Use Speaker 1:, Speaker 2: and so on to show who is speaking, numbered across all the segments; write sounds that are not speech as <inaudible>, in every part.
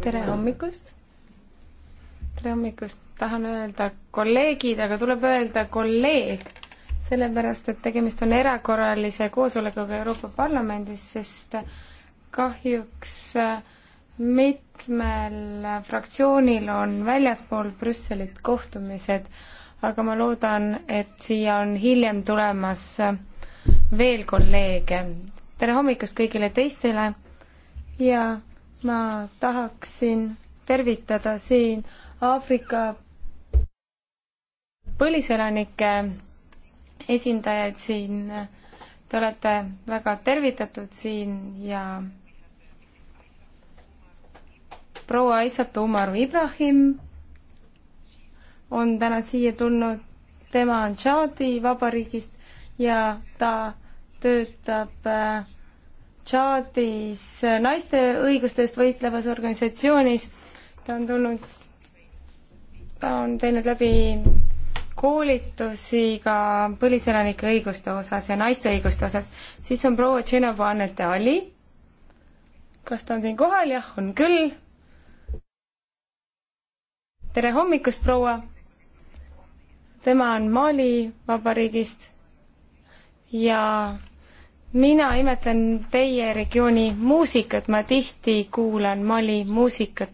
Speaker 1: tere hommikust! tere hommikust, tahan öelda kolleegid, aga tuleb öelda kolleeg, sellepärast et tegemist on erakorralise koosolekuga Euroopa Parlamendis, sest kahjuks mitmel fraktsioonil on väljaspool Brüsselit kohtumised, aga ma loodan, et siia on hiljem tulemas veel kolleege. tere hommikust kõigile teistele ja ma tahaksin tervitada siin Aafrika põliselanike esindajaid siin. Te olete väga tervitatud siin ja proua Aisat Umaru Ibrahim on täna siia tulnud, tema on Tšaadi vabariigist ja ta töötab äh, Tšaadis naiste õigustest võitlevas organisatsioonis. ta on tulnud, ta on teinud läbi koolitusi ka põliselanike õiguste osas ja naiste õiguste osas. siis on proua Tšenova Annete Ali. kas ta on siin kohal? jah, on küll. tere hommikust, proua! tema on Mali Vabariigist ja mina imetlen teie regiooni muusikat, ma tihti kuulan Mali muusikat.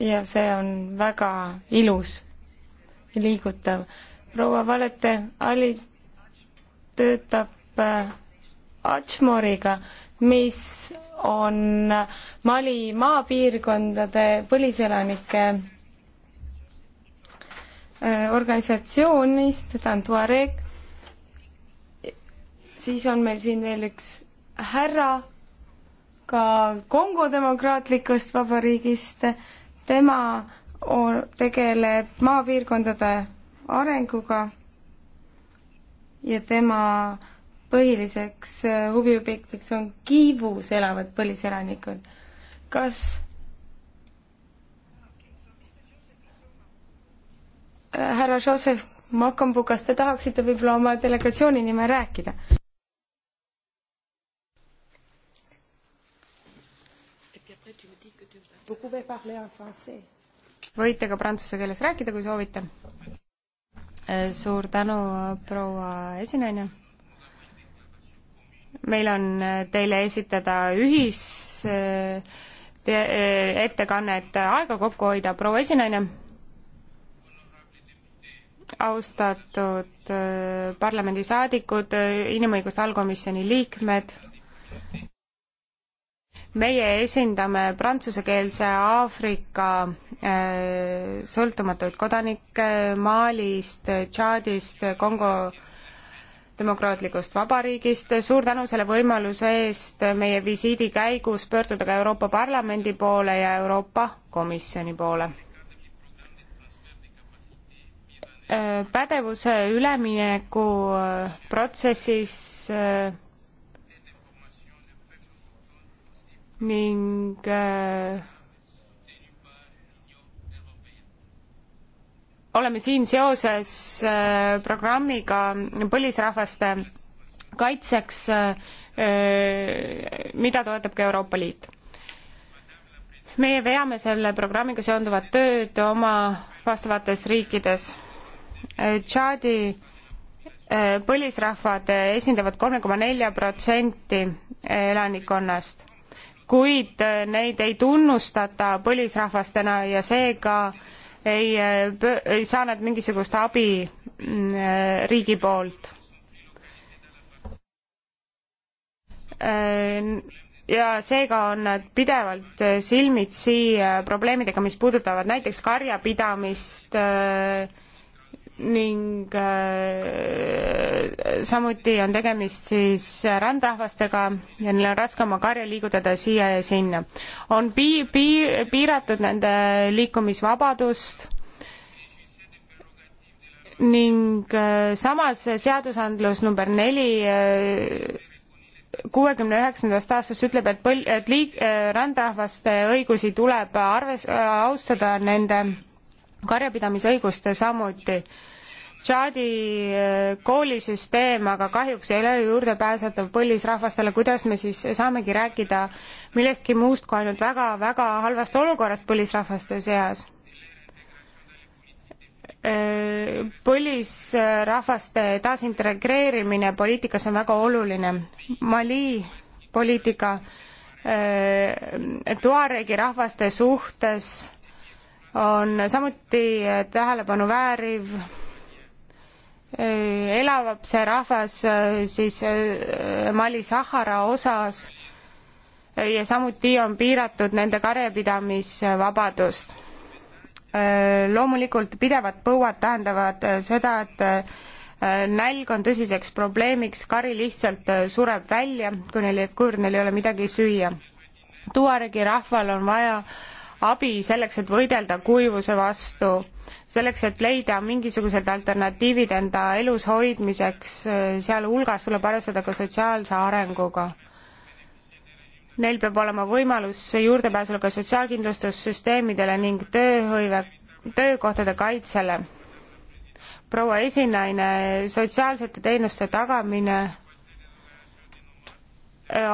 Speaker 1: ja see on väga ilus ja liigutav. proua Valete Ali töötab äh, Atšmoriga, mis on Mali maapiirkondade põliselanike äh, organisatsioonist, ta on Tuareg siis on meil siin veel üks härra ka Kongo demokraatlikust vabariigist, tema tegeleb maapiirkondade arenguga ja tema põhiliseks äh, huviobjektiks on Kiivus elavad põliselanikud. kas äh, härra Joseph Makambu, kas te tahaksite võib-olla oma delegatsiooni nimel rääkida? võite ka prantsuse keeles rääkida, kui soovite. Eh, suur tänu, proua esinaine. meil on eh, teile esitada ühis eh, ettekannet aega kokku hoida, proua esinaine. austatud parlamendisaadikud, inimõiguste allkomisjoni liikmed meie esindame prantsusekeelse Aafrika äh, sõltumatuid kodanikke Malist, Tšaadist, Kongo demokraatlikust vabariigist. suur tänu selle võimaluse eest meie visiidi käigus pöörduda ka Euroopa Parlamendi poole ja Euroopa Komisjoni poole. Äh, pädevuse ülemineku äh, protsessis äh, ning äh, oleme siin seoses äh, programmiga põlisrahvaste kaitseks äh, äh,, mida toetab ka Euroopa Liit. meie veame selle programmiga seonduvat tööd oma vastavates riikides. Äh, Tšaadi äh, põlisrahvad esindavad kolme koma nelja protsenti elanikkonnast kuid äh, neid ei tunnustata põlisrahvastena ja seega ei, äh, ei saa nad mingisugust abi mm, äh, riigi poolt. ja seega on nad pidevalt silmitsi probleemidega, mis puudutavad näiteks karjapidamist äh, ning äh, samuti on tegemist siis rändrahvastega ja neil on raske oma karja liigutada siia ja sinna. on pii-, pii-, piiratud nende liikumisvabadust ning äh, samas seadusandlus number neli äh, kuuekümne üheksandast aastast ütleb, et põl-, et liik- äh,, rändrahvaste õigusi tuleb arves- äh,, austada nende karjapidamisõigust samuti. Tšaadi eh, koolisüsteem aga kahjuks ei ole juurdepääsetav põlisrahvastele, kuidas me siis saamegi rääkida millestki muust kui ainult väga-väga halvast olukorrast põlisrahvaste seas? Eh, põlisrahvaste taasintegreerimine poliitikas on väga oluline. Mali poliitika eh, Tuaregi rahvaste suhtes on samuti tähelepanu vääriv elab see rahvas äh, siis äh, Mali Sahara osas äh, ja samuti on piiratud nende karjapidamisvabadust. loomulikult pidevad põuad tähendavad seda, et nälg on tõsiseks probleemiks, kari lihtsalt sureb välja, kui neil, kui neil ei ole midagi süüa. Tuaregi rahval on vaja äh, abi selleks, et võidelda kuivuse vastu, selleks, et leida mingisugused alternatiivid enda elus hoidmiseks, äh, sealhulgas tuleb arvestada ka sotsiaalse arenguga. Neil peab olema võimalus juurdepääsul ka sotsiaalkindlustussüsteemidele ning tööhõive, töökohtade kaitsele. proua esinaine, sotsiaalsete teenuste tagamine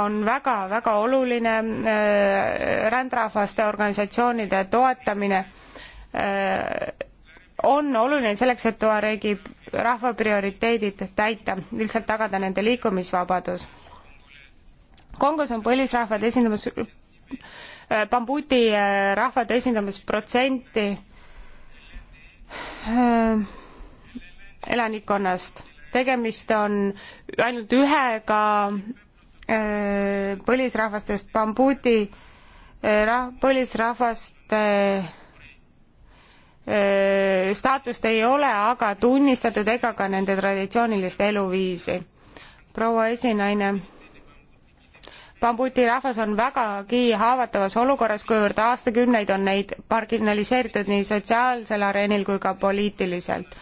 Speaker 1: on väga-väga oluline äh, rändrahvaste organisatsioonide toetamine äh, on oluline selleks, et tuareegi rahva prioriteedid täita, lihtsalt tagada nende liikumisvabadus. Kongos on põlisrahvad esindamas, äh, bambuti rahvad esindamas protsenti elanikkonnast. tegemist on ainult ühega Äh, põlisrahvastest Bambuti äh, rah-, põlisrahvaste äh, staatust ei ole aga tunnistatud ega ka nende traditsioonilist eluviisi. proua esinaine, Bambuti rahvas on vägagi haavatavas olukorras, kuivõrd aastakümneid on neid marginaliseeritud nii sotsiaalsel areenil kui ka poliitiliselt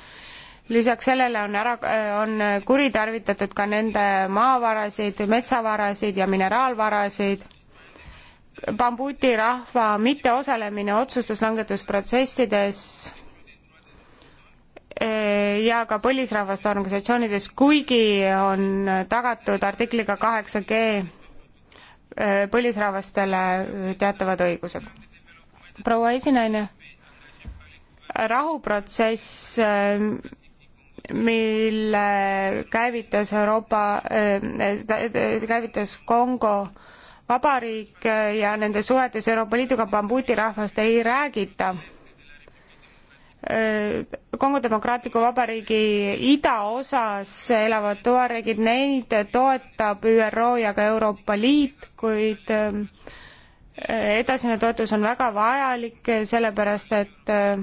Speaker 1: lisaks sellele on ära, on kuritarvitatud ka nende maavarasid, metsavarasid ja mineraalvarasid. Bambuti rahva mitteosalemine otsustuslangetusprotsessides eh, ja ka põlisrahvaste organisatsioonides, kuigi on tagatud artikliga kaheksa G eh, põlisrahvastele teatavad õigused. proua esinaine, rahuprotsess eh, mille käivitas Euroopa äh,, käivitas Kongo vabariik ja nende suhetes Euroopa Liiduga bambuti rahvast ei räägita äh,. Kongo Demokraatliku Vabariigi idaosas elavad tuaregid, neid toetab ÜRO ja ka Euroopa Liit, kuid äh, edasine toetus on väga vajalik, sellepärast et äh,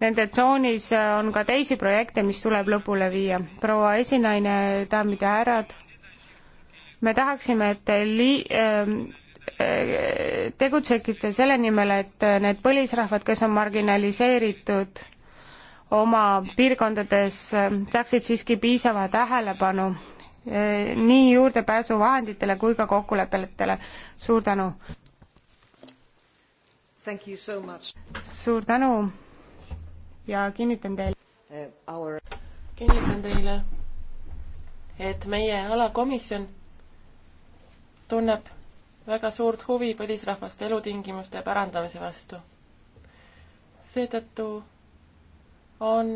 Speaker 1: nende tsoonis äh, on ka teisi projekte, mis tuleb lõpule viia. proua esinaine, daamid ja härrad, me tahaksime, et te li-, ähm, äh, tegutsekite selle nimel, et äh, need põlisrahvad, kes on marginaliseeritud oma piirkondades, saaksid siiski piisava tähelepanu nii juurdepääsu vahenditele kui ka kokkulepetele. suur tänu! suur tänu! ja kinnitan teile
Speaker 2: eh, Our... kinnitan teile, et meie alakomisjon tunneb väga suurt huvi põlisrahvaste elutingimuste parandamise vastu. seetõttu on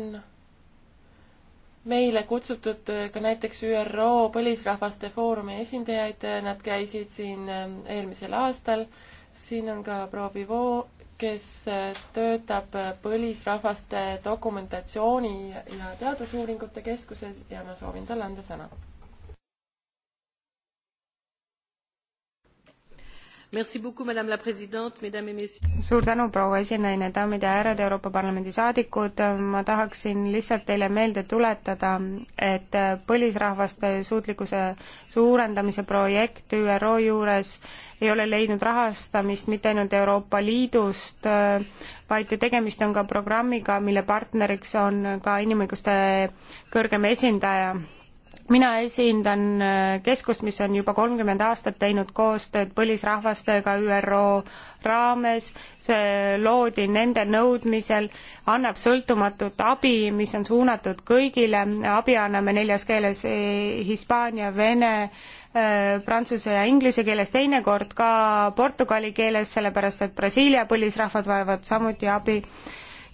Speaker 2: meile kutsutud ka näiteks ÜRO Põlisrahvaste Foorumi esindajaid, nad käisid siin eelmisel aastal, siin on ka proua Pivot, kes äh, töötab äh, põlisrahvaste dokumentatsiooni ja teadusuuringute keskuses ja ma soovin talle anda sõna.
Speaker 1: suur tänu, proua esinaine, daamid ja härrad, Euroopa Parlamendi saadikud, ma tahaksin lihtsalt teile meelde tuletada, et põlisrahvaste suutlikkuse suurendamise projekt ÜRO juures ei ole leidnud rahastamist mitte ainult Euroopa Liidust, vaid tegemist on ka programmiga, mille partneriks on ka inimõiguste kõrgem esindaja mina esindan äh, keskust, mis on juba kolmkümmend aastat teinud koostööd põlisrahvastega ÜRO raames, see loodi nende nõudmisel, annab sõltumatut abi, mis on suunatud kõigile, abi anname neljas keeles e, hispaania, vene, äh, prantsuse ja inglise keeles, teinekord ka portugali keeles, sellepärast et Brasiilia põlisrahvad vajavad samuti abi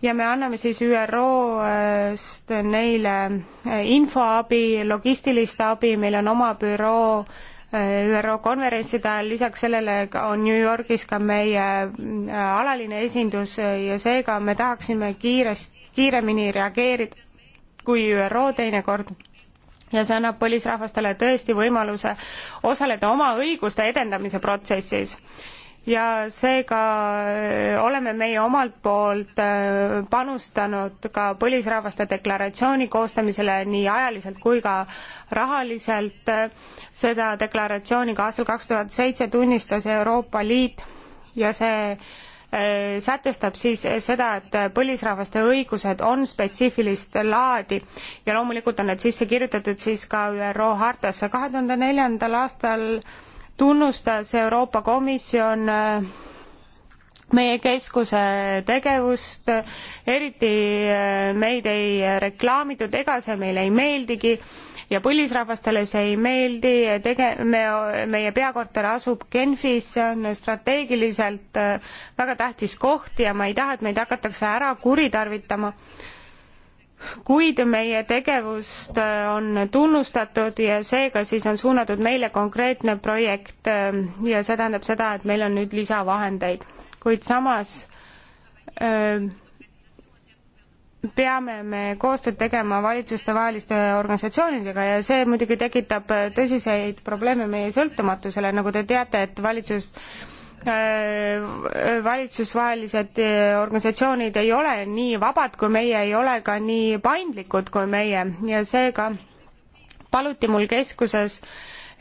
Speaker 1: ja me anname siis ÜRO-st neile eh, infoabi, logistilist abi, meil on oma büroo eh, ÜRO konverentside ajal, lisaks sellele on New Yorgis ka meie eh, alaline esindus ja seega me tahaksime kiirest, kiiremini reageerida kui ÜRO teinekord ja see annab põlisrahvastele tõesti võimaluse osaleda oma õiguste edendamise protsessis ja seega äh, oleme meie omalt poolt äh, panustanud ka põlisrahvaste deklaratsiooni koostamisele nii ajaliselt kui ka rahaliselt. seda deklaratsiooni ka aastal kaks tuhat seitse tunnistas Euroopa Liit ja see äh, sätestab siis seda, et põlisrahvaste õigused on spetsiifilist laadi ja loomulikult on need sisse kirjutatud siis ka ÜRO hartasse. kahe tuhande neljandal aastal tunnustas Euroopa Komisjon äh, meie keskuse tegevust, eriti äh, meid ei reklaamitud, ega see meile ei meeldigi ja põlisrahvastele see ei meeldi, tege-, me, meie peakorter asub Genfis, see on strateegiliselt äh, väga tähtis koht ja ma ei taha, et meid hakatakse ära kuritarvitama kuid meie tegevust äh, on tunnustatud ja seega siis on suunatud meile konkreetne projekt äh, ja see tähendab seda, et meil on nüüd lisavahendeid, kuid samas äh, peame me koostööd tegema valitsustevaheliste organisatsioonidega ja see muidugi tekitab tõsiseid probleeme meie sõltumatusele, nagu te teate, et valitsus Äh, valitsusvahelised äh, organisatsioonid ei ole nii vabad kui meie, ei ole ka nii paindlikud kui meie ja seega paluti mul keskuses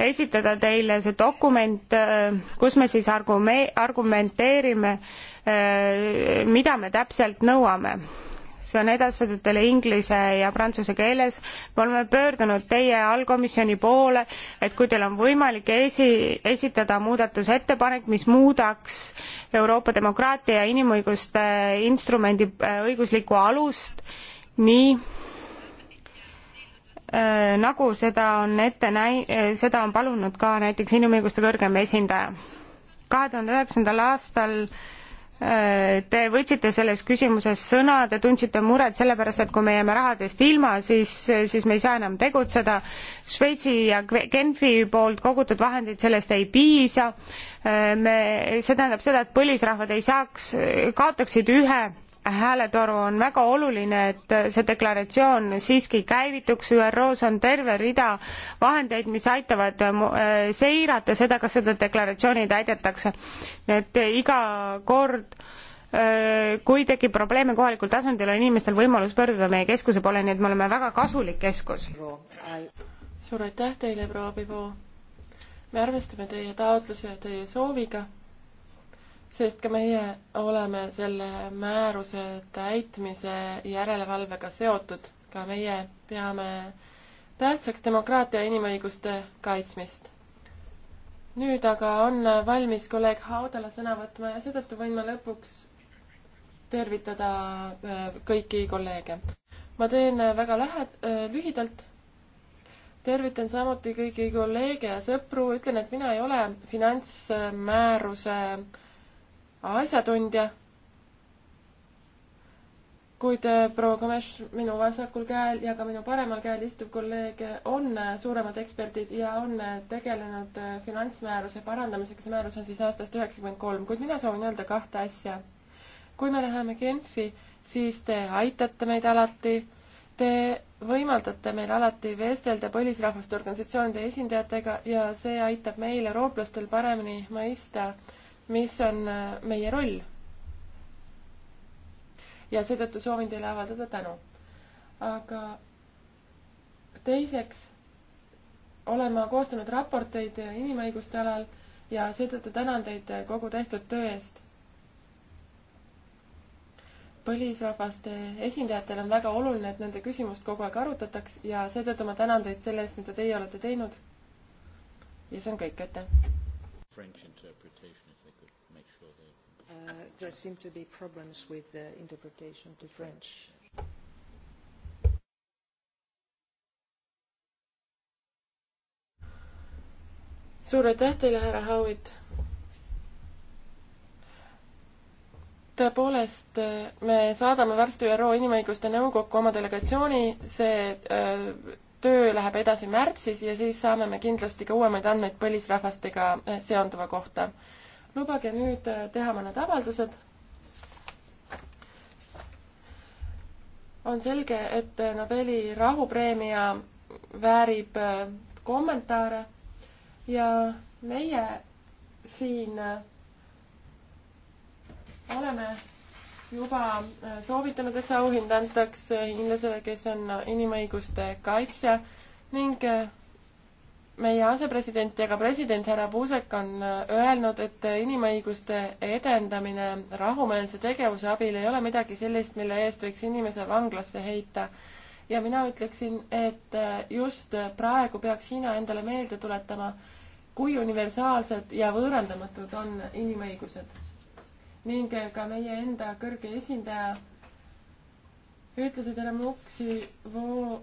Speaker 1: esitada teile see dokument, äh, kus me siis argume-, argumenteerime, mida me täpselt nõuame see on edastatud teile inglise ja prantsuse keeles. me oleme pöördunud teie allkomisjoni poole, et kui teil on võimalik esi, esitada muudatusettepanek, mis muudaks Euroopa demokraatia ja inimõiguste instrumendi äh, õiguslikku alust nii äh, nagu seda on ette näi-, äh, seda on palunud ka näiteks inimõiguste kõrgem esindaja. kahe tuhande üheksandal aastal äh, Te võtsite selles küsimuses sõna, te tundsite muret selle pärast, et kui me jääme rahadest ilma, siis, siis me ei saa enam tegutseda. Šveitsi ja Genfi poolt kogutud vahendeid sellest ei piisa. me, see tähendab seda, et põlisrahvad ei saaks, kaotaksid ühe hääletoru on väga oluline, et see deklaratsioon siiski käivituks, ÜRO-s on terve rida vahendeid, mis aitavad äh, seirata seda, kas seda deklaratsiooni täidetakse. et iga kord äh, kui tekib probleeme kohalikul tasandil, on inimestel võimalus pöörduda meie keskuse poole, nii et me oleme väga kasulik keskus.
Speaker 2: suur aitäh teile, proua Pivo! me arvestame teie taotluse ja teie sooviga sest ka meie oleme selle määruse täitmise järelevalvega seotud. ka meie peame tähtsaks demokraatia ja inimõiguste kaitsmist. nüüd aga on valmis kolleeg Haudala sõna võtma ja seetõttu võin ma lõpuks tervitada äh, kõiki kolleege. ma teen äh, väga lähed-, äh, lühidalt tervitan samuti kõiki kolleege ja sõpru, ütlen, et mina ei ole finantsmääruse äh, asjatundja, kuid äh, proua Gomes minu vasakul käel ja ka minu paremal käel istuv kolleeg on äh, suuremad eksperdid ja on äh, tegelenud finantsmääruse parandamisega, see määrus on siis aastast üheksakümmend kolm, kuid mina soovin öelda kahte asja. kui me läheme Genfi, siis te aitate meid alati, te võimaldate meil alati vestelda põlisrahvaste organisatsioonide esindajatega ja see aitab meil, eurooplastel, paremini mõista, mis on äh, meie roll. ja seetõttu soovin teile avaldada tänu. aga teiseks olen ma koostanud raporteid inimõiguste alal ja seetõttu tänan teid kogu tehtud töö eest. põlisrahvaste esindajatel on väga oluline, et nende küsimust kogu aeg arutataks ja seetõttu ma tänan teid selle eest, mida teie olete teinud. ja see on kõik, aitäh.
Speaker 3: French interpreter.
Speaker 4: Uh, there seem to be problems with the interpretation to French.
Speaker 2: suur aitäh teile, härra Howitt. tõepoolest, äh, me saadame varsti ÜRO Inimõiguste Nõukokku oma delegatsiooni, see öö, äh, töö läheb edasi märtsis ja siis saame me kindlasti ka uuemaid andmeid põlisrahvastega äh, seonduva kohta lubage nüüd äh, teha mõned avaldused. on selge, et äh, Nobeli rahupreemia väärib äh, kommentaare ja meie siin oleme juba soovitanud, et see auhind antaks hiinlasele, kes on inimõiguste kaitsja ning meie asepresident ja ka president härra Puusek on äh, öelnud, et äh, inimõiguste edendamine rahumeelse tegevuse abil ei ole midagi sellist, mille eest võiks inimese vanglasse heita. ja mina ütleksin, et äh, just praegu peaks Hiina endale meelde tuletama, kui universaalsed ja võõrandamatud on inimõigused. ning ka meie enda kõrge esindaja ütles, et härra Muksi voo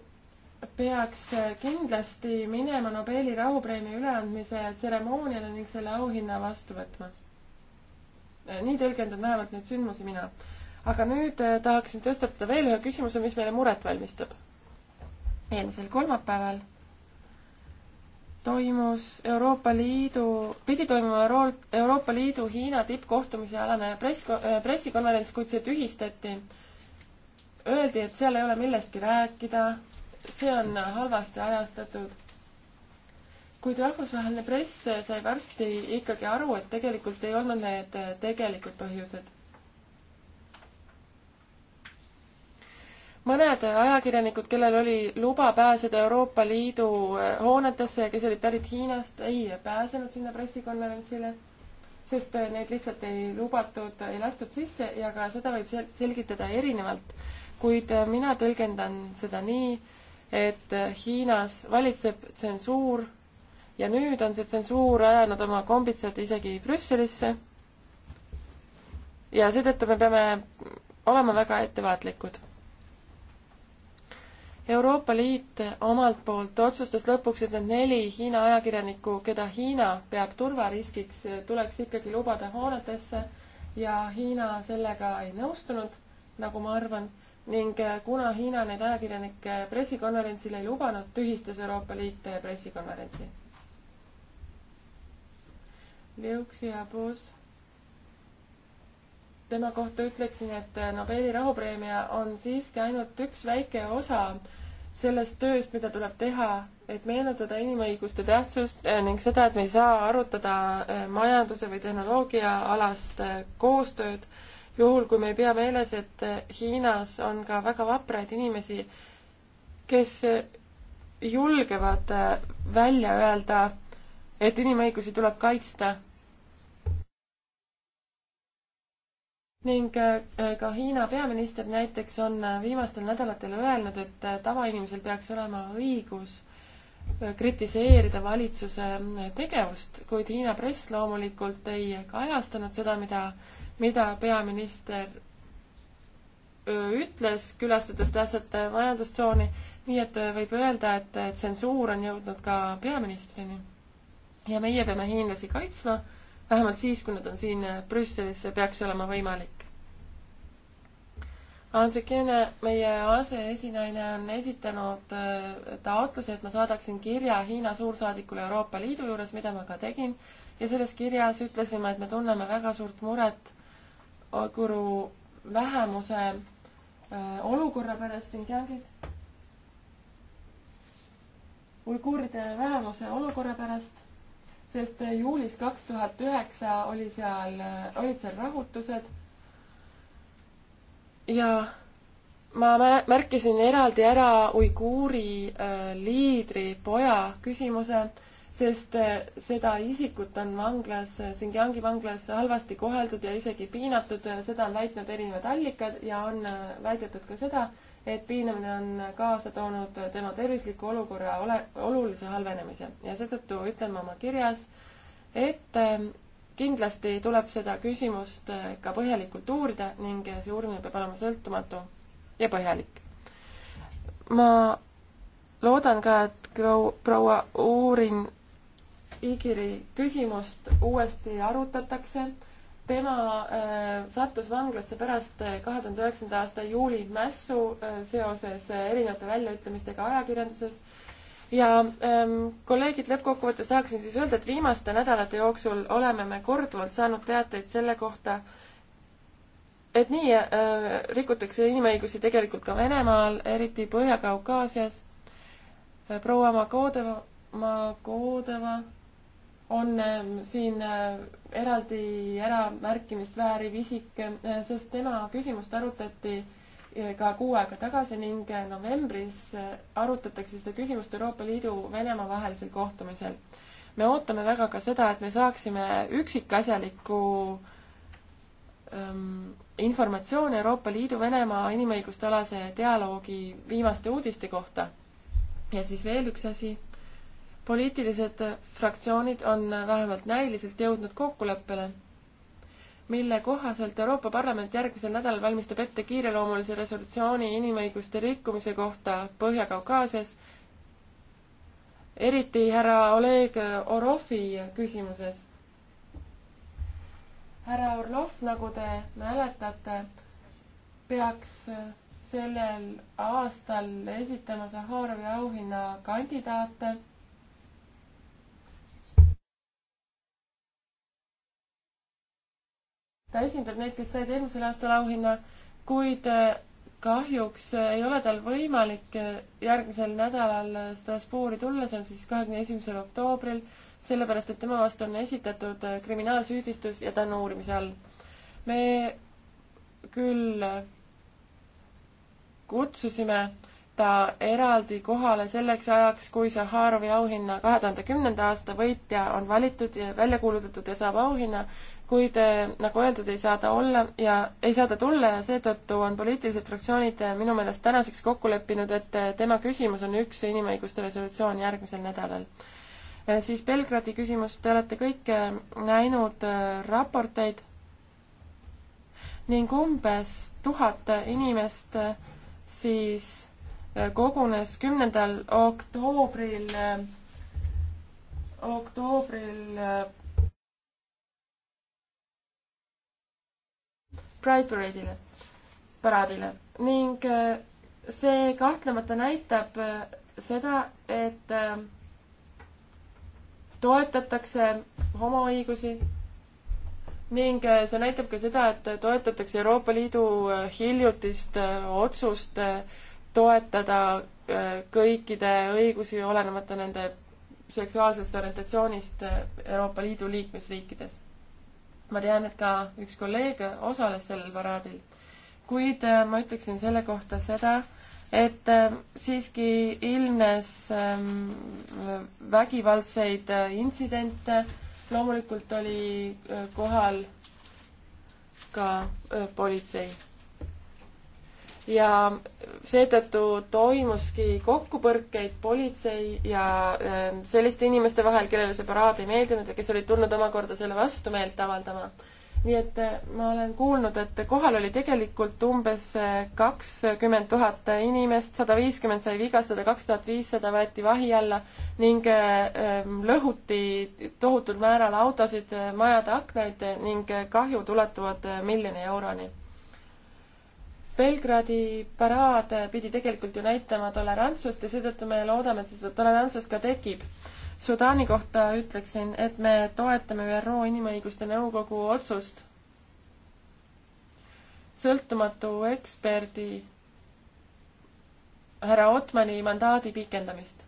Speaker 2: peaks kindlasti minema Nobeli rahupreemia üleandmise tseremooniale ning selle auhinna vastu võtma. nii tõlgendan vähemalt neid sündmusi mina. aga nüüd äh, tahaksin tõstatada veel ühe küsimuse, mis meile muret valmistab. eelmisel kolmapäeval toimus Euroopa Liidu, pidi toimuma Euro-, Euroopa Liidu Hiina tippkohtumise alane press, äh, pressikonverents, kuid see tühistati. Öeldi, et seal ei ole millestki rääkida see on halvasti ajastatud. kuid rahvusvaheline press sai varsti ikkagi aru, et tegelikult ei olnud need tegelikud põhjused. mõned ajakirjanikud, kellel oli luba pääseda Euroopa Liidu eh, hoonetesse ja kes olid pärit Hiinast, ei pääsenud sinna pressikonverentsile sest eh, neid lihtsalt ei lubatud, ei lastud sisse ja ka seda võib sel-, selgitada erinevalt. kuid eh, mina tõlgendan seda nii, et Hiinas valitseb tsensuur ja nüüd on see tsensuur ajanud oma kombitsad isegi Brüsselisse. ja seetõttu me peame olema väga ettevaatlikud. Euroopa Liit omalt poolt otsustas lõpuks, et need neli Hiina ajakirjanikku, keda Hiina peab turvariskiks, tuleks ikkagi lubada hoonetesse ja Hiina sellega ei nõustunud, nagu ma arvan ning äh, kuna Hiina neid ajakirjanikke pressikonverentsil ei lubanud, tühistas Euroopa Liit äh, pressikonverentsi. Liuks ja Puus. tema kohta ütleksin, et äh, Nobeli rahupreemia on siiski ainult üks väike osa sellest tööst, mida tuleb teha, et meenutada inimõiguste tähtsust ning seda, et me ei saa arutada majanduse või tehnoloogia alast koostööd juhul kui me ei pea meeles, et eh, Hiinas on ka väga vapraid inimesi, kes eh, julgevad eh, välja öelda, et inimõigusi tuleb kaitsta. ning ka Hiina peaminister näiteks on viimastel nädalatel öelnud, et tavainimesel peaks olema õigus kritiseerida valitsuse tegevust, kuid Hiina press loomulikult ei kajastanud seda, mida mida peaminister ütles, külastades tähtsat majandustsooni, nii et võib öelda, et tsensuur on jõudnud ka peaministrini. ja meie peame hiinlasi kaitsma, vähemalt siis, kui nad on siin Brüsselis, see peaks olema võimalik. Andrikene, meie aseesinaine, on esitanud taotluse, et ma saadaksin kirja Hiina suursaadikule Euroopa Liidu juures, mida ma ka tegin, ja selles kirjas ütlesime, et me tunneme väga suurt muret aguru vähemuse äh, olukorra pärast Xinjiangis, uiguuride vähemuse olukorra pärast, sest äh, juulis kaks tuhat üheksa oli seal, äh, olid seal rahutused ja ma märkisin eraldi ära uiguuri liidri poja küsimuse sest äh, seda isikut on vanglas, Xinjiangi vanglas halvasti koheldud ja isegi piinatud, seda on väitnud erinevad allikad ja on äh, väidetud ka seda, et piinamine on kaasa toonud tema tervisliku olukorra ole, olulise halvenemise ja seetõttu ütlen ma oma kirjas, et ähm, kindlasti tuleb seda küsimust äh, ka põhjalikult uurida ning see uurimine peab olema sõltumatu ja põhjalik. ma loodan ka, et proua Uurin Igiri küsimust uuesti arutatakse. tema äh, sattus vanglasse pärast äh, kahe tuhande üheksanda aasta juuli mässu äh, seoses äh, erinevate väljaütlemistega ajakirjanduses ja ähm, kolleegid, lõppkokkuvõttes tahaksin siis öelda, et viimaste nädalate jooksul oleme me korduvalt saanud teateid selle kohta, et nii äh, rikutakse inimõigusi tegelikult ka Venemaal, eriti Põhja-Kaukaasias. Äh, proua Makodeva, Makodeva on ähm, siin äh, eraldi äramärkimist vääriv isik, äh, sest tema küsimust arutati äh, ka kuu aega tagasi ning novembris arutatakse seda küsimust Euroopa Liidu Venemaa vahelisel kohtumisel. me ootame väga ka seda, et me saaksime üksikasjalikku ähm, informatsiooni Euroopa Liidu Venemaa inimõiguste alase dialoogi viimaste uudiste kohta. ja siis veel üks asi poliitilised fraktsioonid on vähemalt näiliselt jõudnud kokkuleppele, mille kohaselt Euroopa Parlament järgmisel nädalal valmistab ette kiireloomulise resolutsiooni inimõiguste rikkumise kohta Põhja-Kaukaasias, eriti härra Oleg Orofi küsimuses. härra Orlov, nagu te mäletate, peaks sellel aastal esitama Sahharovi auhinna kandidaate ta esindab neid, kes said eelmisel aastal auhinna, kuid äh, kahjuks äh, ei ole tal võimalik äh, järgmisel nädalal Strasbourgi tulla, see on siis kahekümne esimesel oktoobril, sellepärast et tema vastu on esitatud kriminaalsüüdistus ja ta on uurimise all. me küll kutsusime ta eraldi kohale selleks ajaks, kui Saharovi auhinna kahe tuhande kümnenda aasta võitja on valitud ja välja kuulutatud ja saab auhinna, kuid eh, nagu öeldud, ei saa ta olla ja ei saa ta tulla ja seetõttu on poliitilised fraktsioonid eh, minu meelest tänaseks kokku leppinud, et eh, tema küsimus on üks inimõiguste resolutsioon järgmisel nädalal. siis Belgradi küsimus, te olete kõik näinud raporteid ning umbes tuhat inimest siis kogunes kümnendal oktoobril oktoobril Pride Parade'ile, paraadile ning äh, see kahtlemata näitab äh, seda, et äh, toetatakse homoõigusi ning see näitab ka seda, et toetatakse Euroopa Liidu hiljutist otsust toetada kõikide õigusi, olenemata nende seksuaalsest orientatsioonist Euroopa Liidu liikmesriikides ma tean, et ka üks kolleeg osales sellel paraadil. kuid äh, ma ütleksin selle kohta seda, et äh, siiski ilmnes ähm, vägivaldseid äh, intsidente, loomulikult oli kohal ka politsei ja seetõttu toimuski kokkupõrkeid politsei ja ähm, selliste inimeste vahel, kellele see paraad ei meeldinud ja kes olid tulnud omakorda selle vastu meelt avaldama. nii et äh, ma olen kuulnud, et kohal oli tegelikult umbes äh, kakskümmend tuhat inimest, sada viiskümmend sai vigastada, kaks tuhat viissada võeti vahi alla ning äh, ähm, lõhuti tohutul määral autosid, majade aknaid ning kahjud ulatuvad miljoni euroni Belgradi paraad pidi tegelikult ju näitama tolerantsust ja seetõttu me loodame, et seda tolerantsust ka tekib. Sudaani kohta ütleksin, et me toetame ÜRO Inimõiguste Nõukogu otsust sõltumatu eksperdi härra Otmani mandaadi pikendamist.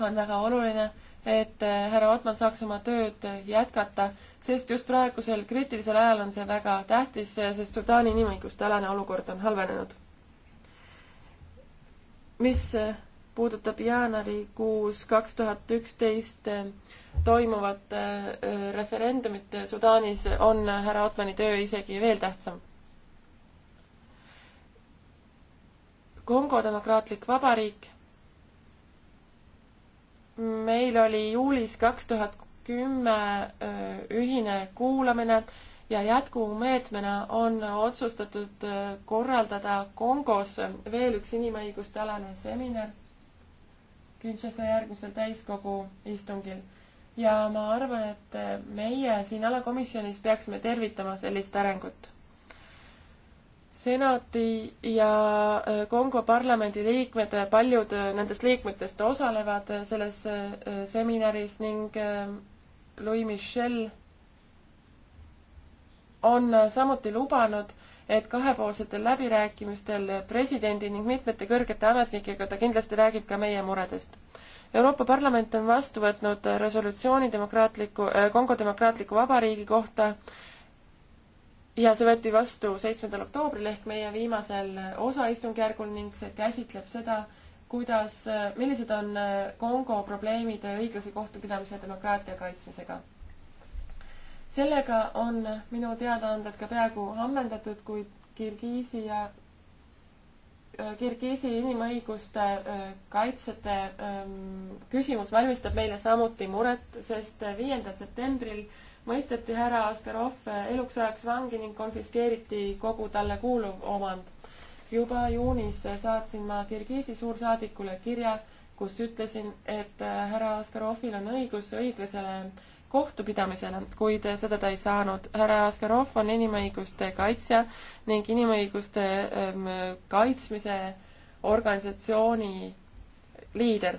Speaker 2: on väga oluline, et äh, härra Otman saaks oma tööd äh, jätkata, sest just praegusel kriitilisel ajal on see väga tähtis, äh, sest Sudaani inimõiguste alane olukord on halvenenud. mis puudutab jaanuarikuus kaks tuhat üksteist toimuvat referendumit Sudaanis, on härra Otmani töö isegi veel tähtsam. Kongo Demokraatlik Vabariik meil oli juulis kaks tuhat kümme ühine kuulamine ja jätkumeetmena on otsustatud korraldada Kongos veel üks inimõiguste alane seminar Kinshasa järgmisel täiskogu istungil. ja ma arvan, et meie siin alakomisjonis peaksime tervitama sellist arengut senati ja äh, Kongo parlamendi liikmed, äh, paljud äh, nendest liikmetest osalevad selles seminaris ning Louis Michel on samuti lubanud, et kahepoolsetel läbirääkimistel presidendi ning mitmete kõrgete ametnikega ta kindlasti räägib ka meie muredest. Euroopa Parlament on vastu võtnud resolutsiooni demokraatliku, Kongo Demokraatliku Vabariigi kohta ja see võeti vastu seitsmendal oktoobril ehk meie viimasel osaistungjärgul ning see käsitleb seda, kuidas, millised on Kongo probleemid õiglase kohtupidamise ja demokraatia kaitsmisega. sellega on minu teadaanded ka peaaegu ammendatud, kuid Kirgiisi ja Kirgiisi inimõiguste kaitsjate küsimus valmistab meile samuti muret, sest viiendal septembril mõisteti härra Askarov eh, eluks ajaks vangi ning konfiskeeriti kogu talle kuuluv omand. juba juunis eh, saatsin ma Kirgiisi suursaadikule kirja, kus ütlesin, et eh, härra Askarovil on õigus õiglasele kohtupidamisele, kuid seda ta ei saanud. härra Askarov on inimõiguste kaitsja ning inimõiguste ehm, kaitsmise organisatsiooni liider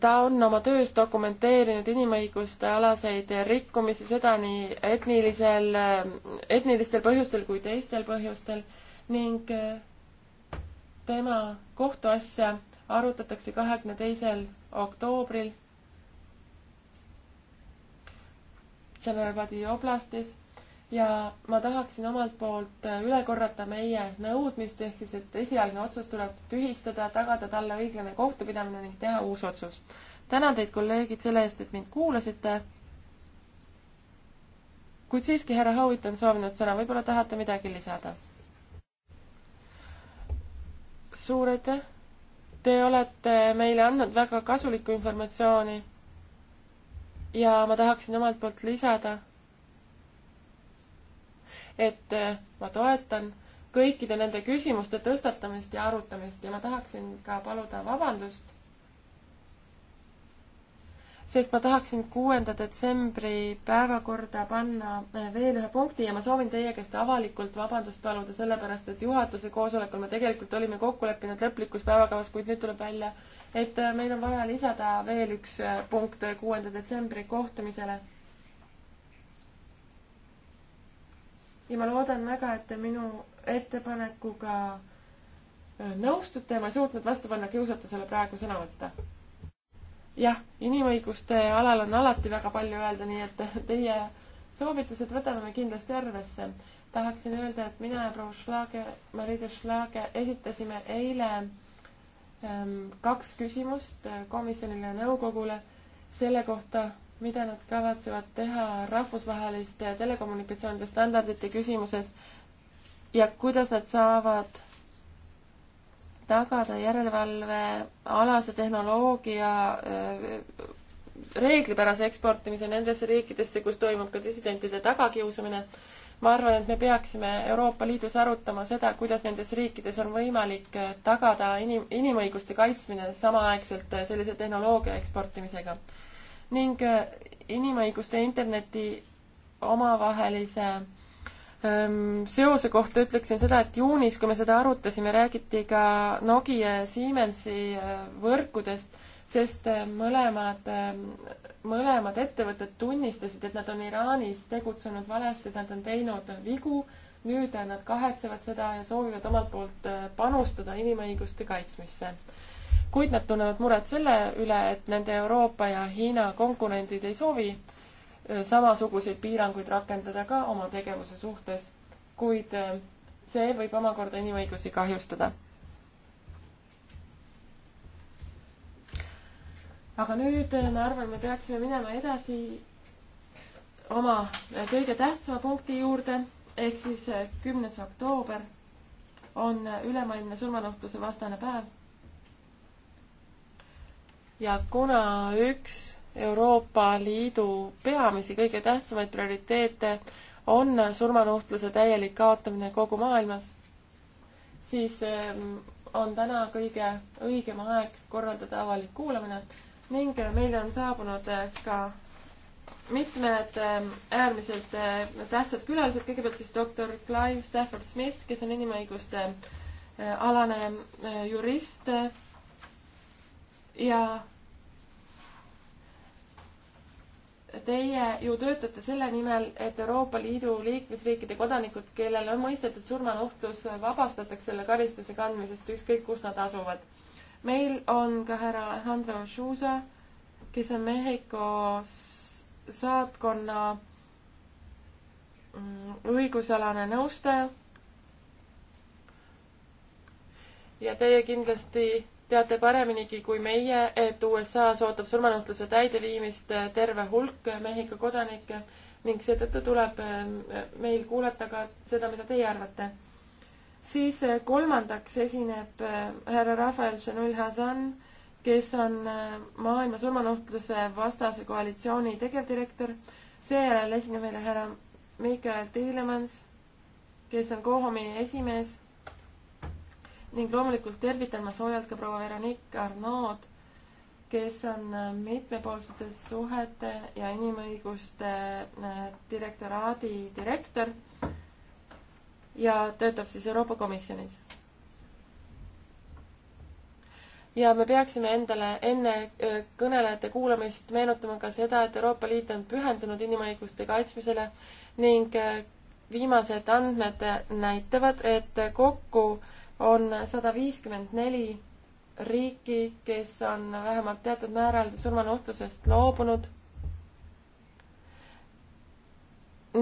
Speaker 2: ta on oma töös dokumenteerinud inimõiguste alaseid rikkumisi, seda nii etnilisel, etnilistel põhjustel kui teistel põhjustel ning eh, tema kohtuasja arutatakse kahekümne teisel oktoobril Tšernobõli oblastis ja ma tahaksin omalt poolt äh, üle korrata meie nõudmist, ehk siis, et esialgne otsus tuleb tühistada, tagada talle õiglane kohtupidamine ning teha uus otsus. tänan teid, kolleegid, selle eest, et mind kuulasite. kuid siiski, härra Howitt on soovinud sõna, võib-olla tahate midagi lisada? suur aitäh! Te olete meile andnud väga kasulikku informatsiooni ja ma tahaksin omalt poolt lisada et äh, ma toetan kõikide nende küsimuste tõstatamist ja arutamist ja ma tahaksin ka paluda vabandust, sest ma tahaksin kuuenda detsembri päevakorda panna äh, veel ühe punkti ja ma soovin teie käest avalikult vabandust paluda, sellepärast et juhatuse koosolekul me tegelikult olime kokku leppinud lõplikus päevakavas, kuid nüüd tuleb välja, et äh, meil on vaja lisada veel üks punkt kuuenda detsembri kohtumisele ja ma loodan väga, et te minu ettepanekuga äh, nõustute, ma ei suutnud vastu panna kiusatusele praegu sõna võtta. jah, inimõiguste alal on alati väga palju öelda, nii et <laughs> teie soovitused võtame me kindlasti arvesse. tahaksin öelda, et mina ja proua Schlage, Marita Schlage esitasime eile ähm, kaks küsimust äh, komisjonile ja nõukogule selle kohta, mida nad kavatsevad teha rahvusvaheliste telekommunikatsioonide standardite küsimuses ja kuidas nad saavad tagada järelevalvealase tehnoloogia äh, reeglipärase eksportimise nendesse riikidesse, kus toimub ka dissidentide tagakiusamine. ma arvan, et me peaksime Euroopa Liidus arutama seda, kuidas nendes riikides on võimalik äh, tagada inim-, inimõiguste kaitsmine samaaegselt äh, sellise tehnoloogia eksportimisega ning äh, inimõiguste interneti omavahelise ähm, seose kohta ütleksin seda, et juunis, kui me seda arutasime, räägiti ka Nokia ja Siemensi äh, võrkudest, sest äh, mõlemad, ähm, mõlemad ettevõtted tunnistasid, et nad on Iraanis tegutsenud valesti, et nad on teinud vigu, nüüd nad kahetsevad seda ja soovivad omalt poolt panustada inimõiguste kaitsmisse kuid nad tunnevad muret selle üle, et nende Euroopa ja Hiina konkurendid ei soovi äh, samasuguseid piiranguid rakendada ka oma tegevuse suhtes, kuid äh, see võib omakorda inimõigusi kahjustada. aga nüüd äh, ma arvan, me peaksime minema edasi oma kõige tähtsama punkti juurde, ehk siis kümnes oktoober on ülemaailmne surmanuhtluse vastane päev ja kuna üks Euroopa Liidu peamisi, kõige tähtsamaid prioriteete on surmanuhtluse täielik kaotamine kogu maailmas, siis ähm, on täna kõige õigem aeg korraldada avalik kuulamine ning meile on saabunud äh, ka mitmed ähm, äärmiselt äh, tähtsad külalised, kõigepealt siis doktor Clive Stafford Smith, kes on inimõiguste äh, alane jurist ja Teie ju töötate selle nimel, et Euroopa Liidu liikmesriikide kodanikud, kellele on mõistetud surmanuhtlus, vabastataks selle karistuse kandmisest, ükskõik kus nad asuvad. meil on ka härra Alejandro Schuza, kes on Mehhiko saatkonna mm, õigusalane nõustaja. ja teie kindlasti teate pareminigi kui meie, et USA-s ootab surmanuhtluse täideviimist äh, terve hulk äh, Mehhiko kodanikke ning seetõttu tuleb äh, meil kuulata ka seda, mida teie arvate. siis kolmandaks esineb härra Rafael Chanel Hazan, kes on Maailma surmanuhtluse vastase koalitsiooni tegevdirektor. seejärel esineb meile härra Mikael Tiilemans, kes on Kohomi esimees ning loomulikult tervitan ma soojalt ka proua Veronique Arnaud, kes on äh, mitmepoolsete suhete ja inimõiguste äh, direktoraadi direktor ja töötab siis Euroopa Komisjonis ja me peaksime endale enne äh, kõnelejate kuulamist meenutama ka seda, et Euroopa Liit on pühendunud inimõiguste kaitsmisele ning viimased andmed näitavad, et kokku on sada viiskümmend neli riiki, kes on vähemalt teatud määral surmanuhtlusest loobunud.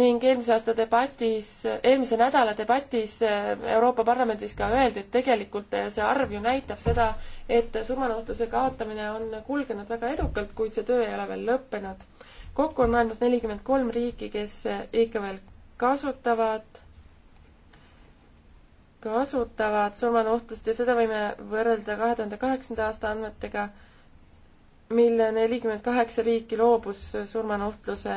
Speaker 2: ning eelmise aasta debatis, eelmise nädala debatis Euroopa Parlamendis ka öeldi, et tegelikult see arv ju näitab seda, et surmanuhtluse kaotamine on kulgenud väga edukalt, kuid see töö ei ole veel lõppenud. kokku on maailmas nelikümmend kolm riiki, kes ikka veel kasutavad kasutavad surmanuhtlust ja seda võime võrrelda kahe tuhande kaheksanda aasta andmetega, mille nelikümmend kaheksa riiki loobus surmanuhtluse,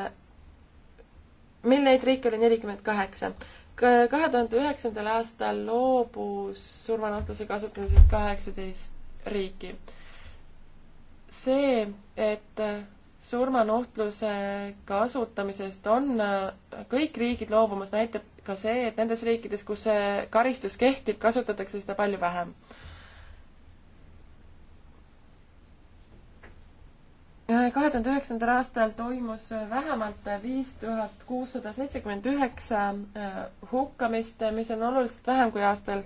Speaker 2: meil neid riike oli nelikümmend kaheksa. kahe tuhande üheksandal aastal loobus surmanuhtluse kasutamisest kaheksateist riiki. see, et surmanuhtluse kasutamisest on äh, kõik riigid loobumas, näitab ka see, et nendes riikides, kus see karistus kehtib, kasutatakse seda palju vähem. Äh, kahe tuhande üheksandal aastal toimus vähemalt viis tuhat kuussada seitsekümmend üheksa äh, hukkamist, mis on oluliselt vähem kui aastal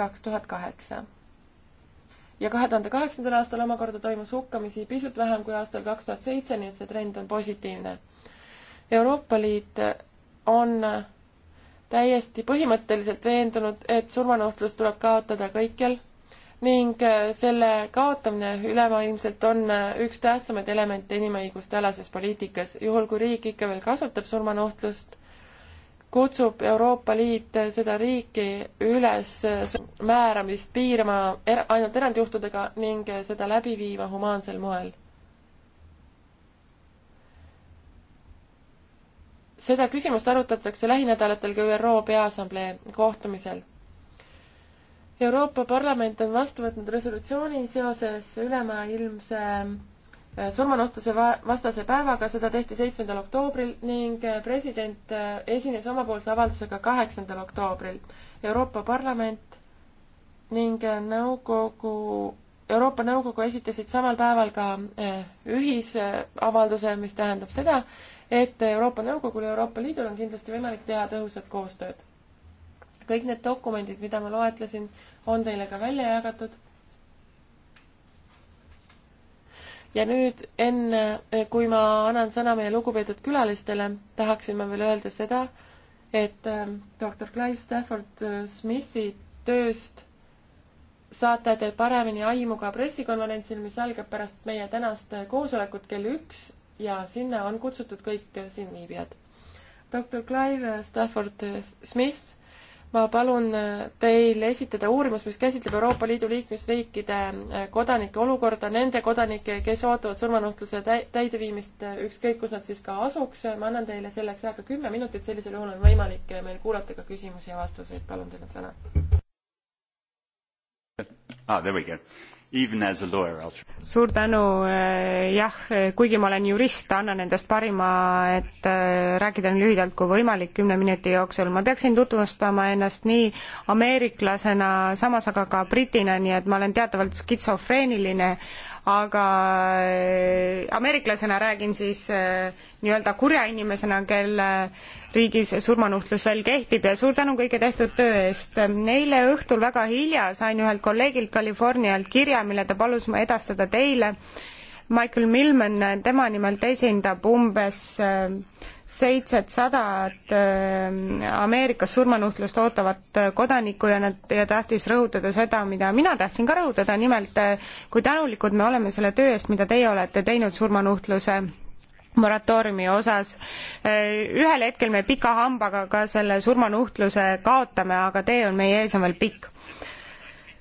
Speaker 2: kaks tuhat kaheksa ja kahe tuhande kaheksandal aastal omakorda toimus hukkamisi pisut vähem kui aastal kaks tuhat seitse, nii et see trend on positiivne. Euroopa Liit on täiesti põhimõtteliselt veendunud, et surmanuhtlus tuleb kaotada kõikjal ning selle kaotamine ülemaailmselt on üks tähtsamaid elemente inimõiguste alases poliitikas. juhul, kui riik ikka veel kasutab surmanuhtlust, kutsub Euroopa Liit seda riiki üles määramist piirama er ainult erandjuhtudega ning seda läbi viima humaansel moel. seda küsimust arutatakse lähinädalatel ka ÜRO Peaassamblee kohtumisel. Euroopa Parlament on vastu võtnud resolutsiooni seoses ülemaailmse surmanuhtluse vastase päevaga, seda tehti seitsmendal oktoobril ning äh, president äh, esines omapoolse avaldusega kaheksandal oktoobril. Euroopa Parlament ning äh, nõukogu, Euroopa Nõukogu esitasid samal päeval ka ühisavalduse, mis tähendab seda, et Euroopa Nõukogul ja Euroopa Liidul on kindlasti võimalik teha tõhusat koostööd. kõik need dokumendid, mida ma loetlesin, on teile ka välja jagatud ja nüüd enne, eh, kui ma annan sõna meie lugupeetud külalistele, tahaksin ma veel öelda seda, et eh, doktor Clive Stafford eh, Smithi tööst saate te paremini aimu ka pressikonverentsil, mis algab pärast meie tänast koosolekut kell üks ja sinna on kutsutud kõik siinviibijad. doktor Clive Stafford Smith ma palun äh, teil esitada uurimus, mis käsitleb Euroopa Liidu liikmesriikide äh, kodanike olukorda, nende kodanike, kes ootavad surmanuhtluse täideviimist, äh, ükskõik kus nad siis ka asuks. ma annan teile selleks aega kümme minutit, sellisel juhul on võimalik meil kuulata ka küsimusi ja vastuseid. palun, teil on sõna.
Speaker 1: Ah, there we go suur tänu, eh, jah, kuigi ma olen jurist, annan endast parima, et eh, rääkida nii lühidalt kui võimalik kümne minuti jooksul. ma peaksin tutvustama ennast nii ameeriklasena, samas aga ka britina, nii et ma olen teatavalt skitsofreeniline, aga eh, ameeriklasena räägin siis eh, nii-öelda kurja inimesena, kelle riigis surmanuhtlus veel kehtib ja suur tänu kõige tehtud töö eest. eile õhtul väga hilja sain ühelt kolleegilt Californialt kirja, mille ta palus edastada teile Michael Milman, tema nimelt esindab umbes äh, seitsetsadat äh, Ameerikas surmanuhtlust ootavat äh, kodanikku ja nad, ja tahtis rõhutada seda, mida mina tahtsin ka rõhutada, nimelt kui tänulikud me oleme selle töö eest, mida teie olete teinud surmanuhtluse moratooriumi osas. ühel hetkel me pika hambaga ka selle surmanuhtluse kaotame, aga tee on meie ees on veel pikk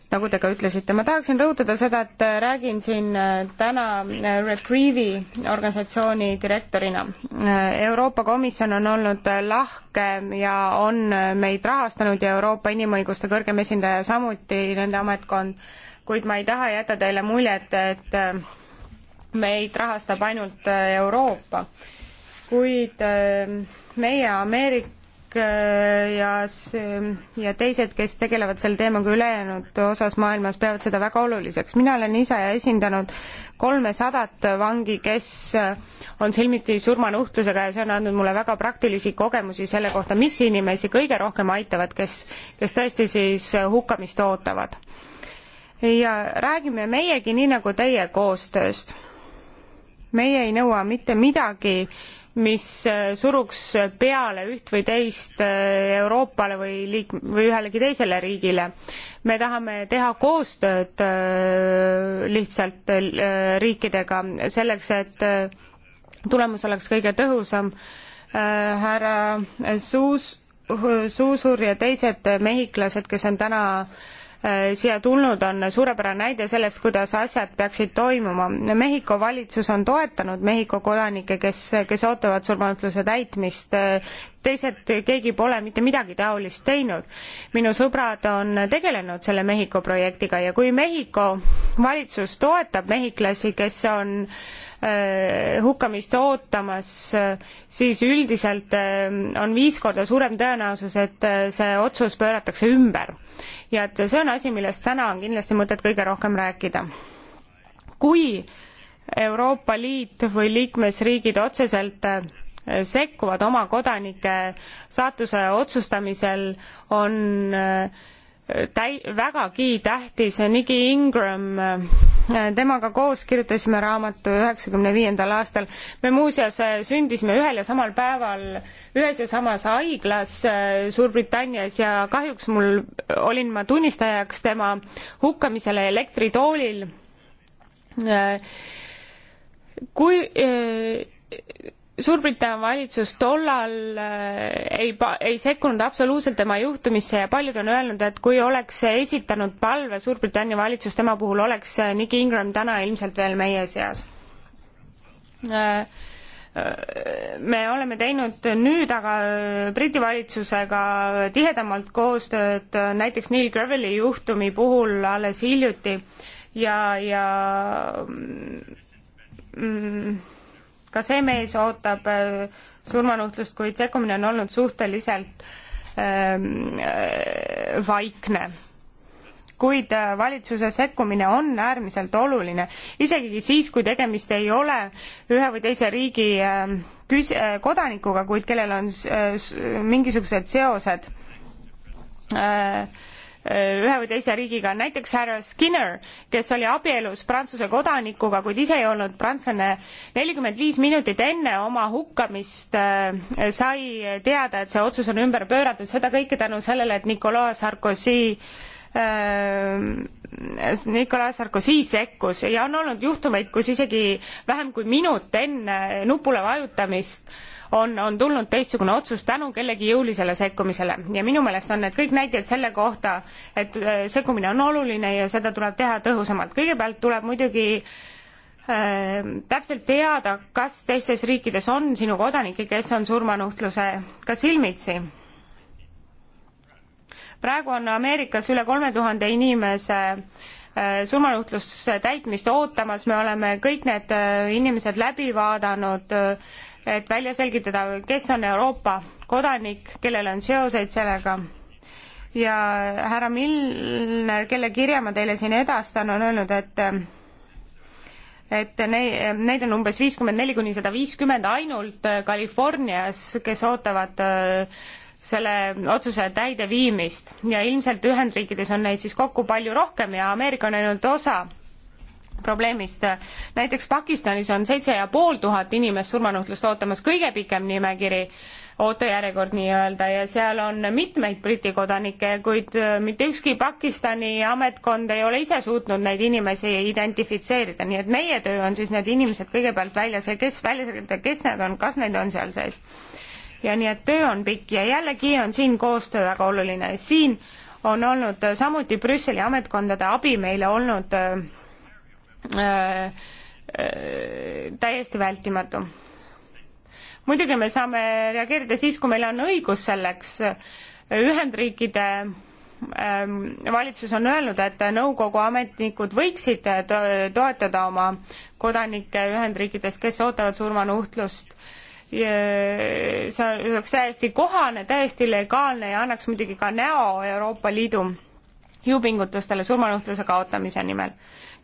Speaker 1: nagu te ka ütlesite. ma tahaksin rõhutada seda, et räägin siin äh, täna äh, Reprieve'i organisatsiooni direktorina. Äh, Euroopa Komisjon on olnud lahke ja on meid rahastanud ja Euroopa Inimõiguste kõrgem esindaja samuti, nende ametkond, kuid ma ei taha jätta teile muljet, et meid rahastab ainult Euroopa. kuid meie Ameerika ja ja teised, kes tegelevad selle teemaga ülejäänud osas maailmas, peavad seda väga oluliseks. mina olen ise esindanud kolmesadat vangi, kes on silmiti surmanuhtlusega ja see on andnud mulle väga praktilisi kogemusi selle kohta, mis inimesi kõige rohkem aitavad, kes, kes tõesti siis hukkamist ootavad. ja räägime meiegi nii nagu teie koostööst meie ei nõua mitte midagi äh, mis äh, suruks peale üht või teist äh, Euroopale või liik- või ühelegi teisele riigile. me tahame teha koostööd äh, lihtsalt riikidega selleks, et tulemus oleks kõige tõhusam. härra Suus, Suusur ja teised mehhiklased, kes on täna Äh, siia tulnud, on suurepärane näide sellest, kuidas asjad peaksid toimuma. Mehhiko valitsus on toetanud Mehhiko kodanikke, kes, kes ootavad surmanutluse täitmist, teised, keegi pole mitte midagi taolist teinud. minu sõbrad on tegelenud selle Mehhiko projektiga ja kui Mehhiko valitsus toetab mehhiklasi, kes on äh, Äh, hukkamist ootamas, siis üldiselt äh, on viis korda suurem tõenäosus, et äh, see otsus pööratakse ümber. ja et see on asi, millest täna on kindlasti mõtet kõige rohkem rääkida. kui Euroopa Liit või liikmesriigid otseselt sekkuvad oma kodanike saatuse otsustamisel, on äh, täi-, vägagi tähtis, Nigi Ingram, äh, temaga koos kirjutasime raamatu üheksakümne viiendal aastal. me muuseas äh, sündisime ühel ja samal päeval ühes ja samas haiglas äh, Suurbritannias ja kahjuks mul, olin ma tunnistajaks tema hukkamisele elektritoolil. kui Suurbritannia valitsus tollal äh, ei, ei sekkunud absoluutselt tema juhtumisse ja paljud on öelnud, et kui oleks esitanud palve Suurbritannia valitsus tema puhul, oleks äh, Nick Ingram täna ilmselt veel meie seas. Äh, me oleme teinud nüüd aga Briti valitsusega tihedamalt koostööd näiteks Neil Gravely juhtumi puhul alles hiljuti ja, ja mm, ka see mees ootab äh, surmanuhtlust, kuid sekkumine on olnud suhteliselt ähm, äh, vaikne. kuid äh, valitsuse sekkumine on äärmiselt oluline, isegi siis, kui tegemist ei ole ühe või teise riigi ähm, äh, küs-, kodanikuga, kuid kellel on äh, mingisugused seosed äh, Äh, ühe või teise riigiga, näiteks härra Skinner, kes oli abielus Prantsuse kodanikuga, kuid ise ei olnud prantslane, nelikümmend viis minutit enne oma hukkamist äh, sai teada, et see otsus on ümber pööratud, seda kõike tänu sellele, et Nicolas Sarkozy äh, Nicolas Sarkozy sekkus ja on olnud juhtumeid, kus isegi vähem kui minut enne nupule vajutamist on, on tulnud teistsugune otsus tänu kellegi jõulisele sekkumisele ja minu meelest on need kõik näited selle kohta, et äh, sekkumine on oluline ja seda tuleb teha tõhusamalt. kõigepealt tuleb muidugi äh, täpselt teada, kas teistes riikides on sinu kodanikke, kes on surmanuhtlusega silmitsi praegu on Ameerikas üle kolme tuhande inimese äh, surmanuhtluse täitmist ootamas, me oleme kõik need äh, inimesed läbi vaadanud, äh, et välja selgitada, kes on Euroopa kodanik, kellel on seoseid sellega. ja härra Milner, kelle kirja ma teile siin edastan, on öelnud, et et neid, neid on umbes viiskümmend neli kuni sada viiskümmend ainult Californias, kes ootavad selle otsuse täideviimist ja ilmselt Ühendriikides on neid siis kokku palju rohkem ja Ameerika on ainult osa probleemist. näiteks Pakistanis on seitse ja pool tuhat inimest surmanuhtlust ootamas, kõige pikem nimekiri, ootejärjekord nii-öelda, ja seal on mitmeid Briti kodanikke, kuid äh, mitte ükski Pakistani ametkond ei ole ise suutnud neid inimesi identifitseerida, nii et meie töö on siis need inimesed kõigepealt välja see, kes välja selgitada, kes need on, kas neid on seal sees ja nii et töö on pikk ja jällegi on siin koostöö väga oluline. siin on olnud samuti Brüsseli ametkondade abi meile olnud äh, äh, täiesti vältimatu. muidugi me saame reageerida siis, kui meil on õigus selleks. Ühendriikide ähm, valitsus on öelnud, et nõukogu ametnikud võiksid toetada oma kodanikke Ühendriikides, kes ootavad surmanuhtlust äh, see oleks täiesti kohane, täiesti legaalne ja annaks muidugi ka näo Euroopa Liidu jõupingutustele surmanuhtluse kaotamise nimel.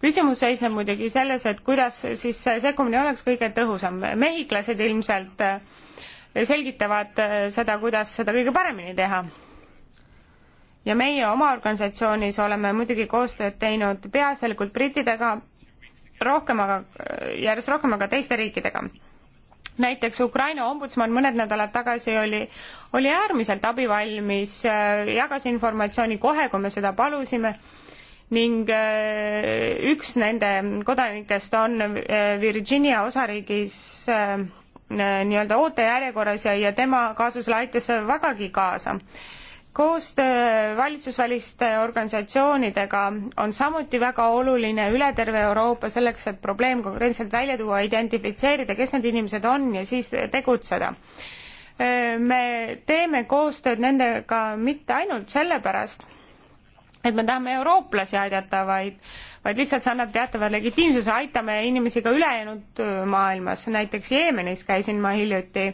Speaker 1: küsimus seisneb muidugi selles, et kuidas siis see sekkumine oleks kõige tõhusam. mehhiklased ilmselt eh, selgitavad eh, seda, kuidas seda kõige paremini teha. ja meie oma organisatsioonis oleme muidugi koostööd teinud peaasjalikult brittidega, rohkem aga, eh, järjest rohkem aga teiste riikidega näiteks Ukraina ombudsman mõned nädalad tagasi oli, oli äärmiselt abivalmis, äh, jagas informatsiooni kohe, kui me seda palusime ning äh, üks nende kodanikest on äh, Virginia osariigis nii-öelda ootejärjekorras ja, ja tema kaasusele aitas vägagi kaasa koostöö valitsusväliste organisatsioonidega on samuti väga oluline üle terve Euroopa selleks, et probleem konkreetselt välja tuua, identifitseerida, kes need inimesed on ja siis tegutseda. me teeme koostööd nendega mitte ainult sellepärast, et me tahame eurooplasi aidata, vaid, vaid lihtsalt see annab teatava legitiimsuse, aitame inimesi ka ülejäänud maailmas, näiteks Jeemenis käisin ma hiljuti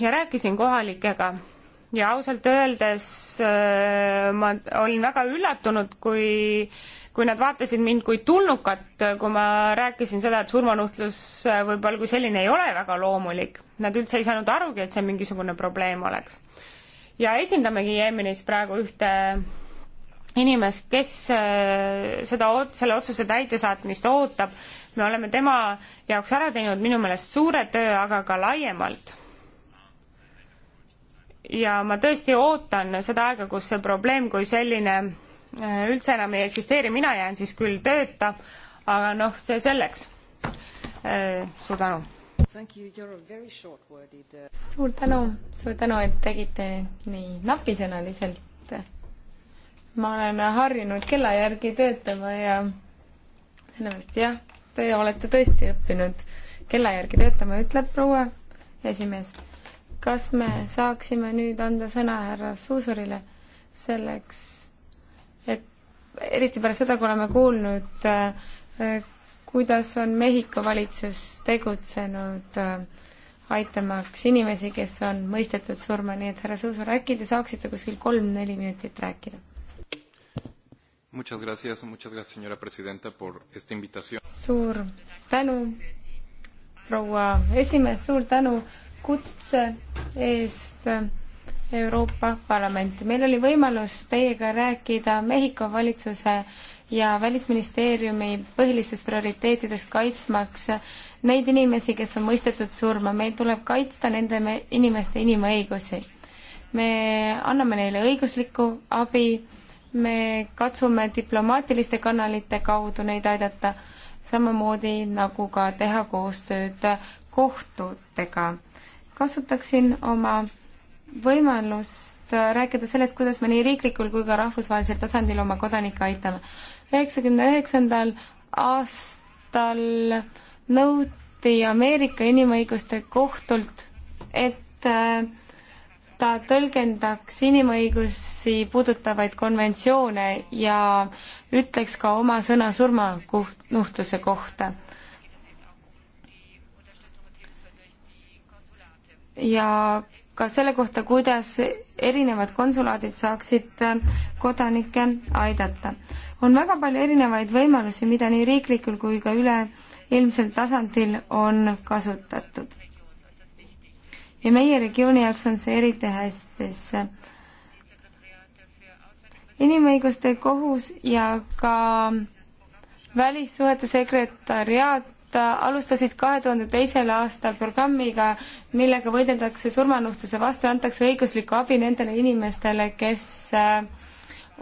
Speaker 1: ja rääkisin kohalikega ja ausalt öeldes äh, ma olin väga üllatunud, kui, kui nad vaatasid mind kui tulnukat, kui ma rääkisin seda, et surmanuhtlus äh, võib-olla kui selline ei ole väga loomulik. Nad üldse ei saanud arugi, et see mingisugune probleem oleks. ja esindamegi Jeemenis praegu ühte inimest, kes äh, seda, selle otsuse täidesaatmist ootab. me oleme tema jaoks ära teinud minu meelest suure töö, aga ka laiemalt ja ma tõesti ootan seda aega, kus see probleem kui selline äh, üldse enam ei eksisteeri, mina jään siis küll tööta, aga noh, see selleks. Äh, suur tänu.
Speaker 4: Uh,
Speaker 1: suur tänu, suur tänu, et tegite nii napisõnaliselt. ma olen harjunud kella järgi töötama ja sellepärast jah, te olete tõesti õppinud kella järgi töötama, ütleb proua esimees kas me saaksime nüüd anda sõna härra Suusurile selleks, et eriti pärast seda, kui oleme kuulnud, äh, kuidas on Mehhiko valitsus tegutsenud äh, aitamaks inimesi, kes on mõistetud surma, nii et härra Suusar, äkki te saaksite kuskil kolm-neli minutit rääkida?
Speaker 5: Muchas gracias, muchas gracias, señora presidenta, por esta invitación.
Speaker 1: suur tänu, proua esimees, suur tänu kutse eest Euroopa Parlamenti. meil oli võimalus teiega rääkida Mehhiko valitsuse ja Välisministeeriumi põhilistest prioriteetidest kaitsmaks neid inimesi, kes on mõistetud surma. meil tuleb kaitsta nende inimeste inimõigusi. me anname neile õiguslikku abi, me katsume diplomaatiliste kanalite kaudu neid aidata, samamoodi nagu ka teha koostööd kohtutega kasutaksin oma võimalust äh, rääkida sellest, kuidas me nii riiklikul kui ka rahvusvahelisel tasandil oma kodanikke aitame. üheksakümne üheksandal aastal nõuti Ameerika Inimõiguste Kohtult, et äh, ta tõlgendaks inimõigusi puudutavaid konventsioone ja ütleks ka oma sõna surmanuhtluse kohta ja ka selle kohta, kuidas erinevad konsulaadid saaksid äh, kodanikke aidata. on väga palju erinevaid võimalusi, mida nii riiklikul kui ka üleilmsel tasandil on kasutatud. ja meie regiooni jaoks on see eriti hästis. inimõiguste kohus ja ka välissuhete sekretariaat Äh, alustasid kahe tuhande teisel aastal programmiga, millega võideldakse surmanuhtluse vastu ja antakse õiguslikku abi nendele inimestele, kes äh,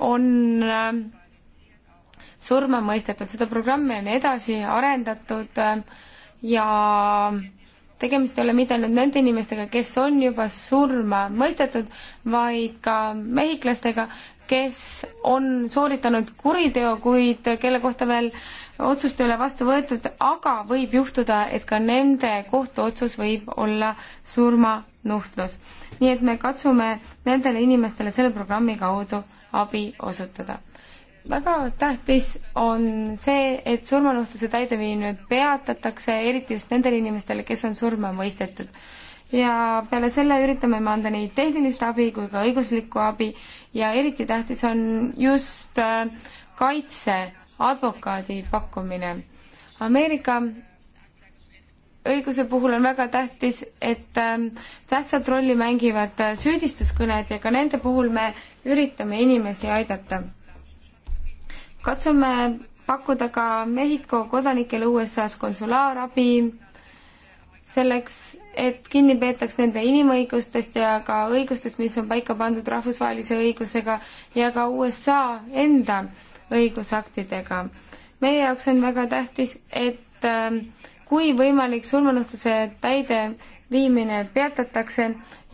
Speaker 1: on äh, surma mõistetud. seda programmi on edasi arendatud ja tegemist ei ole mitte ainult nende inimestega, kes on juba surma mõistetud, vaid ka mehhiklastega, kes on sooritanud kuriteo, kuid kelle kohta veel otsust ei ole vastu võetud, aga võib juhtuda, et ka nende kohtuotsus võib olla surmanuhtlus. nii et me katsume nendele inimestele selle programmi kaudu abi osutada. väga tähtis on see, et surmanuhtluse täideviimine peatatakse, eriti just nendele inimestele, kes on surma mõistetud ja peale selle üritame me anda nii tehnilist abi kui ka õiguslikku abi ja eriti tähtis on just äh, kaitseadvokaadi pakkumine. Ameerika õiguse puhul on väga tähtis, et äh, tähtsat rolli mängivad äh, süüdistuskõned ja ka nende puhul me üritame inimesi aidata. katsume pakkuda ka Mehhiko kodanikele USA-s konsulaarabi, selleks, et kinni peetaks nende inimõigustest ja ka õigustest, mis on paika pandud rahvusvahelise õigusega ja ka USA enda õigusaktidega. meie jaoks on väga tähtis, et ähm, kui võimalik, surmanuhtluse täide viimine peatatakse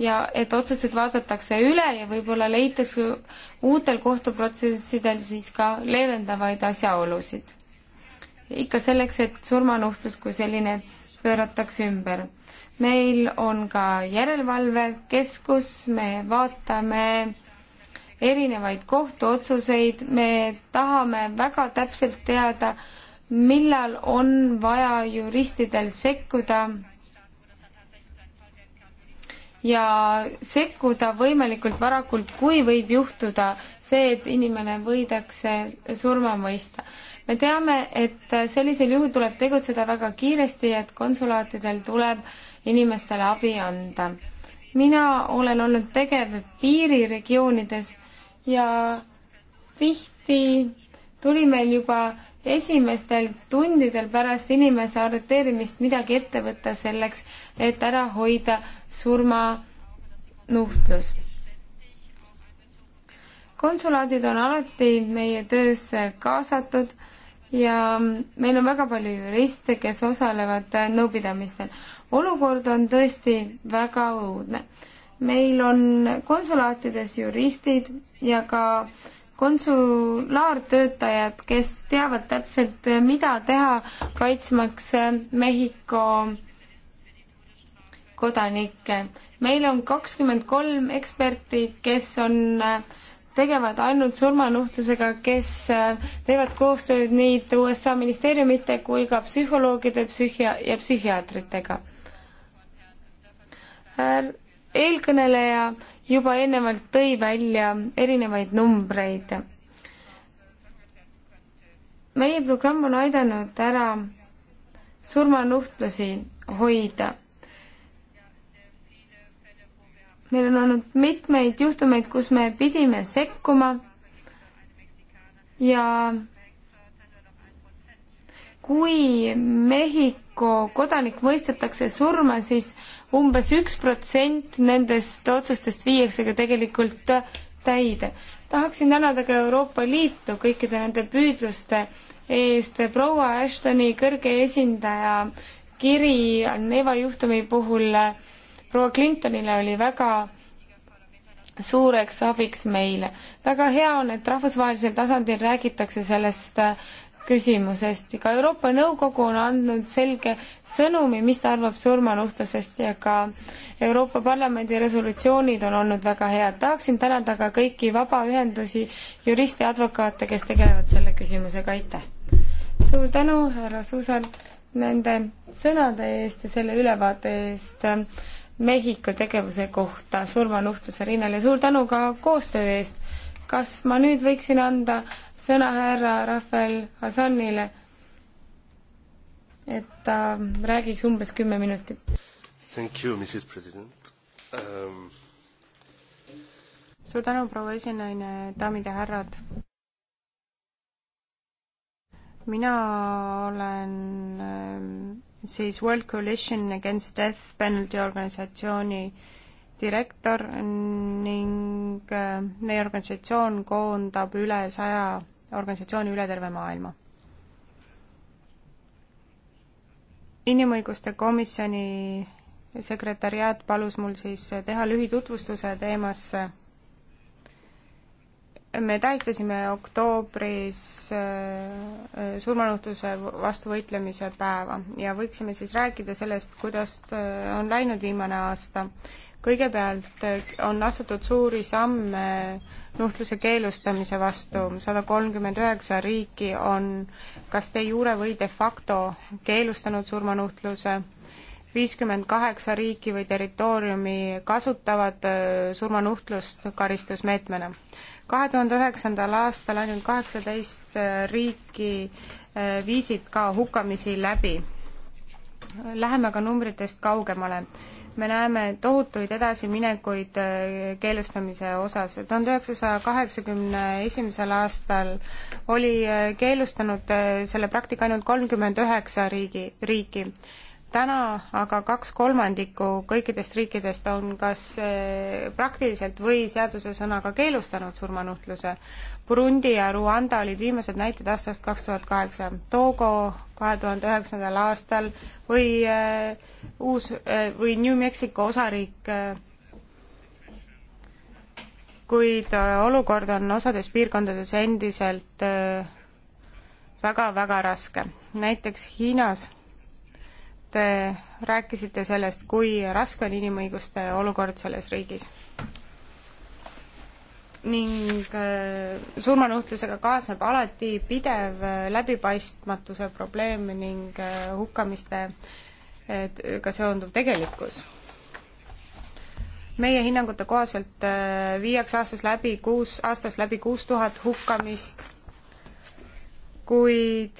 Speaker 1: ja et otsused vaadatakse üle ja võib-olla leitakse uutel kohtuprotsessidel siis ka leevendavaid asjaolusid. ikka selleks, et surmanuhtlus kui selline pööratakse ümber. meil on ka järelevalvekeskus, me vaatame erinevaid kohtuotsuseid, me tahame väga täpselt teada, millal on vaja juristidel sekkuda ja sekkuda võimalikult varakult, kui võib juhtuda see, et inimene võidakse surma mõista. me teame, et sellisel juhul tuleb tegutseda väga kiiresti, et konsulaatidel tuleb inimestele abi anda. mina olen olnud tegev piiriregioonides ja tihti tuli meil juba esimestel tundidel pärast inimese arreteerimist midagi ette võtta selleks, et ära hoida surmanuhtlus konsulaadid on alati meie töösse kaasatud ja meil on väga palju juriste, kes osalevad nõupidamistel. olukord on tõesti väga õudne. meil on konsulaatides juristid ja ka konsulaartöötajad, kes teavad täpselt, mida teha, kaitsmaks Mehhiko kodanikke. meil on kakskümmend kolm eksperti, kes on äh, tegevad ainult surmanuhtlusega, kes äh, teevad koostööd nii USA ministeeriumite kui ka psühholoogide psühhia- ja psühhiaatritega. Äh, eelkõneleja juba eelnevalt tõi välja erinevaid numbreid. meie programm on aidanud ära surmanuhtlusi hoida meil on olnud mitmeid juhtumeid, kus me pidime sekkuma ja kui Mehhiko kodanik mõistetakse surma, siis umbes üks protsent nendest otsustest viiakse ka tegelikult täide. tahaksin tänada ka Euroopa Liitu kõikide nende püüdluste eest. proua Ashtoni kõrge esindaja kiri Neva juhtumi puhul äh, proua Clintonile oli väga suureks abiks meile. väga hea on, et rahvusvahelisel tasandil räägitakse sellest äh, küsimusest. ka Euroopa Nõukogu on andnud selge sõnumi, mis ta arvab surmanuhtlusest ja ka Euroopa Parlamendi resolutsioonid on olnud väga head. tahaksin tänada ka kõiki vabaühendusi, juriste ja advokaate, kes tegelevad selle küsimusega, aitäh! suur tänu, härra Suusal, nende sõnade eest ja selle ülevaate eest äh, Mehhiko tegevuse kohta surmanuhtluse rinnal ja suur tänu ka koostöö eest. kas ma nüüd võiksin anda sõna härra Rafael Hassanile, et ta räägiks umbes kümme minutit?
Speaker 3: Thank you, Mrs President um....
Speaker 1: suur tänu, proua esinaine, daamid ja härrad. mina olen um, siis World Coalition Against Death Penalty organisatsiooni direktor ning äh, meie organisatsioon koondab üle saja organisatsiooni üle terve maailma. inimõiguste komisjoni sekretäriaat palus mul siis teha lühitutvustuse teemasse me tähistasime oktoobris äh, äh, surmanuhtluse vastu võitlemise päeva ja võiksime siis rääkida sellest, kuidas äh, on läinud viimane aasta. kõigepealt on astutud suuri samme nuhtluse keelustamise vastu, sada kolmkümmend üheksa riiki on kas de jure või de facto keelustanud surmanuhtluse viiskümmend kaheksa riiki või territooriumi kasutavad surmanuhtlust karistusmeetmena kahe tuhande üheksandal aastal ainult kaheksateist äh, riiki äh, viisid ka hukkamisi läbi. Läheme aga ka numbritest kaugemale me näeme tohutuid edasiminekuid äh, keelustamise osas. tuhande üheksasaja kaheksakümne esimesel aastal oli keelustanud selle praktika ainult kolmkümmend üheksa riigi, riiki täna aga kaks kolmandikku kõikidest riikidest on kas eh, praktiliselt või seaduse sõnaga keelustanud surmanuhtluse. Burundi ja Rwanda olid viimased näited aastast kaks tuhat kaheksa, Togo kahe tuhande üheksandal aastal või äh, uus äh, või New Mexico osariik äh, kuid äh, olukord on osades piirkondades endiselt väga-väga äh, väga, väga raske. näiteks Hiinas Te rääkisite sellest, kui raske on inimõiguste olukord selles riigis. ning äh, surmanuhtlusega kaasneb alati pidev äh, läbipaistmatuse probleem ning äh, hukkamistega seonduv tegelikkus meie hinnangute kohaselt viiakse aastas läbi kuus, aastas läbi kuus tuhat hukkamist, kuid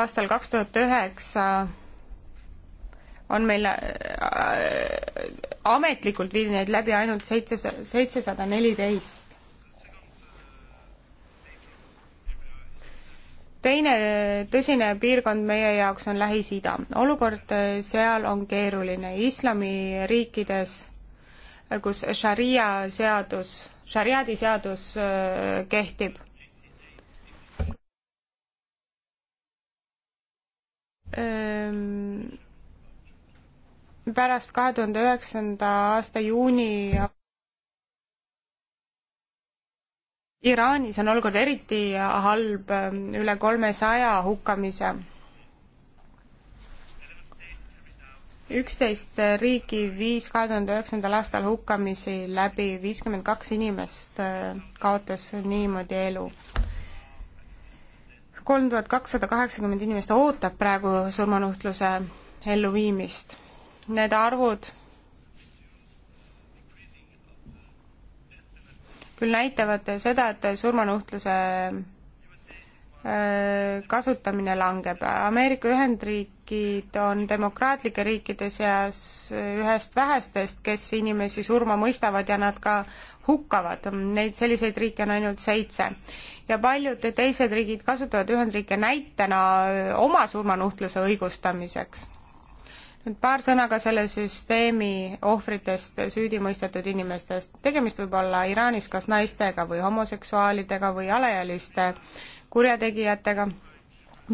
Speaker 1: aastal kaks tuhat üheksa on meil äh, äh ametlikult viidi neid läbi ainult seitsesada, seitsesada neliteist. teine tõsine piirkond meie jaoks on Lähis-Ida. olukord äh, seal on keeruline. islamiriikides, äh, kus šaria seadus, šariaadi seadus kehtib, Ehm, pärast kahe tuhande üheksanda aasta juuni Iraanis on olukord eriti halb, üle kolmesaja hukkamise. üksteist riiki viis kahe tuhande üheksandal aastal hukkamisi läbi, viiskümmend kaks inimest äh, kaotas niimoodi elu kolm tuhat kakssada kaheksakümmend inimest ootab praegu surmanuhtluse elluviimist. Need arvud küll näitavad seda, et surmanuhtluse Äh, kasutamine langeb. Ameerika Ühendriigid on demokraatlike riikide seas ühest vähestest, kes inimesi surma mõistavad ja nad ka hukkavad. Neid, selliseid riike on ainult seitse. ja paljud teised riigid kasutavad Ühendriike näitena oma surmanuhtluse õigustamiseks. nüüd paar sõna ka selle süsteemi ohvritest, süüdimõistetud inimestest. tegemist võib olla Iraanis kas naistega või homoseksuaalidega või alaealiste kurjategijatega.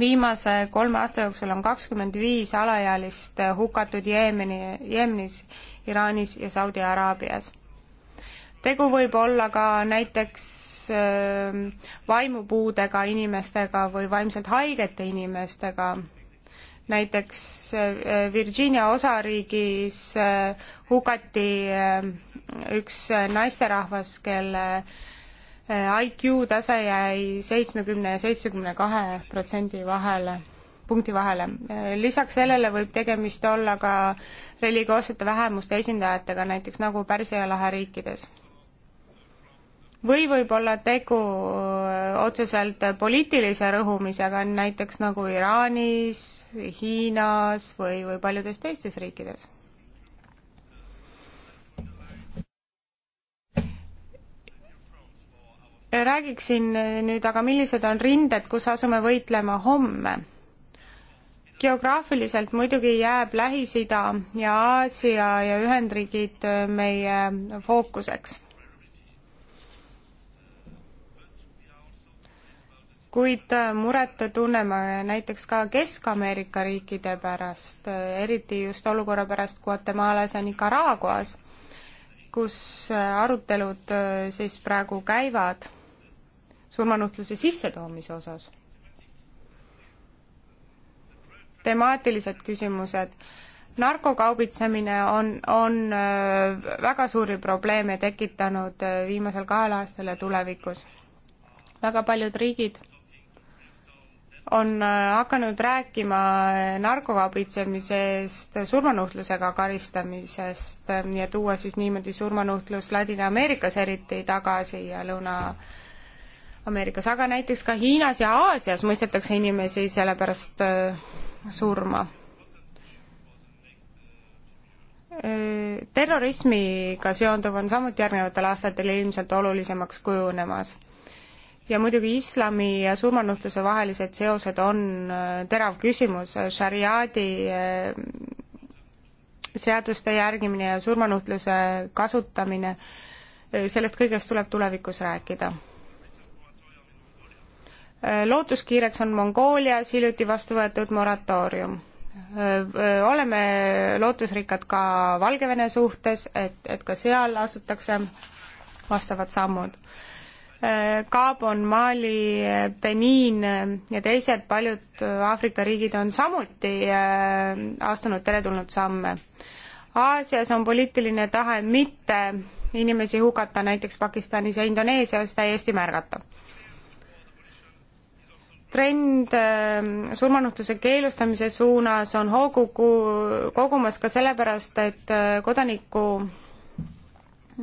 Speaker 1: viimase kolme aasta jooksul on kakskümmend viis alaealist hukatud Jeemeni, Jeemenis, Iraanis ja Saudi Araabias. tegu võib olla ka näiteks ähm, vaimupuudega inimestega või vaimselt haigete inimestega näiteks äh, Virginia osariigis äh, hukati äh, üks naisterahvas, kelle IQ tase jäi seitsmekümne ja seitsmekümne kahe protsendi vahele, punkti vahele. lisaks sellele võib tegemist olla ka religioossete vähemuste esindajatega, näiteks nagu Pärsia lahe riikides. või võib olla tegu otseselt poliitilise rõhumisega, näiteks nagu Iraanis, Hiinas või, või paljudes teistes riikides räägiksin nüüd aga, millised on rinded, kus asume võitlema homme. geograafiliselt muidugi jääb Lähis-Ida ja Aasia ja Ühendriigid meie fookuseks. kuid muret tunneme näiteks ka Kesk-Ameerika riikide pärast, eriti just olukorra pärast Guatemalas ja Nicaraguas, kus arutelud siis praegu käivad surmanuhtluse sissetoomise osas. temaatilised küsimused. narkokaubitsemine on, on äh, väga suuri probleeme tekitanud äh, viimasel kahel aastal ja tulevikus. väga paljud riigid on äh, hakanud rääkima narkokaubitsemisest, surmanuhtlusega karistamisest ja tuua siis niimoodi surmanuhtlus Ladina-Ameerikas eriti tagasi ja Lõuna- Ameerikas, aga näiteks ka Hiinas ja Aasias mõistetakse inimesi selle pärast äh, surma. Äh, terrorismiga seonduv on samuti järgnevatel aastatel ilmselt olulisemaks kujunemas. ja muidugi islami ja surmanuhtluse vahelised seosed on äh, terav küsimus, šariaadi seaduste järgimine ja surmanuhtluse kasutamine, sellest kõigest tuleb tulevikus rääkida Äh, lootuskiireks on Mongoolias hiljuti vastu võetud moratoorium. Äh, äh, oleme lootusrikkad ka Valgevene suhtes, et, et ka seal astutakse vastavad sammud. Gabon, Mali, Benin ja teised paljud Aafrika riigid on samuti astunud teretulnud samme. Aasias on poliitiline tahe mitte inimesi hukata näiteks Pakistanis ja Indoneesias täiesti märgatav trend ähm, surmanuhtluse keelustamise suunas on hoogu kogumas ka sellepärast, et äh, kodaniku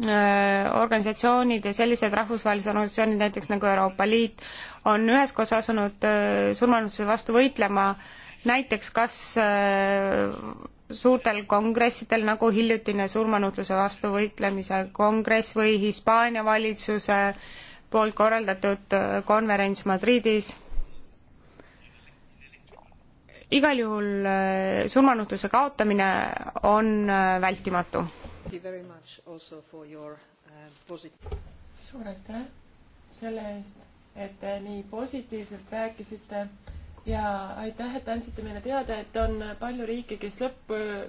Speaker 1: äh, organisatsioonid ja sellised rahvusvahelised organisatsioonid, näiteks nagu Euroopa Liit, on üheskoos asunud äh, surmanuhtluse vastu võitlema, näiteks kas suurtel kongressidel, nagu hiljutine surmanuhtluse vastu võitlemise kongress või Hispaania valitsuse poolt korraldatud konverents Madridis igal juhul äh, surmanuhtluse kaotamine on äh, vältimatu.
Speaker 4: Äh,
Speaker 2: suur aitäh selle eest, et te nii positiivselt rääkisite ja aitäh, et andsite meile teada, et on palju riike, kes lõpp,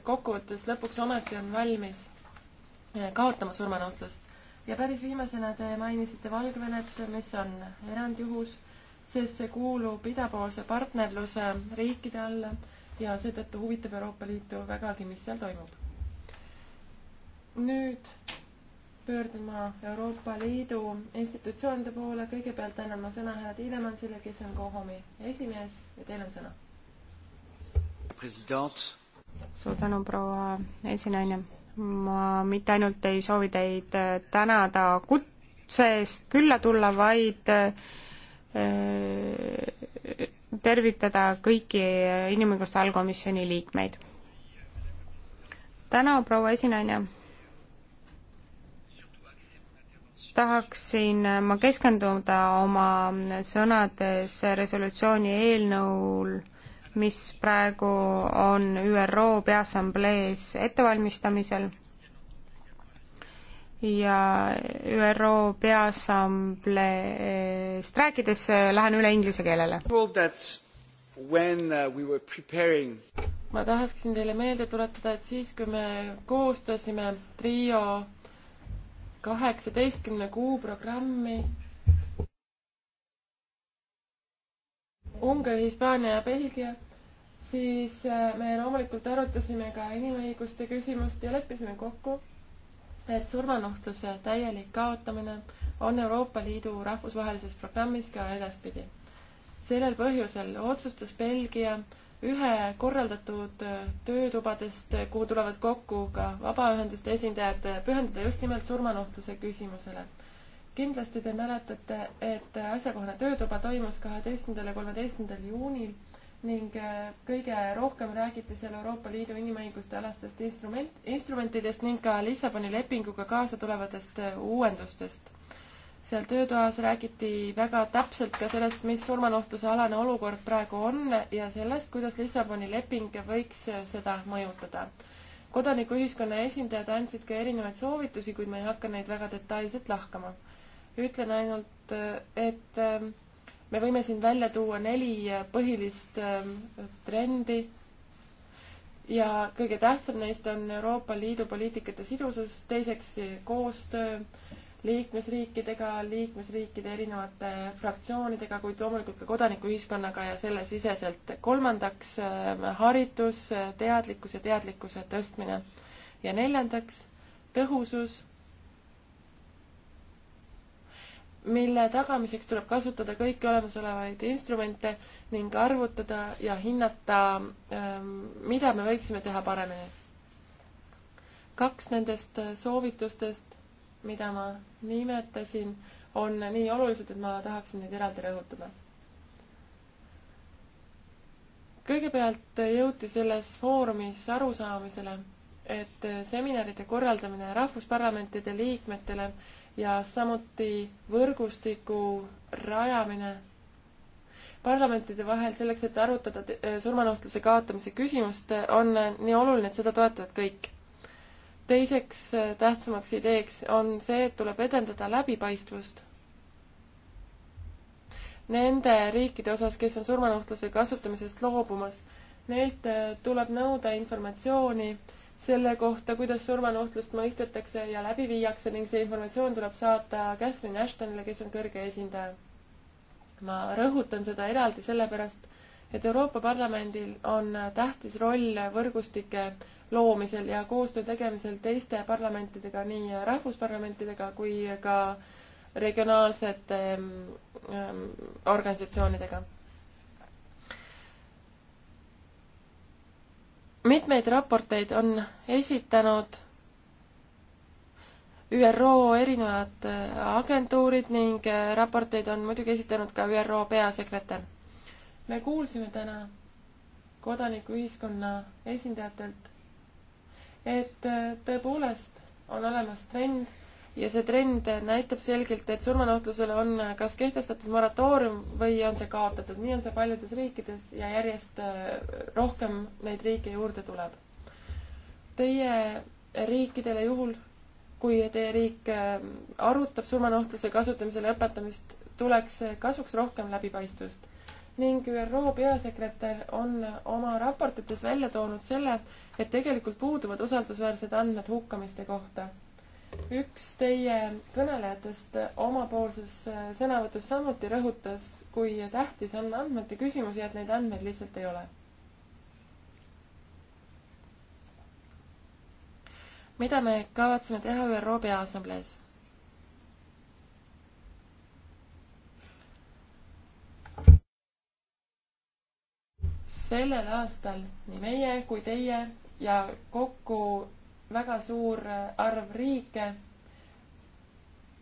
Speaker 2: kokkuvõttes lõpuks ometi on valmis kaotama surmanuhtlust. ja päris viimasena te mainisite Valgevenet, mis on erandjuhus sest see kuulub idapoolse partnerluse riikide alla ja seetõttu huvitab Euroopa Liitu vägagi, mis seal toimub. nüüd pöördun ma Euroopa Liidu institutsioonide poole, kõigepealt annan ma sõna härra Tiilemansile, kes on KOHOM-i esimees ja teil on sõna.
Speaker 1: president suur tänu, proua esinaine. ma mitte ainult ei soovi teid tänada kutse eest külla tulla, vaid Äh, tervitada kõiki inimõiguste allkomisjoni liikmeid. täna, proua esinaine, tahaksin ma keskenduda oma sõnades resolutsiooni eelnõul, mis praegu on ÜRO Peaassamblees ettevalmistamisel ja ÜRO Peaassambleest rääkides eh, lähen üle inglise keelele. Uh, ma tahaksin teile meelde tuletada, et siis, kui me
Speaker 2: koostasime trio kaheksateistkümne kuu programmi Ungari, Hispaania ja Belgia, siis eh, me loomulikult arutasime ka inimõiguste küsimust ja leppisime kokku et surmanuhtluse täielik kaotamine on Euroopa Liidu rahvusvahelises programmis ka edaspidi. sellel põhjusel otsustas Belgia ühe korraldatud äh, töötubadest, äh, kuhu tulevad kokku ka vabaühenduste esindajad, äh, pühendada just nimelt surmanuhtluse küsimusele. kindlasti te mäletate, et asjakohane töötuba toimus kaheteistkümnendal ja kolmeteistkümnendal juunil ning äh, kõige rohkem räägiti seal Euroopa Liidu inimõiguste alastest instrument, instrumentidest ning ka Lissaboni lepinguga kaasa tulevatest äh, uuendustest. seal töötoas räägiti väga täpselt ka sellest, mis surmanohtuse alane olukord praegu on ja sellest, kuidas Lissaboni leping võiks äh, seda mõjutada. kodanikuühiskonna esindajad andsid ka erinevaid soovitusi, kuid ma ei hakka neid väga detailselt lahkama. ütlen ainult, et ähm, me võime siin välja tuua neli äh, põhilist ähm, trendi ja kõige tähtsam neist on Euroopa Liidu poliitikate sidusus, teiseks koostöö liikmesriikidega, liikmesriikide erinevate fraktsioonidega, kuid loomulikult ka kodanikuühiskonnaga ja selle siseselt. kolmandaks ähm, haritus, teadlikkus ja teadlikkuse tõstmine. ja neljandaks tõhusus mille tagamiseks tuleb kasutada kõiki olemasolevaid instrumente ning arvutada ja hinnata, ähm, mida me võiksime teha paremini. kaks nendest äh, soovitustest, mida ma nimetasin, on nii olulised, et ma tahaksin neid eraldi rõhutada. kõigepealt jõuti selles foorumis arusaamisele, et seminaride korraldamine rahvusparlamentide liikmetele äh, ja samuti võrgustiku rajamine parlamentide vahel selleks, et arutada äh, surmanuhtluse kaotamise küsimust, äh, on äh, nii oluline, et seda toetavad kõik. teiseks tähtsamaks ideeks on see, et tuleb edendada läbipaistvust nende riikide osas, kes on surmanuhtluse kasutamisest loobumas. Neilt tuleb nõuda informatsiooni äh, selle kohta, kuidas surmanuhtlust mõistetakse ja läbi viiakse ning see informatsioon tuleb saata Catherine Ashtonile, kes on kõrge esindaja. ma rõhutan seda eraldi sellepärast, et Euroopa Parlamendil on tähtis roll võrgustike loomisel ja koostöö tegemisel teiste parlamentidega, nii rahvusparlamentidega kui ka regionaalsete ähm, organisatsioonidega mitmeid raporteid on esitanud ÜRO erinevad äh, agentuurid ning äh, raporteid on muidugi esitanud ka ÜRO peasekretär. me kuulsime täna kodanikuühiskonna esindajatelt, et äh, tõepoolest on olemas trend ja see trend näitab selgelt, et surmanuhtlusele on kas kehtestatud moratoorium või on see kaotatud. nii on see paljudes riikides ja järjest äh, rohkem neid riike juurde tuleb. Teie riikidele juhul, kui teie riik äh, arutab surmanuhtluse kasutamise lõpetamist, tuleks kasuks rohkem läbipaistvust ning ÜRO peasekretär on oma raportites välja toonud selle, et tegelikult puuduvad usaldusväärsed andmed hukkamiste kohta üks teie kõnelejatest omapoolses äh, sõnavõtus samuti rõhutas, kui tähtis on andmete küsimus ja et neid andmeid lihtsalt ei ole. mida me kavatseme teha ÜRO Peaassamblees? sellel aastal nii meie kui teie ja kokku väga suur äh, arv riike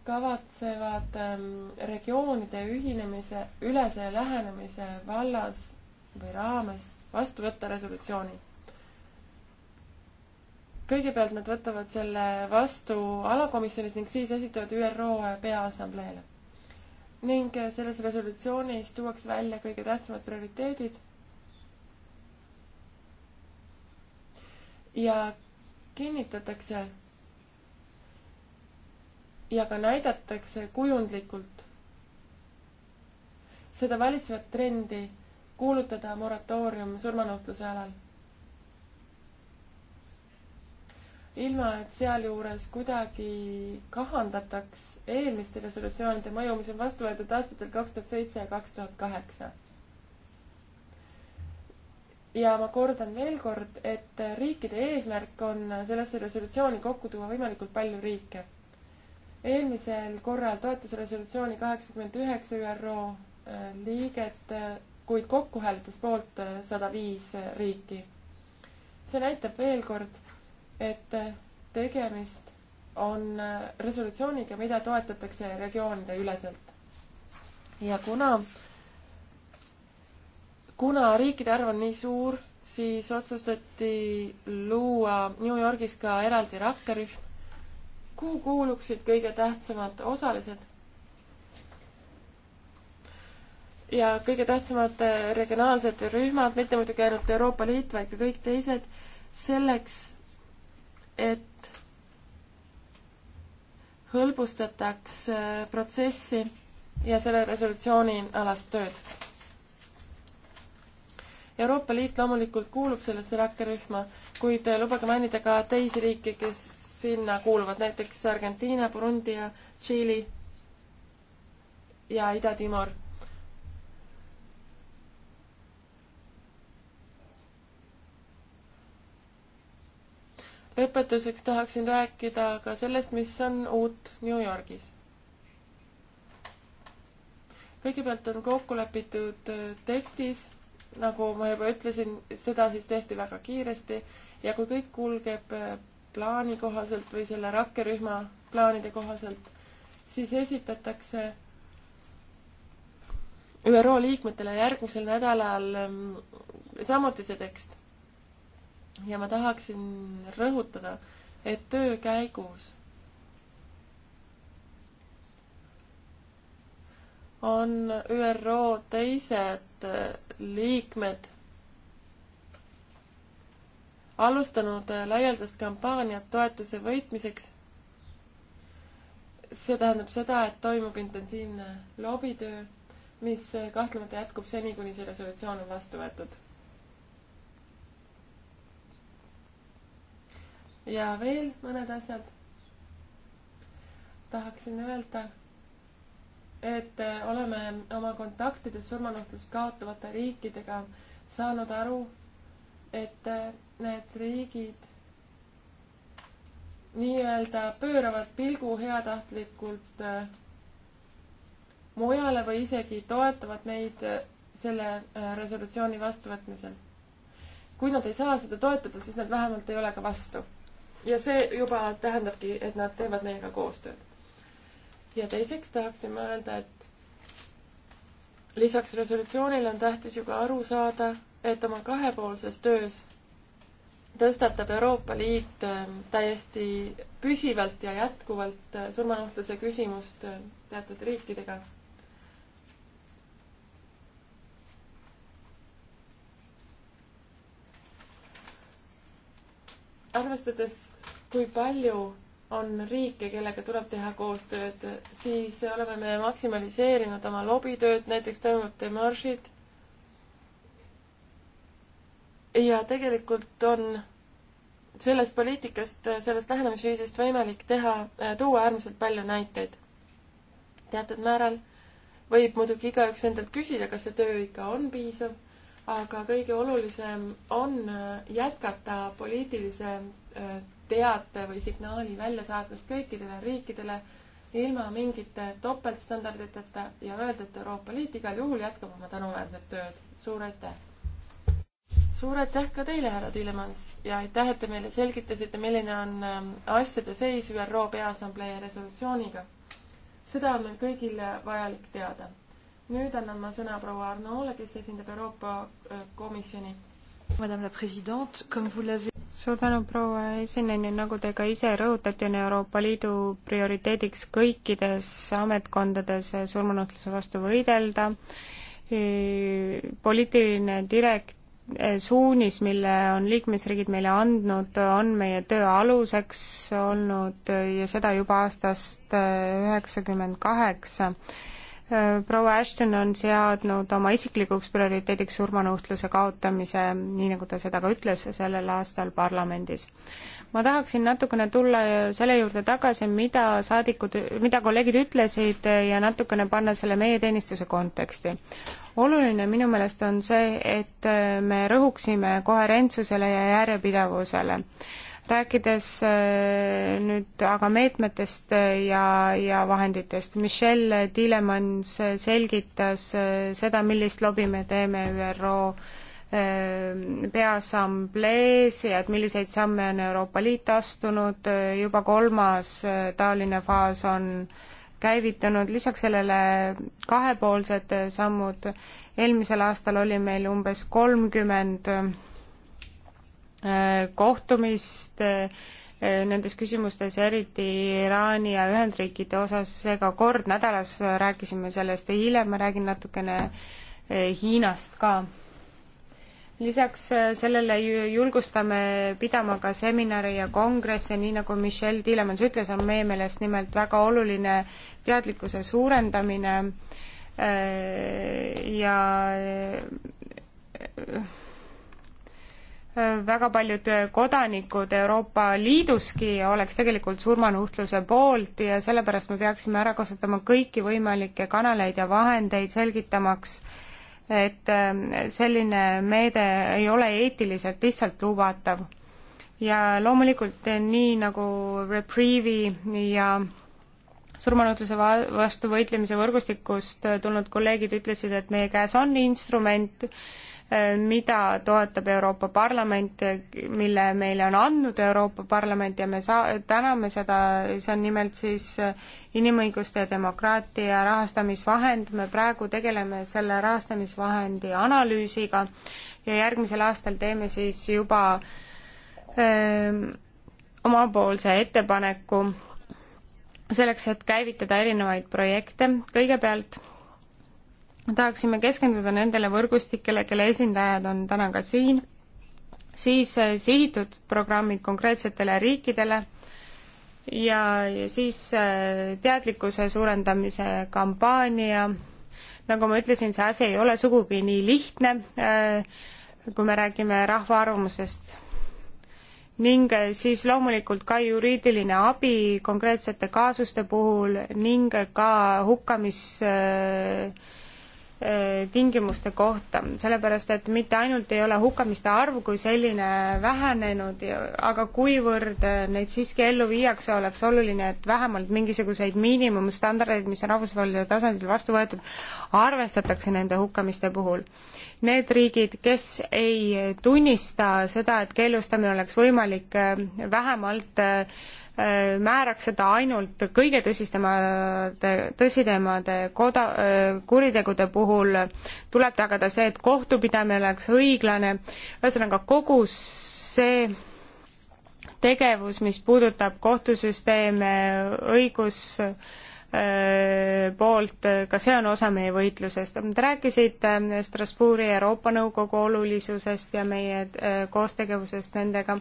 Speaker 2: kavatsevad ähm, regioonide ühinemise, ülese lähenemise vallas või raames vastu võtta resolutsiooni. kõigepealt nad võtavad selle vastu alakomisjonis ning siis esitavad ÜRO Peaassambleele. ning äh, selles resolutsioonis tuuakse välja kõige tähtsamad prioriteedid ja kinnitatakse ja ka näidatakse kujundlikult seda valitsevat trendi kuulutada moratoorium surmanuhtluse alal. ilma, et sealjuures kuidagi kahandataks eelmiste resolutsioonide mõju, mis on vastu võetud aastatel kaks tuhat seitse ja kaks tuhat kaheksa ja ma kordan veel kord, et riikide eesmärk on sellesse resolutsiooni kokku tuua võimalikult palju riike. eelmisel korral toetas resolutsiooni kaheksakümmend üheksa ÜRO äh, liiget, äh, kuid kokku hääletas poolt äh, sada viis riiki. see näitab veel kord, et tegemist on resolutsiooniga, mida toetatakse regioonide üleselt. ja kuna äh, kuna riikide arv on nii suur, siis otsustati luua New Yorgis ka eraldi rakkerühm, kuhu kuuluksid kõige tähtsamad osalised. ja kõige tähtsamad äh, regionaalsed rühmad, mitte muidugi ainult Euroopa Liit, vaid ka kõik teised, selleks, et hõlbustataks äh, protsessi ja selle resolutsiooni alast tööd Euroopa Liit loomulikult kuulub sellesse rakkerühma, kuid äh, lubage mainida ka teisi riike, kes sinna kuuluvad, näiteks Argentiina, Burundi ja Tšiili ja Ida-Timor lõpetuseks tahaksin rääkida ka sellest, mis on uut New Yorgis. kõigepealt on kokku lepitud äh, tekstis, nagu ma juba ütlesin, seda siis tehti väga kiiresti ja kui kõik kulgeb äh, plaani kohaselt või selle rakkerühma plaanide kohaselt, siis esitatakse ÜRO liikmetele järgmisel nädalal ähm, samuti see tekst. ja ma tahaksin rõhutada, et töö käigus on ÜRO teised tuhat äh, liikmed alustanud äh, laialdast kampaaniat toetuse võitmiseks. see tähendab seda, et toimub intensiivne lobitöö, mis äh, kahtlemata jätkub seni, kuni see resolutsioon on vastu võetud. ja veel mõned asjad tahaksin öelda et äh, oleme oma kontaktides surmanuhtlust kaotavate riikidega saanud aru, et äh, need riigid nii-öelda pööravad pilgu heatahtlikult äh, mujale või isegi toetavad meid selle resolutsiooni vastuvõtmisel. kui nad ei saa seda toetada, siis nad vähemalt ei ole ka vastu. ja see juba tähendabki, et nad teevad meiega koostööd ja teiseks tahaksin ma öelda, et lisaks resolutsioonile on tähtis ju ka aru saada, et oma kahepoolses töös tõstatab Euroopa Liit ähm, täiesti püsivalt ja jätkuvalt äh, surmanuhtluse küsimust äh, teatud riikidega. arvestades, kui palju on riike, kellega tuleb teha koostööd, siis oleme me maksimaliseerinud oma lobitööd, näiteks toimuvad demaršid. ja tegelikult on sellest poliitikast, sellest lähenemisviisist võimalik teha, tuua äärmiselt palju näiteid. teatud määral võib muidugi igaüks endalt küsida, kas see töö ikka on piisav, aga kõige olulisem on jätkata poliitilise teate või signaali väljasaatmist kõikidele riikidele ilma mingite topeltstandarditeta ja öelda, et Euroopa Liit igal juhul jätkab oma tänuväärset tööd. suur aitäh! suur aitäh ka teile, härra Tiilemans ja aitäh, et te meile selgitasite, milline on ähm, asjade seis ÜRO Peaassamblee resolutsiooniga. seda on meil kõigil vajalik teada. nüüd annan ma sõna proua Arnoole, kes esindab Euroopa äh, Komisjoni
Speaker 1: suur tänu, proua esineja, nagu te ka ise rõhutate, on Euroopa Liidu prioriteediks kõikides ametkondades surmanuhtluse vastu võidelda. poliitiline direkt-, e, suunis, mille on liikmesriigid meile andnud, on meie töö aluseks olnud ja seda juba aastast e, üheksakümmend kaheksa proua Ashton on seadnud oma isiklikuks prioriteediks surmanuhtluse kaotamise, nii nagu ta seda ka ütles sellel aastal parlamendis. ma tahaksin natukene tulla selle juurde tagasi, mida saadikud, mida kolleegid ütlesid ja natukene panna selle meie teenistuse konteksti. oluline minu meelest on see, et me rõhuksime koherentsusele ja järjepidevusele rääkides äh, nüüd aga meetmetest äh, ja, ja vahenditest, Michelle Tiilemans äh, selgitas seda, millist lobi me teeme ÜRO Peaassamblees ja et milliseid samme on Euroopa Liit astunud, juba kolmas taoline faas on käivitunud, lisaks sellele kahepoolsed sammud, eelmisel aastal oli meil umbes kolmkümmend 30 Äh, kohtumist äh, nendes küsimustes, eriti Iraani ja Ühendriikide osas, seega kord nädalas rääkisime sellest ja hiljem ma räägin natukene äh, Hiinast ka. lisaks sellele julgustame pidama ka seminare ja kongresse, nii nagu Michelle Tiilemans ütles, on meie meelest nimelt väga oluline teadlikkuse suurendamine ja väga paljud kodanikud Euroopa Liiduski oleks tegelikult surmanuhtluse poolt ja sellepärast me peaksime ära kasutama kõiki võimalikke kanaleid ja vahendeid selgitamaks, et äh, selline meede ei ole eetiliselt lihtsalt lubatav. ja loomulikult eh, nii nagu Reprieve'i ja surmanuhtluse vastu võitlemise võrgustikust äh, tulnud kolleegid ütlesid, et meie käes on instrument, mida toetab Euroopa Parlament, mille meile on andnud Euroopa Parlament ja me saa-, täname seda, see on nimelt siis inimõiguste ja demokraatia rahastamisvahend, me praegu tegeleme selle rahastamisvahendi analüüsiga ja järgmisel aastal teeme siis juba öö, ehm, omapoolse ettepaneku selleks, et käivitada erinevaid projekte, kõigepealt tahaksime keskenduda nendele võrgustikele, kelle esindajad on täna ka siin, siis äh, sihitud programmid konkreetsetele riikidele ja, ja siis äh, teadlikkuse suurendamise kampaania. nagu ma ütlesin, see asi ei ole sugugi nii lihtne, äh, kui me räägime rahva arvamusest. ning siis loomulikult ka juriidiline abi konkreetsete kaasuste puhul ning ka hukkamis äh, Äh, tingimuste kohta, sellepärast et mitte ainult ei ole hukkamiste arv kui selline vähenenud, aga kuivõrd äh, neid siiski ellu viiakse, oleks oluline, et vähemalt mingisuguseid miinimumstandardeid, mis on rahvusvahelisel tasandil vastu võetud, arvestatakse nende hukkamiste puhul. Need riigid, kes ei tunnista seda, et keelustamine oleks võimalik äh, vähemalt Äh, määraks seda ainult kõige tõsistemate, tõsidemade koda-, äh, kuritegude puhul tuleb tagada see, et kohtupidamine oleks õiglane, ühesõnaga kogu see tegevus, mis puudutab kohtusüsteeme, õigus äh, poolt, ka see on osa meie võitlusest. Te rääkisite Strasbourgi Euroopa Nõukogu olulisusest ja meie koostegevusest nendega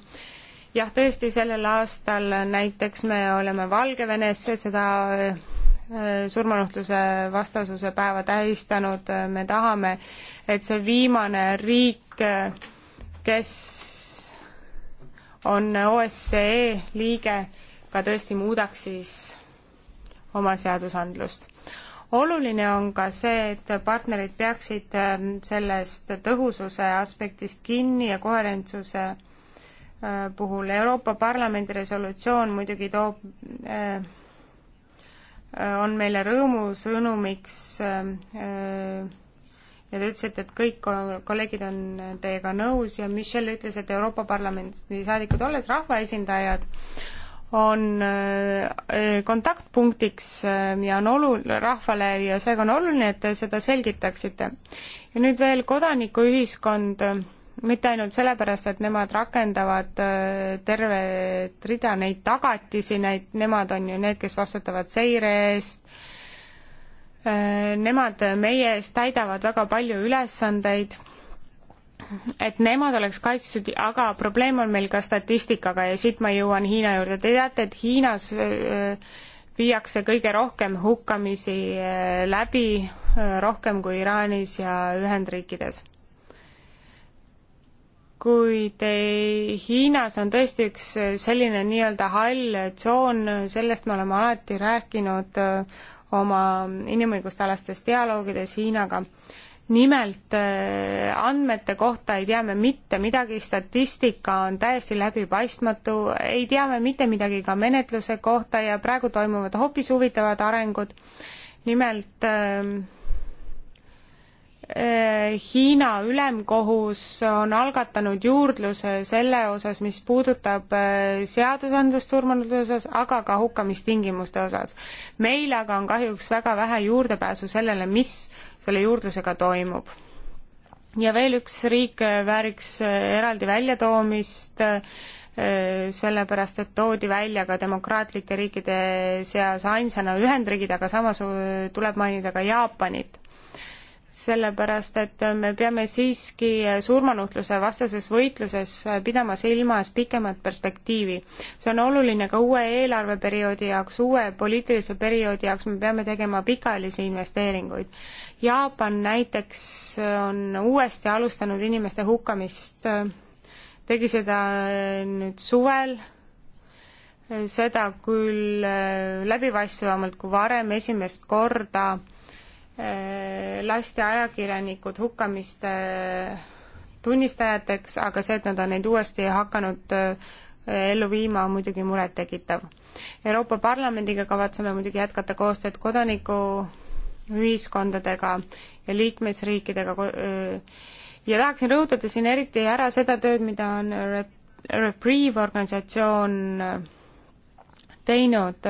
Speaker 1: jah, tõesti, sellel aastal näiteks me oleme Valgevenesse seda äh, surmanuhtluse vastasuse päeva tähistanud, me tahame, et see viimane riik, kes on OSCE liige, ka tõesti muudaks siis oma seadusandlust. oluline on ka see, et partnerid peaksid äh, sellest tõhususe aspektist kinni ja koherentsuse Äh, puhul. Euroopa Parlamendi resolutsioon muidugi toob, äh, äh, on meile rõõmusõnumiks ja te ütlesite, et kõik kolleegid on teiega nõus ja Michel ütles, et Euroopa Parlamendi saadikud, olles rahvaesindajad, on kontaktpunktiks ja on olu-, rahvale ja seega on oluline, et te seda selgitaksite. ja nüüd veel kodanikuühiskond mitte ainult sellepärast, et nemad rakendavad äh, tervet rida neid tagatisi, neid, nemad on ju need, kes vastutavad seire eest, äh, nemad meie eest täidavad väga palju ülesandeid, et nemad oleks kaitstud, aga probleem on meil ka statistikaga ja siit ma jõuan Hiina juurde. Te teate, et Hiinas äh, viiakse kõige rohkem hukkamisi läbi, rohkem kui Iraanis ja Ühendriikides kuid eh, Hiinas on tõesti üks eh, selline nii-öelda hall tsoon, sellest me oleme alati rääkinud eh, oma inimõiguste alastes dialoogides Hiinaga. nimelt andmete kohta ei tea me mitte midagi, statistika on täiesti läbipaistmatu, ei tea me mitte midagi ka menetluse kohta ja praegu toimuvad hoopis huvitavad arengud. nimelt äh, Eh, Hiina ülemkohus on algatanud juurdluse selle osas, mis puudutab eh, seadusandlust surmanute osas, aga ka hukkamistingimuste osas. meil aga on kahjuks väga vähe juurdepääsu sellele, mis selle juurdlusega toimub ja veel üks riik eh, vääriks eraldi väljatoomist, sellepärast et toodi välja ka demokraatlike riikide seas ainsana Ühendriigid, aga samas tuleb mainida ka Jaapanit sellepärast et me peame siiski surmanuhtluse vastases võitluses pidama silmas pikemat perspektiivi. see on oluline ka uue eelarveperioodi jaoks, uue poliitilise perioodi jaoks, me peame tegema pikaajalisi investeeringuid. Jaapan näiteks on uuesti alustanud inimeste hukkamist, tegi seda nüüd suvel, seda küll läbipaistvamalt kui varem, esimest korda Äh, lasti ajakirjanikud hukkamiste äh, tunnistajateks, aga see, et nad on neid uuesti hakanud äh, ellu viima, on muidugi murettekitav. Euroopa Parlamendiga kavatseme muidugi jätkata koostööd kodanikuühiskondadega ja liikmesriikidega ja tahaksin rõhutada siin eriti ära seda tööd, mida on Reprieve organisatsioon teinud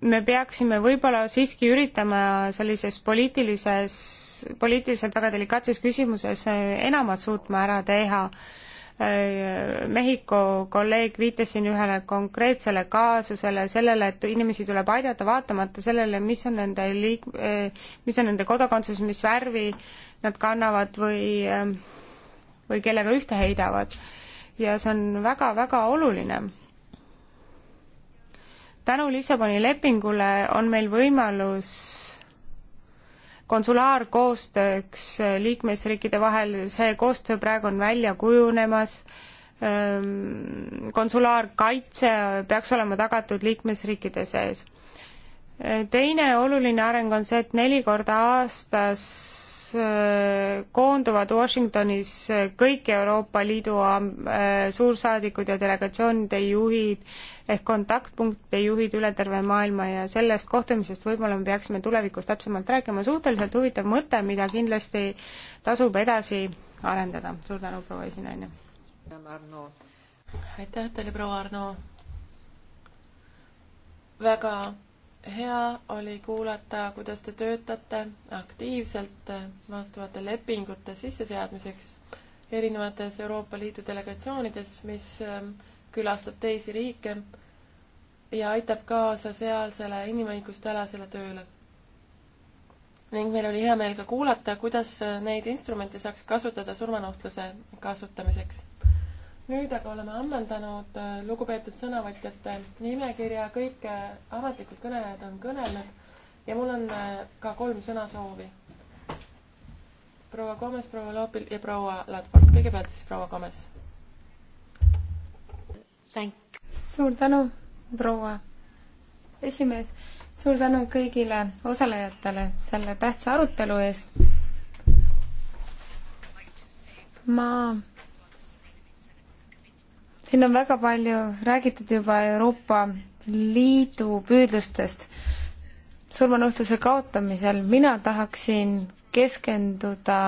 Speaker 1: me peaksime võib-olla siiski üritama sellises poliitilises, poliitiliselt väga delikaatses küsimuses äh, enamat suutma ära teha. Äh, Mehhiko kolleeg viitas siin ühele konkreetsele kaasusele, sellele, et inimesi tuleb aidata vaatamata sellele, mis on nende liik-, äh, mis on nende kodakondsus, mis värvi nad kannavad või, või kellega ühte heidavad. ja see on väga-väga oluline tänu Lissaboni lepingule on meil võimalus konsulaarkoostööks liikmesriikide vahel, see koostöö praegu on välja kujunemas, ehm, konsulaarkaitse peaks olema tagatud liikmesriikide sees. teine oluline areng on see, et neli korda aastas Äh, koonduvad Washingtonis kõik Euroopa Liidu äh, suursaadikud ja delegatsioonide juhid ehk kontaktpunktide juhid üle terve maailma ja sellest kohtumisest võib-olla me peaksime tulevikus täpsemalt rääkima. suhteliselt huvitav mõte, mida kindlasti tasub edasi arendada. suur tänu, proua esinaine.
Speaker 2: aitäh teile, proua Arno. väga hea oli kuulata, kuidas te töötate aktiivselt äh, vastavate lepingute sisseseadmiseks erinevates Euroopa Liidu delegatsioonides, mis ähm, külastab teisi riike ja aitab kaasa sealsele inimõiguste alasele tööle. ning meil oli hea meel ka kuulata, kuidas äh, neid instrumente saaks kasutada surmanuhtluse kasutamiseks nüüd aga oleme ammendanud äh, lugupeetud sõnavõtjate nimekirja, kõik äh, ametlikud kõnelejad on kõnelenud ja mul on äh, ka kolm sõnasoovi. proua Gomes, proua Loopil ja proua Ladford, kõigepealt siis proua Gomes.
Speaker 1: suur tänu, proua esimees, suur tänu kõigile osalejatele selle tähtsa arutelu eest. ma siin on väga palju räägitud juba Euroopa Liidu püüdlustest surmanuhtluse kaotamisel. mina tahaksin keskenduda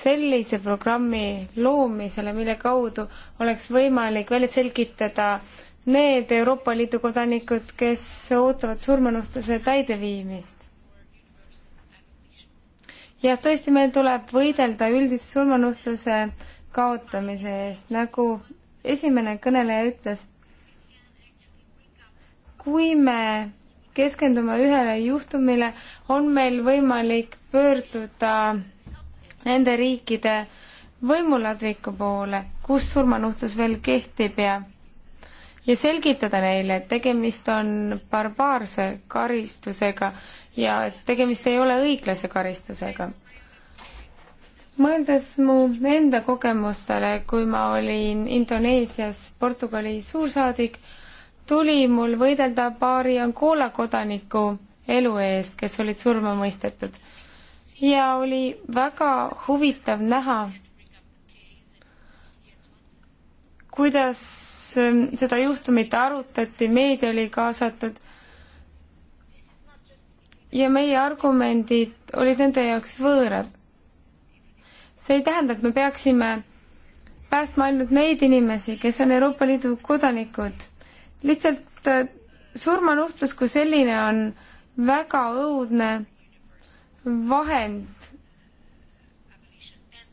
Speaker 1: sellise programmi loomisele, mille kaudu oleks võimalik välja selgitada need Euroopa Liidu kodanikud, kes ootavad surmanuhtluse täideviimist jah, tõesti, meil tuleb võidelda üldise surmanuhtluse kaotamise eest, nagu esimene kõneleja ütles. kui me keskendume ühele juhtumile, on meil võimalik pöörduda nende riikide võimuladviku poole, kus surmanuhtlus veel kehtib ja ja selgitada neile, et tegemist on barbaarse karistusega ja et tegemist ei ole õiglase karistusega. mõeldes mu enda kogemustele, kui ma olin Indoneesias Portugali suursaadik, tuli mul võidelda paari Angola kodaniku elu eest, kes olid surma mõistetud. ja oli väga huvitav näha, kuidas ähm, seda juhtumit arutati, meedia oli kaasatud ja meie argumendid olid nende jaoks võõrad. see ei tähenda, et me peaksime päästma ainult neid inimesi, kes on Euroopa Liidu kodanikud. lihtsalt äh, surmanuhtlus kui selline on väga õudne vahend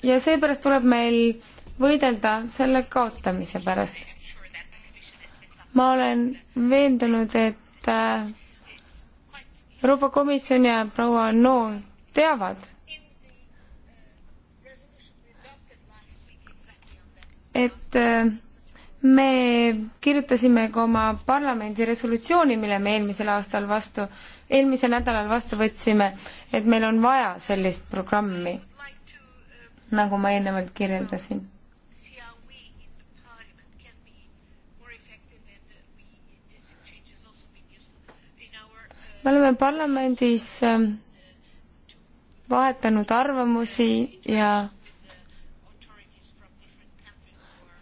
Speaker 1: ja seepärast tuleb meil võidelda selle kaotamise pärast. ma olen veendunud, et äh, Euroopa Komisjon ja proua No teavad, et äh, me kirjutasime ka oma parlamendi resolutsiooni, mille me eelmisel aastal vastu, eelmisel nädalal vastu võtsime, et meil on vaja sellist programmi, nagu ma eelnevalt kirjeldasin me oleme parlamendis ähm, vahetanud arvamusi ja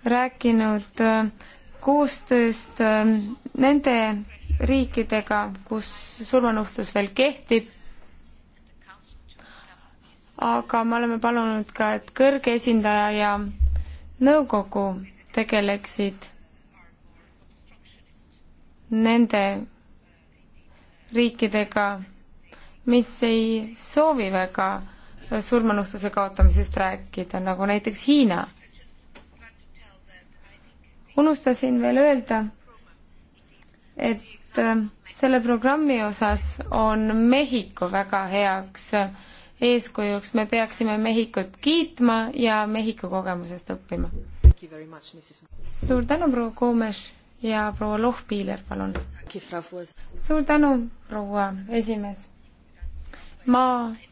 Speaker 1: rääkinud ähm, koostööst ähm, nende riikidega, kus surmanuhtlus veel kehtib, aga me oleme palunud ka, et kõrge esindaja ja nõukogu tegeleksid nende riikidega, mis ei soovi väga surmanuhtluse kaotamisest rääkida, nagu näiteks Hiina. unustasin veel öelda, et äh, selle programmi osas on Mehhiko väga heaks äh, eeskujuks, me peaksime Mehhikut kiitma ja Mehhiko kogemusest õppima. suur tänu, proua Kuumes! ja proua Lohpiiler, palun. suur tänu, proua esimees. ma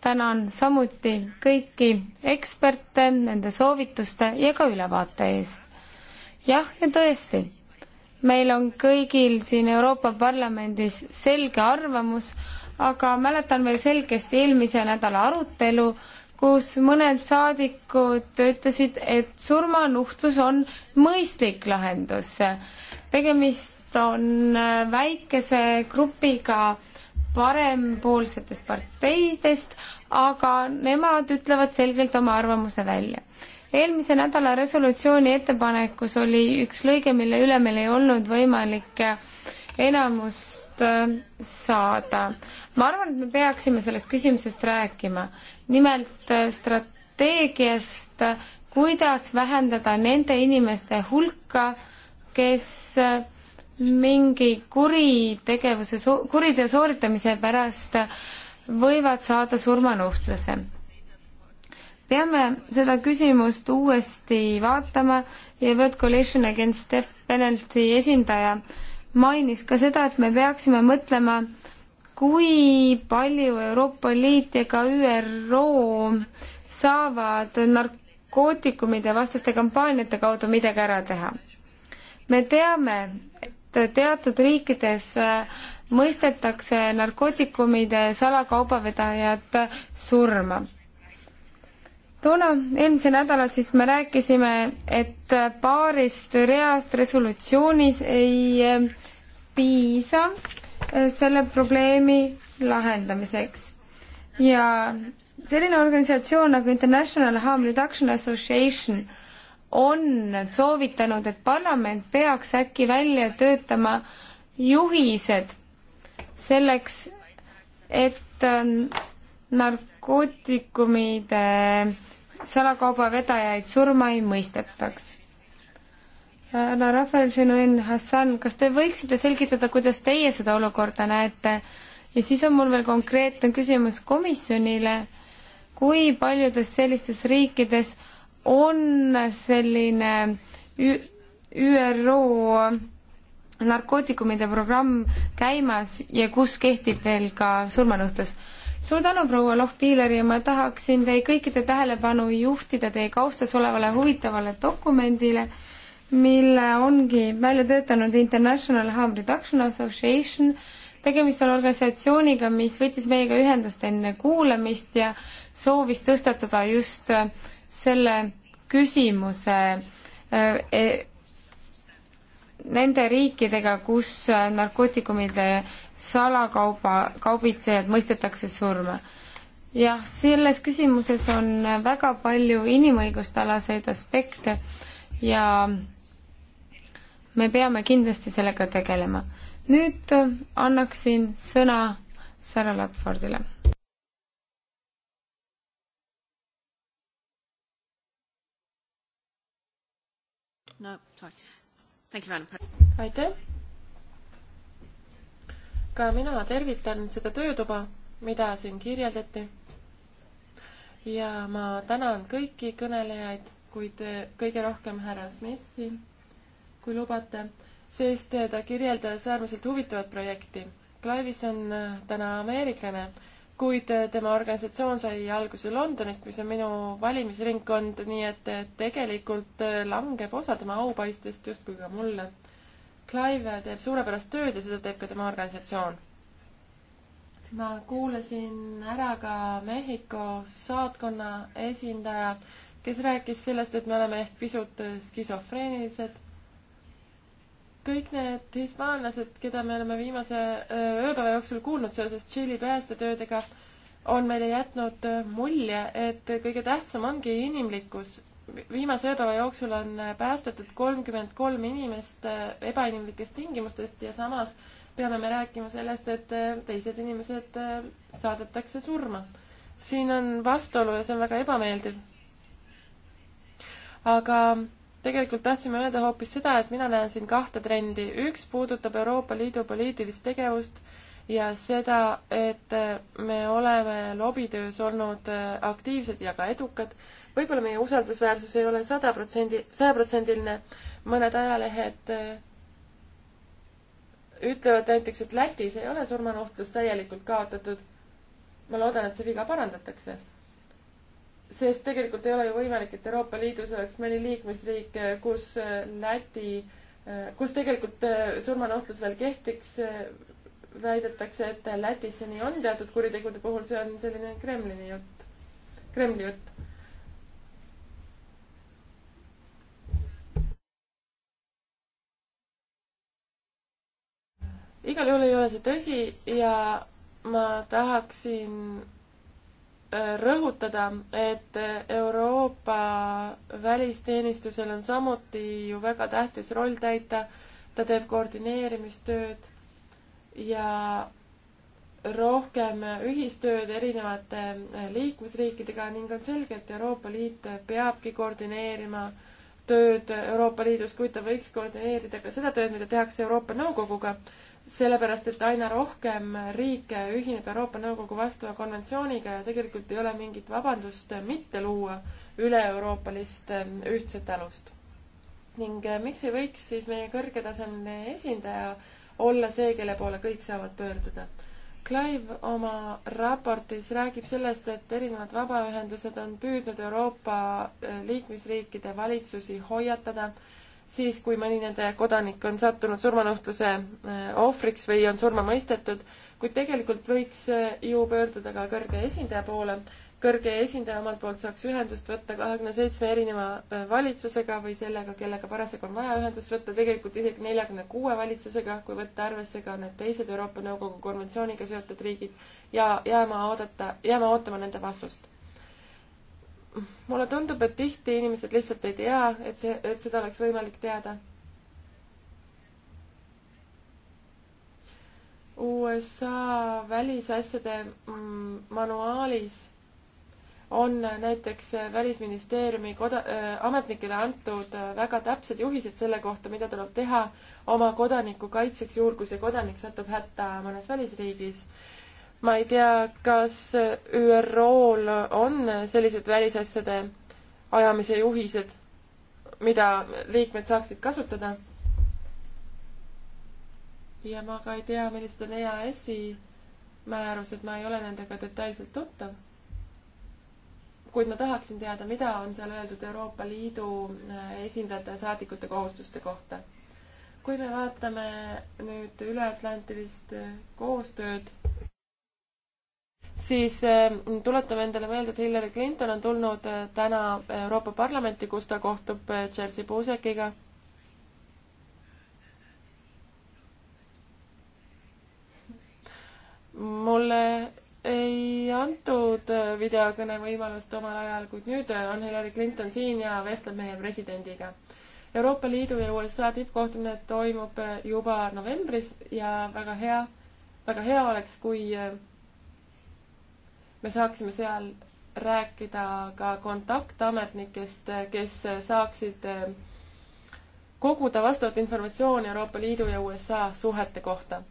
Speaker 1: tänan samuti kõiki eksperte nende soovituste ja ka ülevaate eest. jah, ja tõesti, meil on kõigil siin Euroopa Parlamendis selge arvamus, aga mäletan veel selgesti eelmise nädala arutelu, kus mõned saadikud ütlesid, et surmanuhtlus on mõistlik lahendus tegemist on äh, väikese grupiga parempoolsetest parteidest, aga nemad ütlevad selgelt oma arvamuse välja. eelmise nädala resolutsiooni ettepanekus oli üks lõige, mille üle meil ei olnud võimalik äh, enamust äh, saada. ma arvan, et me peaksime sellest küsimusest rääkima. nimelt strateegiast, kuidas vähendada nende inimeste hulka, kes eh, mingi kuritegevuse, kuriteo sooritamise pärast võivad saada surmanuhtluse. peame seda küsimust uuesti vaatama ja World Coalition Against Death Penalty esindaja mainis ka seda, et me peaksime mõtlema, kui palju Euroopa Liit ja ka ÜRO saavad narkootikumide vastaste kampaaniate kaudu midagi ära teha me teame, et teatud riikides äh, mõistetakse narkootikumide salakaubavedajad surma. toona, eelmisel nädalal siis me rääkisime, et paarist reast resolutsioonis ei äh, piisa äh, selle probleemi lahendamiseks. ja selline organisatsioon nagu International Harm Reduction Association äh, on soovitanud, et parlament peaks äkki välja töötama juhised selleks, et ähm, narkootikumide salakaubavedajaid surma ei mõistetaks. härra Rafael Genuin Hassan, kas te võiksite selgitada, kuidas teie seda olukorda näete? ja siis on mul veel konkreetne küsimus komisjonile, kui paljudes sellistes riikides on selline ÜRO narkootikumide programm käimas ja kus kehtib veel ka surmanuhtlus. suur tänu, proua Lohpiiler ja ma tahaksin teie kõikide tähelepanu juhtida teie kaustas olevale huvitavale dokumendile, mille ongi välja töötanud International Harm Reduction Association. tegemist on organisatsiooniga, mis võttis meiega ühendust enne kuulamist ja soovis tõstatada just selle küsimuse äh, e, nende riikidega, kus äh, narkootikumide salakauba, kaubitsejad mõistetakse surma jah, selles küsimuses on väga palju inimõigustalaseid aspekte ja me peame kindlasti sellega tegelema. nüüd äh, annaksin sõna Sarah Ladfordile. aitäh!
Speaker 2: ka mina tervitan seda töötuba, mida siin kirjeldati. ja ma tänan kõiki kõnelejaid, kuid kõige rohkem härra Smithi, kui lubate, sest ta kirjeldas äärmiselt huvitavat projekti. Clive'is on äh, täna ameeriklane kuid äh, tema organisatsioon sai alguse Londonist, mis on minu valimisringkond, nii et äh, tegelikult äh, langeb osa tema aupaistest justkui ka mulle. Clive teeb suurepärast tööd ja seda teeb ka tema organisatsioon. ma kuulasin ära ka Mehhiko saatkonna esindaja, kes rääkis sellest, et me oleme ehk pisut skisofreenilised kõik need hispaanlased, keda me oleme viimase ööpäeva jooksul kuulnud seoses Tšiili päästetöödega, on meile jätnud mulje, et kõige tähtsam ongi inimlikkus. viimase ööpäeva jooksul on päästetud kolmkümmend kolm inimest ebainimlikest tingimustest ja samas peame me rääkima sellest, et teised inimesed saadetakse surma. siin on vastuolu ja see on väga ebameeldiv. aga tegelikult tahtsin ma öelda hoopis seda, et mina näen siin kahte trendi. üks puudutab Euroopa Liidu poliitilist tegevust ja seda, et äh, me oleme lobitöös olnud äh, aktiivsed ja ka edukad. võib-olla meie usaldusväärsus ei ole sada protsendi, sajaprotsendiline, mõned ajalehed äh, ütlevad näiteks, et Lätis ei ole surmanuhtlus täielikult kaotatud. ma loodan, et see viga parandatakse sest tegelikult ei ole ju võimalik, et Euroopa Liidus oleks mõni liikmesriik, kus äh, Läti, äh, kus tegelikult äh, surmanuhtlus veel kehtiks, väidetakse, et Lätis see nii on teatud kuritegude puhul, see on selline Kremlini jutt, Kremli jutt. igal juhul ei ole see tõsi ja ma tahaksin rõhutada, et Euroopa välisteenistusel on samuti ju väga tähtis roll täita, ta teeb koordineerimistööd ja rohkem ühistööd erinevate liikmesriikidega ning on selge, et Euroopa Liit peabki koordineerima tööd Euroopa Liidus, kuid ta võiks koordineerida ka seda tööd, mida tehakse Euroopa Nõukoguga sellepärast, et aina rohkem riike ühineb Euroopa Nõukogu vastava konventsiooniga ja tegelikult ei ole mingit vabandust mitte luua üle-euroopalist ähm, ühtset alust. ning äh, miks ei võiks siis meie kõrgetasemeline esindaja olla see, kelle poole kõik saavad pöörduda? Clive oma raportis räägib sellest, et erinevad vabaühendused on püüdnud Euroopa äh, liikmesriikide valitsusi hoiatada äh, siis, kui mõni nende kodanik on sattunud surmanuhtluse äh, ohvriks või on surma mõistetud, kuid tegelikult võiks äh, ju pöörduda ka kõrge esindaja poole. kõrge esindaja omalt poolt saaks ühendust võtta kahekümne seitsme erineva äh, valitsusega või sellega, kellega parasjagu on vaja ühendust võtta, tegelikult isegi neljakümne kuue valitsusega, kui võtta arvesse ka need teised Euroopa Nõukogu konventsiooniga seotud riigid ja jääma oodata, jääma ootama nende vastust mulle tundub, et tihti inimesed lihtsalt ei tea, et see, et seda oleks võimalik teada. USA välisasjade mm, manuaalis on näiteks Välisministeeriumi koda- äh,, ametnikele antud äh, väga täpsed juhised selle kohta, mida tuleb teha oma kodaniku kaitseks, juhul kui see kodanik satub hätta mõnes välisriigis ma ei tea, kas ÜRO-l on sellised välisasjade ajamise juhised, mida liikmed saaksid kasutada. ja ma ka ei tea, millised on EAS-i määrused, ma ei ole nendega detailselt tuttav. kuid ma tahaksin teada, mida on seal öeldud Euroopa Liidu äh, esindajate ja saadikute kohustuste kohta. kui me vaatame nüüd üleatlantilist äh, koostööd, siis ähm, tuletame endale meelde, et Hillary Clinton on tulnud äh, täna Euroopa Parlamenti, kus ta kohtub äh, Chelsea Puusekiga. mulle ei antud äh, videokõne võimalust omal ajal, kuid nüüd on Hillary Clinton siin ja vestleb meie presidendiga. Euroopa Liidu ja USA tippkohtumine toimub juba novembris ja väga hea, väga hea oleks, kui me saaksime seal rääkida ka kontaktametnikest, kes saaksid eh, koguda vastavat informatsiooni Euroopa Liidu ja USA suhete kohta.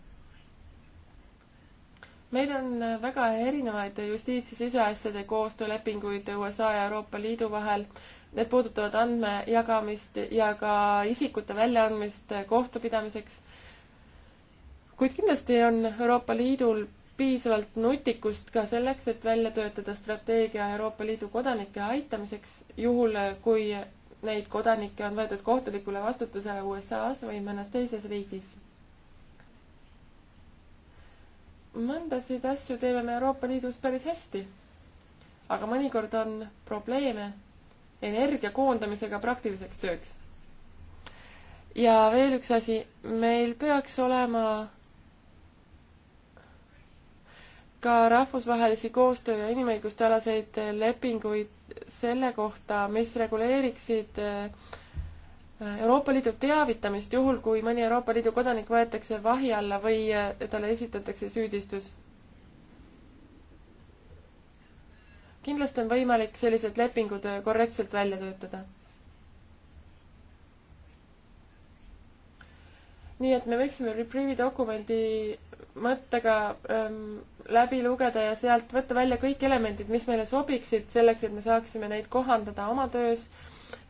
Speaker 2: meil on väga erinevaid justiits- ja siseasjade koostöölepinguid USA ja Euroopa Liidu vahel. Need puudutavad andmejagamist ja ka isikute väljaandmist kohtupidamiseks. kuid kindlasti on Euroopa Liidul piisavalt nutikust ka selleks, et välja töötada strateegia Euroopa Liidu kodanike aitamiseks, juhul kui neid kodanikke on võetud kohtulikule vastutusele USA-s või mõnes teises riigis. mõndasid asju teeme me Euroopa Liidus päris hästi, aga mõnikord on probleeme energia koondamisega praktiliseks tööks. ja veel üks asi, meil peaks olema ka rahvusvahelisi koostöö- ja inimõiguste alaseid lepinguid selle kohta, mis reguleeriksid äh, Euroopa Liidu teavitamist juhul, kui mõni Euroopa Liidu kodanik võetakse vahi alla või äh, talle esitatakse süüdistus. kindlasti on võimalik sellised lepingud äh, korrektselt välja töötada nii et me võiksime Reprievi dokumendi mõttega ähm, läbi lugeda ja sealt võtta välja kõik elemendid, mis meile sobiksid, selleks et me saaksime neid kohandada oma töös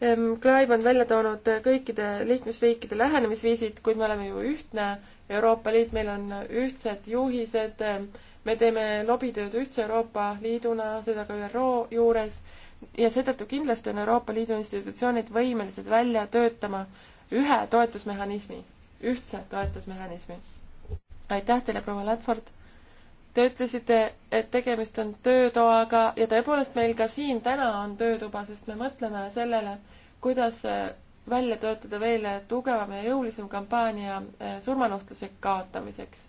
Speaker 2: ähm,. Clive on välja toonud kõikide liikmesriikide lähenemisviisid, kuid me oleme ju ühtne Euroopa Liit, meil on ühtsed juhised ähm,, me teeme lobitööd ühtse Euroopa Liiduna, seda ka ÜRO juures, ja seetõttu kindlasti on Euroopa Liidu institutsioonid võimelised välja töötama ühe toetusmehhanismi ühtse toetusmehhanismi. aitäh teile, proua Ladford. Te ütlesite, et tegemist on töötoaga ja tõepoolest meil ka siin täna on töötuba, sest me mõtleme sellele, kuidas äh, välja töötada veel tugevam ja jõulisem kampaania äh, surmanuhtluse kaotamiseks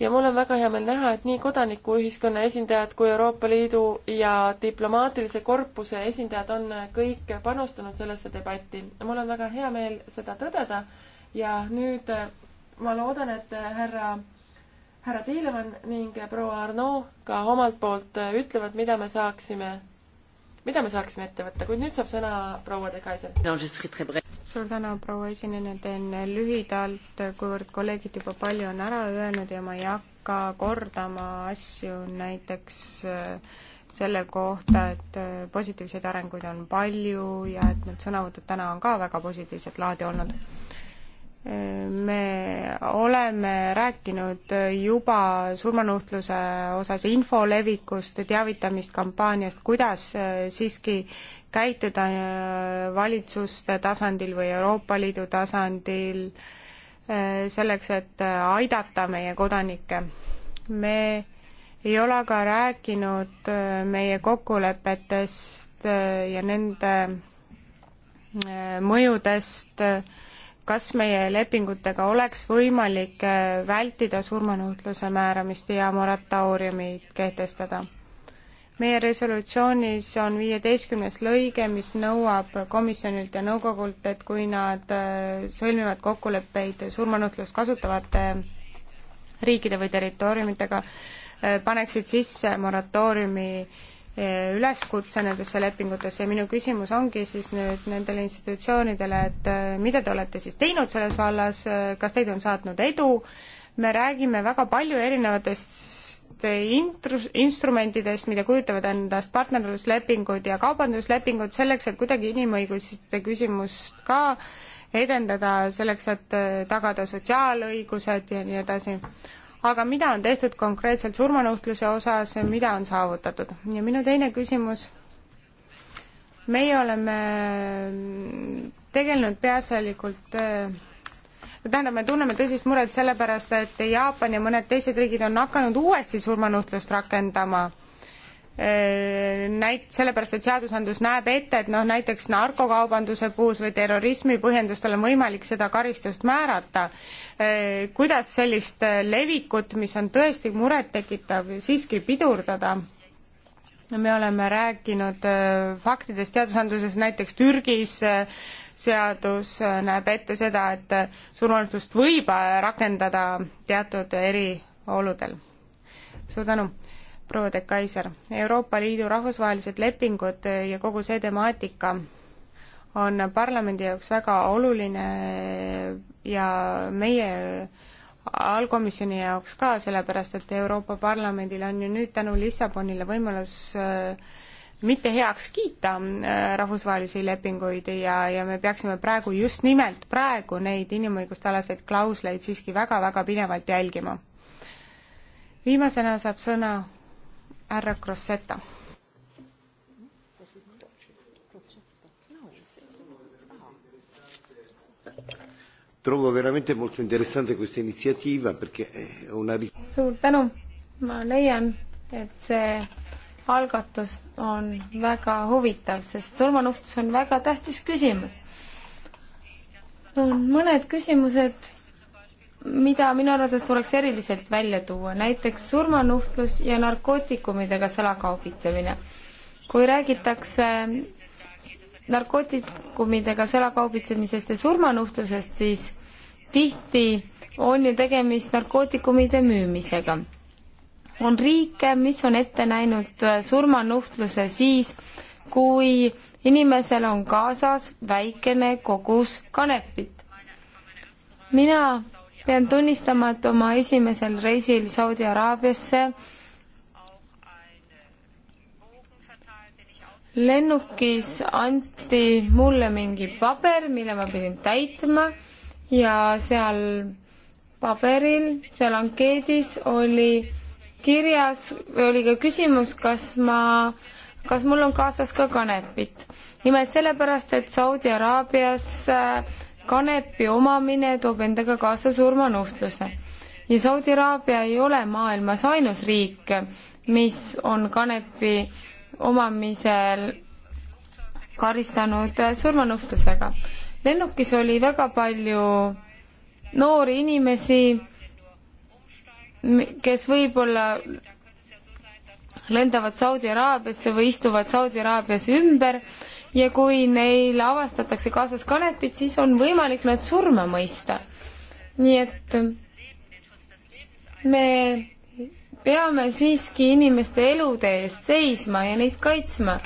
Speaker 2: ja mul on väga hea meel näha, et nii kodanikuühiskonna esindajad kui Euroopa Liidu ja diplomaatilise korpuse esindajad on kõik panustanud sellesse debatti. mul on väga hea meel seda tõdeda ja nüüd äh, ma loodan, et äh, härra, härra Tiilemann ning äh, proua Arno ka omalt poolt ütlevad, mida me saaksime,
Speaker 1: mida me saaksime ette
Speaker 2: võtta, kuid nüüd saab sõna proua De Kaisel
Speaker 5: no,.
Speaker 1: suur tänu, proua esineja, teen lühidalt, kuivõrd kolleegid juba palju on ära öelnud ja ma ei hakka kordama asju näiteks selle kohta, et positiivseid arenguid on palju ja et need sõnavõtud täna on ka väga positiivset laadi olnud me oleme rääkinud juba surmanuhtluse osas info levikust, teavitamist kampaaniast, kuidas eh, siiski käituda eh, valitsuste tasandil või Euroopa Liidu tasandil eh, selleks, et aidata meie kodanikke. me ei ole aga rääkinud meie kokkulepetest ja nende mõjudest äh, kas meie lepingutega oleks võimalik äh, vältida surmanuhtluse määramist ja moratooriumi kehtestada. meie resolutsioonis on viieteistkümnes lõige, mis nõuab komisjonilt ja nõukogult, et kui nad äh, sõlmivad kokkuleppeid surmanuhtlust kasutavate riikide või territooriumitega, äh, paneksid sisse moratooriumi üleskutse nendesse lepingutesse ja minu küsimus ongi siis nüüd nendele institutsioonidele, et äh, mida te olete siis teinud selles vallas, äh, kas teid on saatnud edu, me räägime väga palju erinevatest intrus, instrumentidest, mida kujutavad endast partnerluslepingud ja kaubanduslepingud, selleks et kuidagi inimõiguste küsimust ka edendada, selleks et äh, tagada sotsiaalõigused ja nii edasi aga mida on tehtud konkreetselt surmanuhtluse osas, mida on saavutatud? ja minu teine küsimus, meie oleme tegelenud peaasjalikult äh, tähendab, me tunneme tõsist muret selle pärast, et Jaapan ja mõned teised riigid on hakanud uuesti surmanuhtlust rakendama Äh, näit-, sellepärast, et seadusandlus näeb ette, et noh, näiteks narkokaubanduse puhus või terrorismi põhjendustel on võimalik seda karistust määrata. Äh, kuidas sellist äh, levikut, mis on tõesti murettekitav, siiski pidurdada? me oleme rääkinud faktidest teadusandluses, näiteks Türgis seadus näeb ette seda, et surmanutlust võib rakendada teatud erioludel. suur tänu proua de Kaiser, Euroopa Liidu rahvusvahelised lepingud ja kogu see temaatika on parlamendi jaoks väga oluline ja meie allkomisjoni jaoks ka, sellepärast et Euroopa Parlamendil on ju nüüd tänu Lissabonile võimalus äh, mitte heaks kiita äh, rahvusvahelisi lepinguid ja, ja me peaksime praegu, just nimelt praegu neid inimõiguste alaseid klausleid siiski väga-väga pinevalt jälgima. viimasena saab sõna härra Grosseta.
Speaker 5: Trovo veramente molto interessante questa iniziativa perché è una
Speaker 1: suur tänu, ma leian, et see algatus on väga huvitav, sest surmanuhtlus on väga tähtis küsimus. on mõned küsimused mida minu arvates tuleks eriliselt välja tuua, näiteks surmanuhtlus ja narkootikumidega salakaubitsemine. kui räägitakse narkootikumidega salakaubitsemisest ja surmanuhtlusest, siis tihti on ju tegemist narkootikumide müümisega. on riike, mis on ette näinud surmanuhtluse siis, kui inimesel on kaasas väikene kogus kanepit. mina pean tunnistama, et oma esimesel reisil Saudi Araabiasse lennukis anti mulle mingi paber, mille ma pidin täitma ja seal paberil, seal ankeedis oli kirjas või oli ka küsimus, kas ma, kas mul on kaasas ka kanepit. nimelt sellepärast, et Saudi Araabias äh, kanepi omamine toob endaga kaasa surmanuhtluse. ja Saudi Araabia ei ole maailmas ainus riik, mis on kanepi omamisel karistanud surmanuhtlusega. lennukis oli väga palju noori inimesi, kes võib-olla lendavad Saudi Araabiasse või istuvad Saudi Araabias ümber ja kui neil avastatakse kaasas kanepit, siis on võimalik nad surma mõista. nii et me peame siiski inimeste elude eest seisma ja neid kaitsma.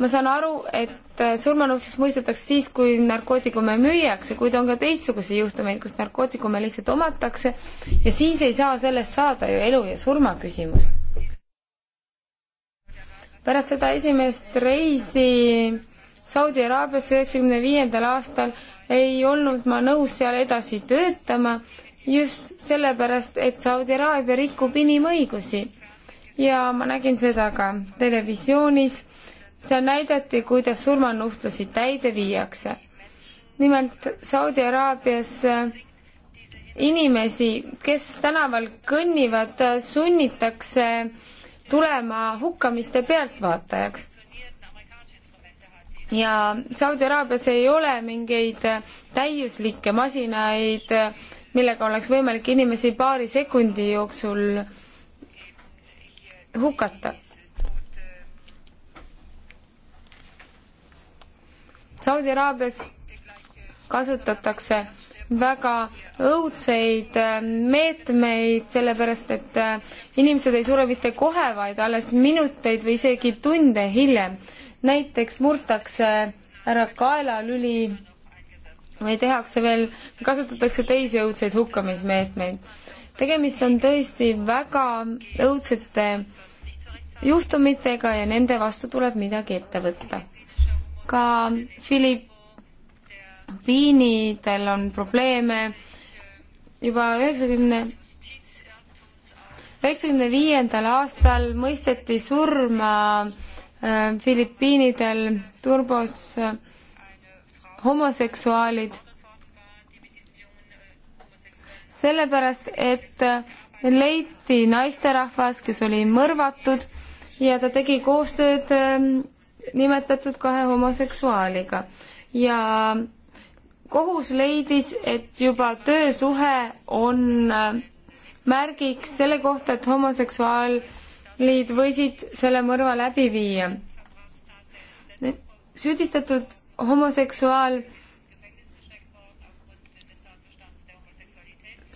Speaker 1: ma saan aru, et surmanuhtlus mõistetakse siis, kui narkootikume müüakse, kuid on ka teistsuguseid juhtumeid, kus narkootikume lihtsalt omatakse ja siis ei saa sellest saada ju elu ja surma küsimust pärast seda esimest reisi Saudi Araabiasse üheksakümne viiendal aastal ei olnud ma nõus seal edasi töötama just sellepärast, et Saudi Araabia rikub inimõigusi. ja ma nägin seda ka televisioonis, seal näidati, kuidas surmanuhtlusi täide viiakse. nimelt Saudi Araabias äh, inimesi, kes tänaval kõnnivad, äh, sunnitakse äh, tulema hukkamiste pealtvaatajaks. ja Saudi Araabias ei ole mingeid täiuslikke masinaid, millega oleks võimalik inimesi paari sekundi jooksul hukata. Saudi Araabias kasutatakse väga õudseid äh, meetmeid, sellepärast et äh, inimesed ei sure mitte kohe, vaid alles minuteid või isegi tunde hiljem. näiteks murtakse äh, ära kaelalüli või tehakse veel, kasutatakse teisi õudseid hukkamismeetmeid. tegemist on tõesti väga õudsete juhtumitega ja nende vastu tuleb midagi ette võtta. ka Philip viinidel on probleeme juba üheksakümne, üheksakümne viiendal aastal mõisteti surma äh, Filipiinidel turbos äh, homoseksuaalid, sellepärast et äh, leiti naisterahvas, kes oli mõrvatud ja ta tegi koostööd nimetatud kahe homoseksuaaliga ja kohus leidis, et juba töösuhe on äh, märgiks selle kohta, et homoseksuaalid võisid selle mõrva läbi viia. süüdistatud homoseksuaal,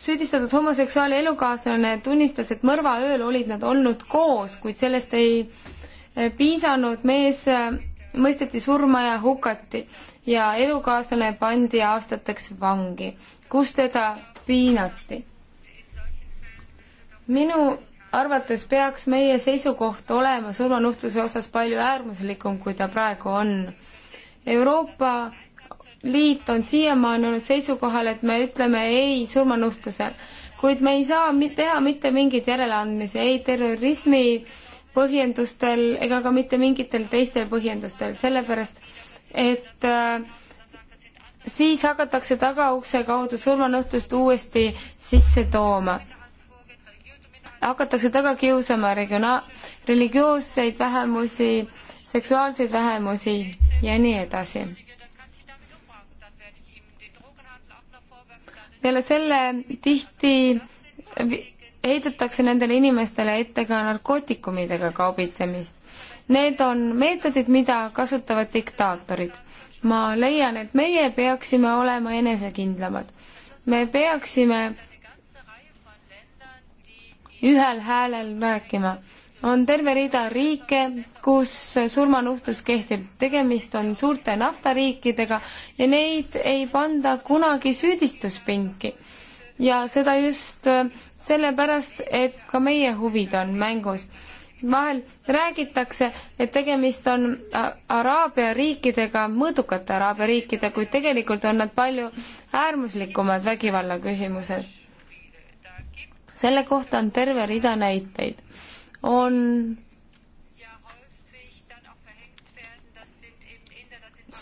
Speaker 1: süüdistatud homoseksuaali elukaaslane tunnistas, et mõrvaööl olid nad olnud koos, kuid sellest ei äh, piisanud mees äh, mõisteti surma ja hukati ja elukaaslane pandi aastateks vangi, kus teda piinati. minu arvates peaks meie seisukoht olema surmanuhtluse osas palju äärmuslikum, kui ta praegu on. Euroopa Liit on siiamaani olnud seisukohal, et me ütleme ei surmanuhtlusel, kuid me ei saa teha mitte mingeid järeleandmisi ei terrorismi äh, põhjendustel ega ka mitte mingitel teistel põhjendustel, sellepärast et äh, siis hakatakse tagaukse kaudu surmanuhtlust uuesti sisse tooma. hakatakse taga kiusama regiona-, religioosseid vähemusi, seksuaalseid vähemusi ja nii edasi. peale selle tihti heidetakse nendele inimestele ette ka narkootikumidega kaubitsemist. Need on meetodid, mida kasutavad diktaatorid. ma leian, et meie peaksime olema enesekindlamad. me peaksime ühel häälel rääkima. on terve rida riike, kus surmanuhtlus kehtib. tegemist on suurte naftariikidega ja neid ei panda kunagi süüdistuspinki. ja seda just sellepärast et ka meie huvid on mängus. vahel räägitakse, et tegemist on Araabia riikidega, mõõdukate Araabia riikidega, kuid tegelikult on nad palju äärmuslikumad vägivalla küsimused. selle kohta on terve rida näiteid. on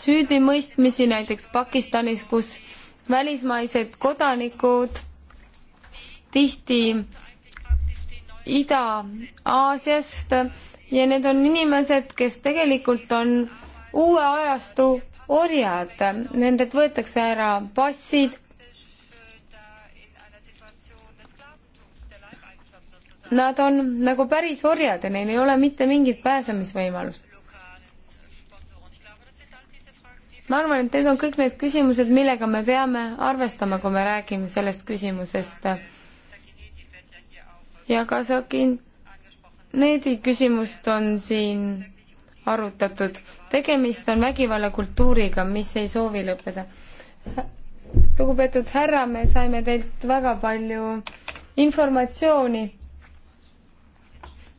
Speaker 1: süüdimõistmisi näiteks Pakistanis, kus välismaised kodanikud tihti Ida-Aasiast ja need on inimesed, kes tegelikult on uue ajastu orjad, nendelt võetakse ära passid. Nad on nagu päris orjad ja neil ei ole mitte mingit pääsemisvõimalust. ma arvan, et need on kõik need küsimused, millega me peame arvestama, kui me räägime sellest küsimusest ja Kasakin needi küsimust on siin arutatud. tegemist on vägivallakultuuriga, mis ei soovi lõppeda. lugupeetud härra, me saime teilt väga palju informatsiooni.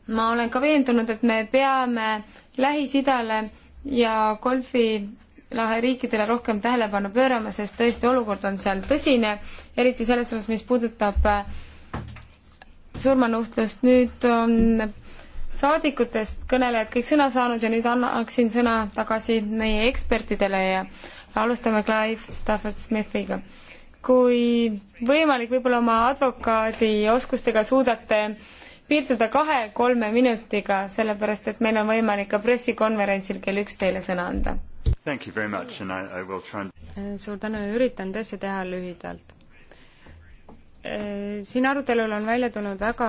Speaker 1: ma olen ka veendunud, et me peame Lähis-Idale ja golfi lahe riikidele rohkem tähelepanu pöörama, sest tõesti olukord on seal tõsine, eriti selles osas, mis puudutab äh, surmanuhtlust. nüüd on saadikutest kõnelejad kõik sõna saanud ja nüüd annaksin sõna tagasi meie ekspertidele ja alustame Clive Stafford Smithiga. kui võimalik, võib-olla oma advokaadi oskustega suudate piirduda kahe-kolme minutiga, sellepärast et meil on võimalik ka pressikonverentsil kell üks teile sõna anda. And... suur tänu ja üritan tõesti teha lühidalt. Äh, siin arutelul on välja tulnud väga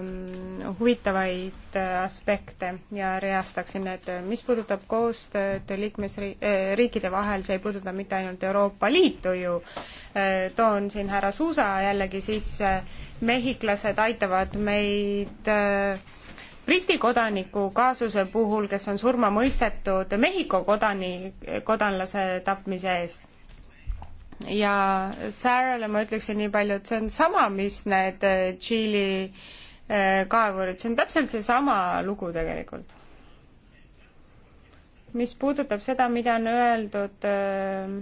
Speaker 1: mm, huvitavaid äh, aspekte ja reastaksin need, mis puudutab koostööd liikmesriikide äh, vahel, see ei puuduta mitte ainult Euroopa Liitu ju, toon siin härra Suusa jällegi sisse, mehhiklased aitavad meid Briti kodaniku kaasuse puhul, kes on surma mõistetud Mehhiko kodani, kodanlase tapmise eest ja Sarale ma ütleksin nii palju, et see on sama, mis need Tšiili äh, äh, kaevurid, see on täpselt seesama lugu tegelikult. mis puudutab seda, mida on öeldud äh,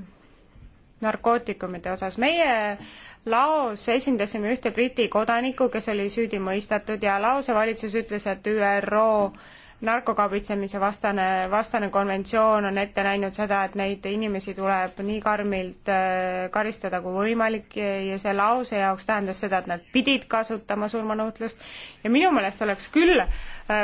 Speaker 1: narkootikumide osas, meie Laos esindasime ühte Briti kodanikku, kes oli süüdi mõistetud ja Laose valitsus ütles, et ÜRO äh, narkokaubitsemise vastane, vastane konventsioon on ette näinud seda, et neid inimesi tuleb nii karmilt äh, karistada kui võimalik ja see lause jaoks tähendas seda, et nad pidid kasutama surmanuhtlust ja minu meelest oleks küll äh,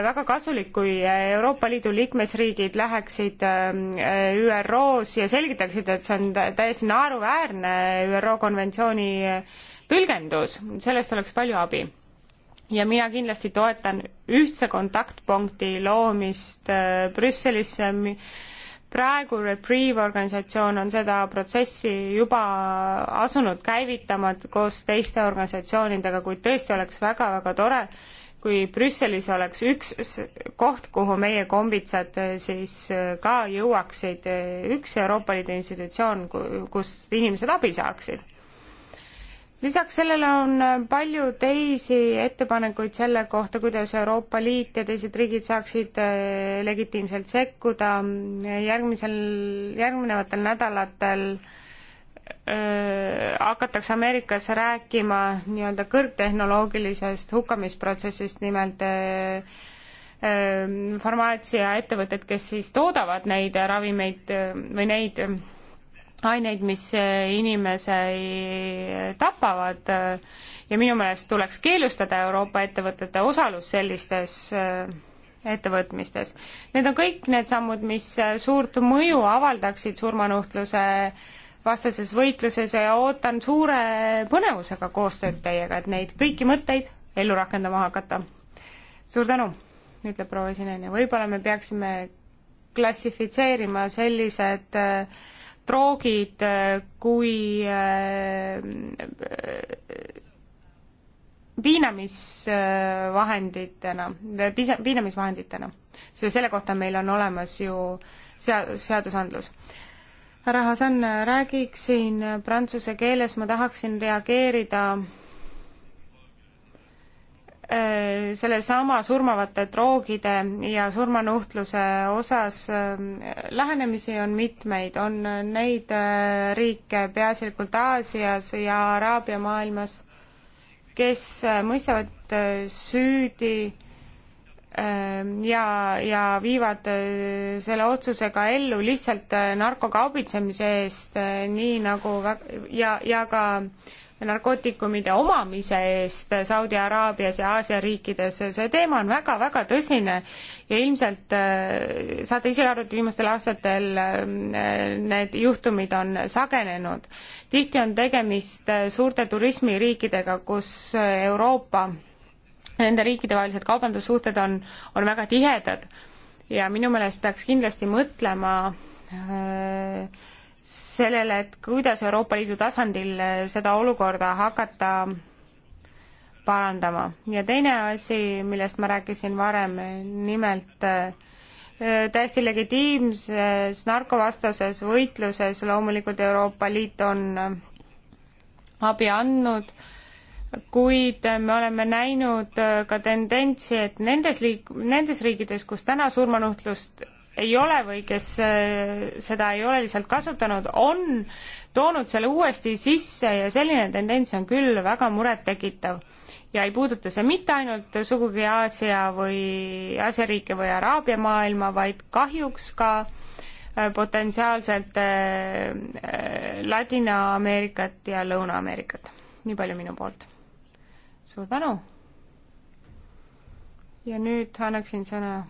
Speaker 1: väga kasulik, kui äh, Euroopa Liidu liikmesriigid läheksid ÜRO-s ja selgitaksid, et see on täiesti naeruväärne ÜRO konventsiooni tõlgendus, sellest oleks palju abi ja mina kindlasti toetan ühtse kontaktpunkti loomist äh, Brüsselisse. Äh, praegu Reprieve organisatsioon on seda protsessi juba asunud käivitama koos teiste organisatsioonidega, kuid tõesti oleks väga-väga tore, kui Brüsselis oleks üks koht, kuhu meie kombitsad äh, siis ka jõuaksid, üks Euroopa Liidu institutsioon, kust inimesed abi saaksid lisaks sellele on palju teisi ettepanekuid selle kohta, kuidas Euroopa Liit ja teised riigid saaksid eh, legitiimselt sekkuda järgmisel, järgnevatel nädalatel öö, eh, hakatakse Ameerikas rääkima nii-öelda kõrgtehnoloogilisest hukkamisprotsessist, nimelt eh, farmaatsiaettevõtted, kes siis toodavad neid ravimeid või neid aineid, mis inimese tapavad äh, ja minu meelest tuleks keelustada Euroopa ettevõtete osalus sellistes äh, ettevõtmistes. Need on kõik need sammud, mis äh, suurt mõju avaldaksid surmanuhtluse vastases võitluses ja ootan suure põnevusega koostööd teiega, et neid kõiki mõtteid ellu rakendama hakata. suur tänu, ütleb proua Sineni, võib-olla me peaksime klassifitseerima sellised äh, droogid kui piinamisvahenditena, äh, pisa-, piinamisvahenditena. see, selle kohta meil on olemas ju sea-, seadusandlus. härra Hasan, räägiksin prantsuse keeles, ma tahaksin reageerida Äh, sellesama surmavate droogide ja surmanuhtluse osas äh, lähenemisi on mitmeid, on neid äh, riike peaasjalikult Aasias ja Araabia maailmas, kes mõistavad süüdi ja, ja viivad selle otsusega ellu lihtsalt narkokaubitsemise eest, nii nagu väga, ja, ja ka narkootikumide omamise eest Saudi Araabias ja Aasia riikides. see teema on väga-väga tõsine ja ilmselt äh, saate ise aru, et viimastel aastatel äh, need juhtumid on sagenenud. tihti on tegemist äh, suurte turismiriikidega, kus Euroopa Nende riikide vahelised kaubandussuhted on, on väga tihedad ja minu meelest peaks kindlasti mõtlema öö, sellele, et kuidas Euroopa Liidu tasandil äh, seda olukorda hakata parandama. ja teine asi, millest ma rääkisin varem, nimelt äh, äh, täiesti legitiimses narkovastases võitluses loomulikult Euroopa Liit on abi andnud, kuid me oleme näinud ka tendentsi, et nendes liik-, nendes riikides, kus täna surmanuhtlust ei ole või kes äh, seda ei ole lihtsalt kasutanud, on toonud selle uuesti sisse ja selline tendents on küll väga murettekitav. ja ei puuduta see mitte ainult sugugi Aasia või Aasia riike või Araabia maailma, vaid kahjuks ka äh, potentsiaalselt äh, Ladina-Ameerikat ja Lõuna-Ameerikat. nii palju minu poolt. suur tänu! ja nüüd annaksin sõna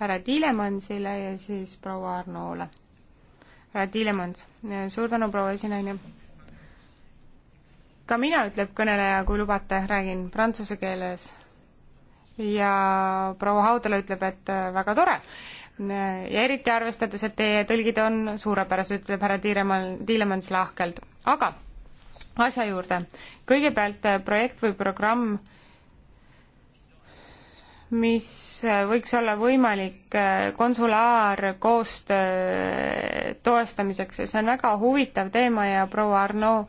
Speaker 1: härra Tiilemansile ja siis proua Arnoole. härra Tiilemans, suur tänu, proua esinaine. ka mina, ütleb kõneleja, kui lubate, räägin prantsuse keeles. ja proua Haudala ütleb, et äh, väga tore. ja eriti arvestades, et teie tõlgid on suurepärased, ütleb härra Tiilemann, Tiilemans lahkelt. aga asja juurde. kõigepealt äh, projekt või programm mis äh, võiks olla võimalik äh, konsulaarkoostöö äh, toestamiseks ja see on väga huvitav teema ja proua Arno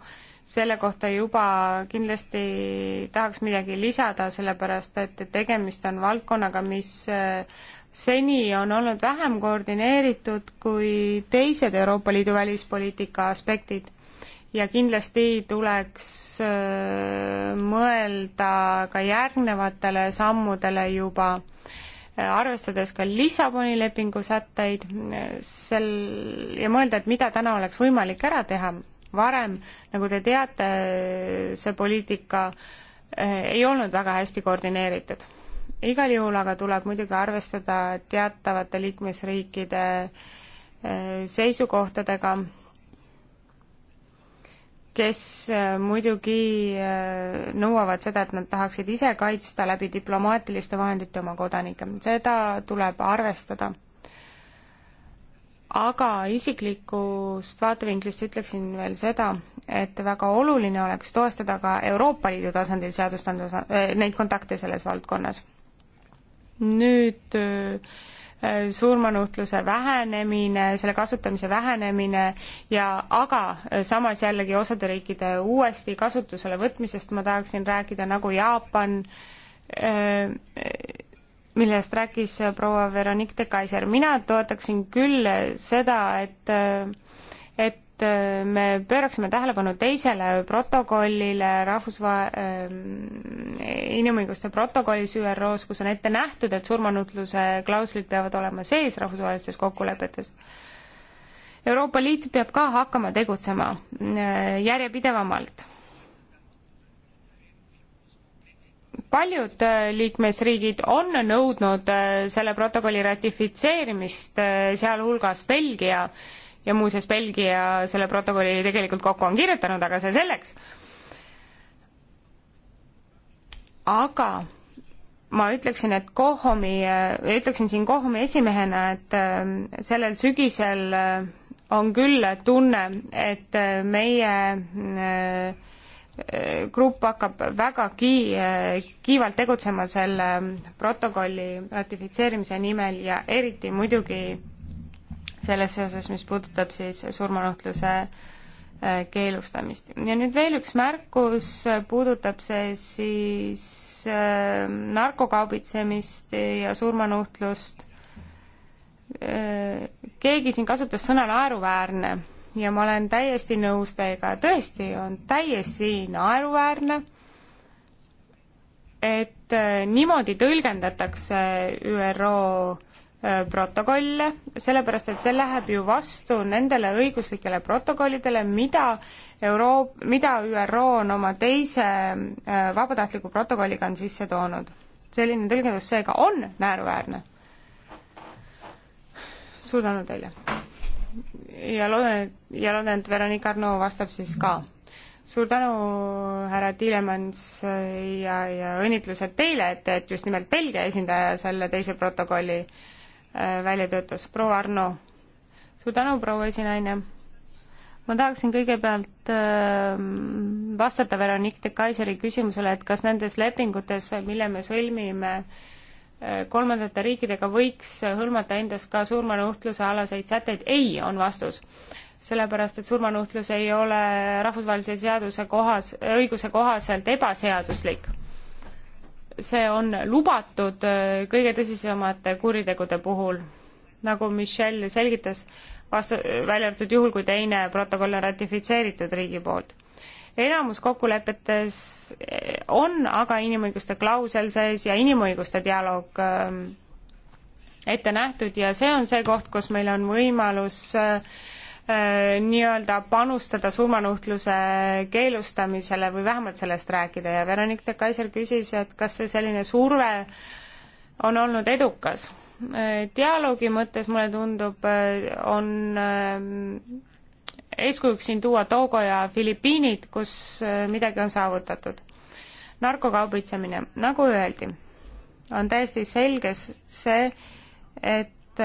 Speaker 1: selle kohta juba kindlasti tahaks midagi lisada, sellepärast et tegemist on valdkonnaga, mis seni on olnud vähem koordineeritud kui teised Euroopa Liidu välispoliitika aspektid ja kindlasti tuleks äh, mõelda ka järgnevatele sammudele juba äh, arvestades ka Lissaboni lepingu sätteid äh, sel ja mõelda, et mida täna oleks võimalik ära teha. varem, nagu te teate, see poliitika ei olnud väga hästi koordineeritud. igal juhul aga tuleb muidugi arvestada teatavate liikmesriikide seisukohtadega kes äh, muidugi äh, nõuavad seda, et nad tahaksid ise kaitsta läbi diplomaatiliste vahendite oma kodanikke. seda tuleb arvestada. aga isiklikust vaatevinklist ütleksin veel seda, et väga oluline oleks toestada ka Euroopa Liidu tasandil seadustandlus, äh, neid kontakte selles valdkonnas. nüüd surmanuhtluse vähenemine, selle kasutamise vähenemine ja aga samas jällegi osade riikide uuesti kasutusele võtmisest ma tahaksin rääkida, nagu Jaapan, millest rääkis proua Veronique de Kaiser. mina toetaksin küll seda, et et äh, me pööraksime tähelepanu teisele protokollile rahvusva- äh,, inimõiguste protokollis ÜRO-s, kus on ette nähtud, et surmanutluse klauslid peavad olema sees rahvusvahelistes kokkulepetes. Euroopa Liit peab ka hakkama tegutsema äh, järjepidevamalt. paljud äh, liikmesriigid on nõudnud äh, selle protokolli ratifitseerimist äh,, sealhulgas Belgia äh, ja muuseas Belgia selle protokolli tegelikult kokku on kirjutanud, aga see selleks. aga ma ütleksin, et Kohomi, ütleksin siin Kohomi esimehena, et ähm, sellel sügisel äh, on küll tunne, et äh, meie äh, grupp hakkab vägagi kiivalt tegutsema selle protokolli ratifitseerimise nimel ja eriti muidugi selles seoses, mis puudutab siis surmanuhtluse äh, keelustamist. ja nüüd veel üks märkus, äh, puudutab see siis äh, narkokaubitsemist ja surmanuhtlust. keegi siin kasutas sõna naeruväärne ja ma olen täiesti nõus teiega, tõesti on täiesti naeruväärne, et niimoodi tõlgendatakse ÜRO Äh, protokolle, sellepärast et see läheb ju vastu nendele õiguslikele protokollidele, mida Euro-, mida ÜRO on oma teise äh, vabatahtliku protokolliga on sisse toonud. selline tõlgendus seega on naeruväärne. suur tänu teile. ja loodan, et, ja loodan, et Veronika Arno vastab siis ka. suur tänu, härra Tiilemans ja, ja õnnitlused teile, et, et just nimelt Belgia esindaja selle teise protokolli äh, Äh, välja töötas. proua Arno, suur tänu, proua esinaine. ma tahaksin kõigepealt ähm, vastata Veronique de Kaiseri küsimusele, et kas nendes lepingutes, mille me sõlmime äh, kolmandate riikidega, võiks hõlmata endas ka surmanuhtluse alaseid sätteid. ei, on vastus sellepärast et surmanuhtlus ei ole rahvusvahelise seaduse kohas, õiguse kohaselt ebaseaduslik see on lubatud äh, kõige tõsisemate kuritegude puhul, nagu Michelle selgitas, vastu, äh, välja arvatud juhul, kui teine protokoll on ratifitseeritud riigi poolt. enamus kokkulepetes äh, on aga inimõiguste klausel sees ja inimõiguste dialoog ähm, ette nähtud ja see on see koht, kus meil on võimalus äh, Äh, nii-öelda panustada surmanuhtluse keelustamisele või vähemalt sellest rääkida ja Veronik de Kaiser küsis, et kas see selline surve on olnud edukas. Äh, dialoogi mõttes mulle tundub, äh, on eeskujuks siin tuua Togo ja Filipiinid, kus midagi on saavutatud. narkokaubitsemine, nagu öeldi, on täiesti selge see, et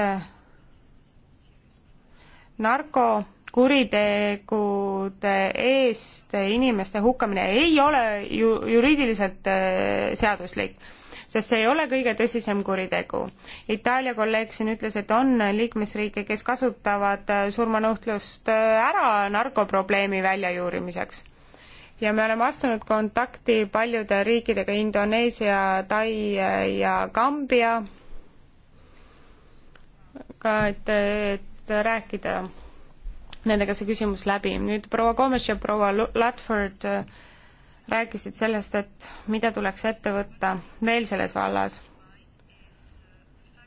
Speaker 1: narkokuritegude eest inimeste hukkamine ei ole ju juriidiliselt äh, seaduslik, sest see ei ole kõige tõsisem kuritegu. Itaalia kolleeg siin ütles, et on liikmesriike, kes kasutavad äh, surmanuhtlust äh, ära narkoprobleemi väljajuurimiseks ja me oleme astunud kontakti paljude riikidega Indoneesia, Tai ja Kambja. ka et, et rääkida nendega see küsimus läbi. nüüd proua Gomes ja proua Ladford äh, rääkisid sellest, et mida tuleks ette võtta veel selles vallas.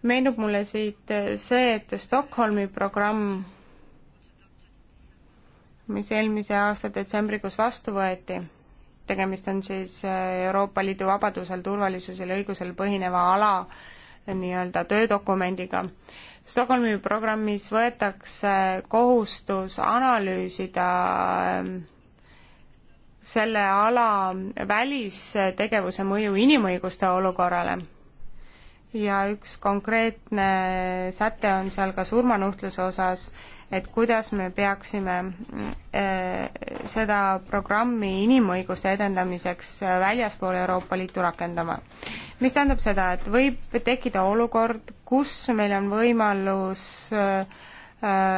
Speaker 1: meenub mulle siit äh, see, et Stockholmi programm, mis eelmise aasta detsembrikuus vastu võeti, tegemist on siis äh, Euroopa Liidu vabadusel, turvalisusel ja õigusel põhineva ala nii-öelda töödokumendiga. Stockholmi programmis võetakse kohustus analüüsida ähm, selle ala välistegevuse mõju inimõiguste olukorrale ja üks konkreetne säte on seal ka surmanuhtluse osas, et kuidas me peaksime äh, seda programmi inimõiguste edendamiseks äh, väljaspool Euroopa Liitu rakendama. mis tähendab seda, et võib tekkida olukord, kus meil on võimalus äh,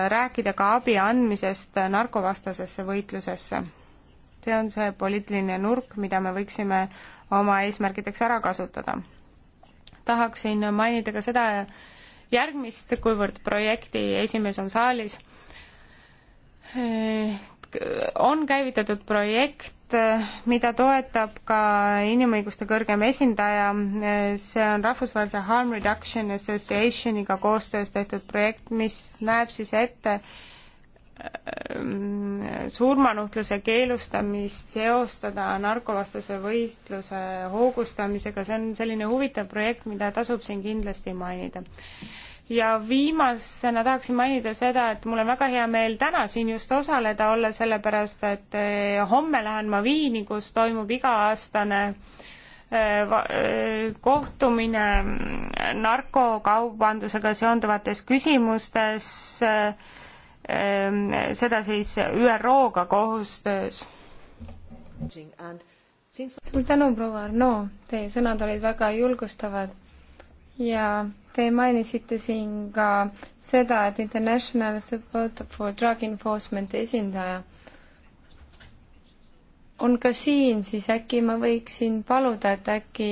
Speaker 1: rääkida ka abi andmisest narkovastasesse võitlusesse. see on see poliitiline nurk, mida me võiksime oma eesmärkideks ära kasutada tahaksin mainida ka seda järgmist, kuivõrd projekti esimees on saalis. on käivitatud projekt, mida toetab ka inimõiguste kõrgem esindaja, see on rahvusvahelise Harm Reduction Associationiga koostöös tehtud projekt, mis näeb siis ette, Äh, surmanuhtluse keelustamist seostada narkovastase võitluse hoogustamisega, see on selline huvitav projekt, mida tasub siin kindlasti mainida. ja viimasena tahaksin mainida seda, et mul on väga hea meel täna siin just osaleda olla, sellepärast et äh, homme lähen ma Viini, kus toimub iga-aastane äh, kohtumine narkokaubandusega seonduvates küsimustes Ehm, seda siis ÜRO-ga koostöös. suur tänu, proua Arno, teie sõnad olid väga julgustavad ja te mainisite siin ka seda, et International Support for Drug Enforcement'i esindaja on ka siin, siis äkki ma võiksin paluda, et äkki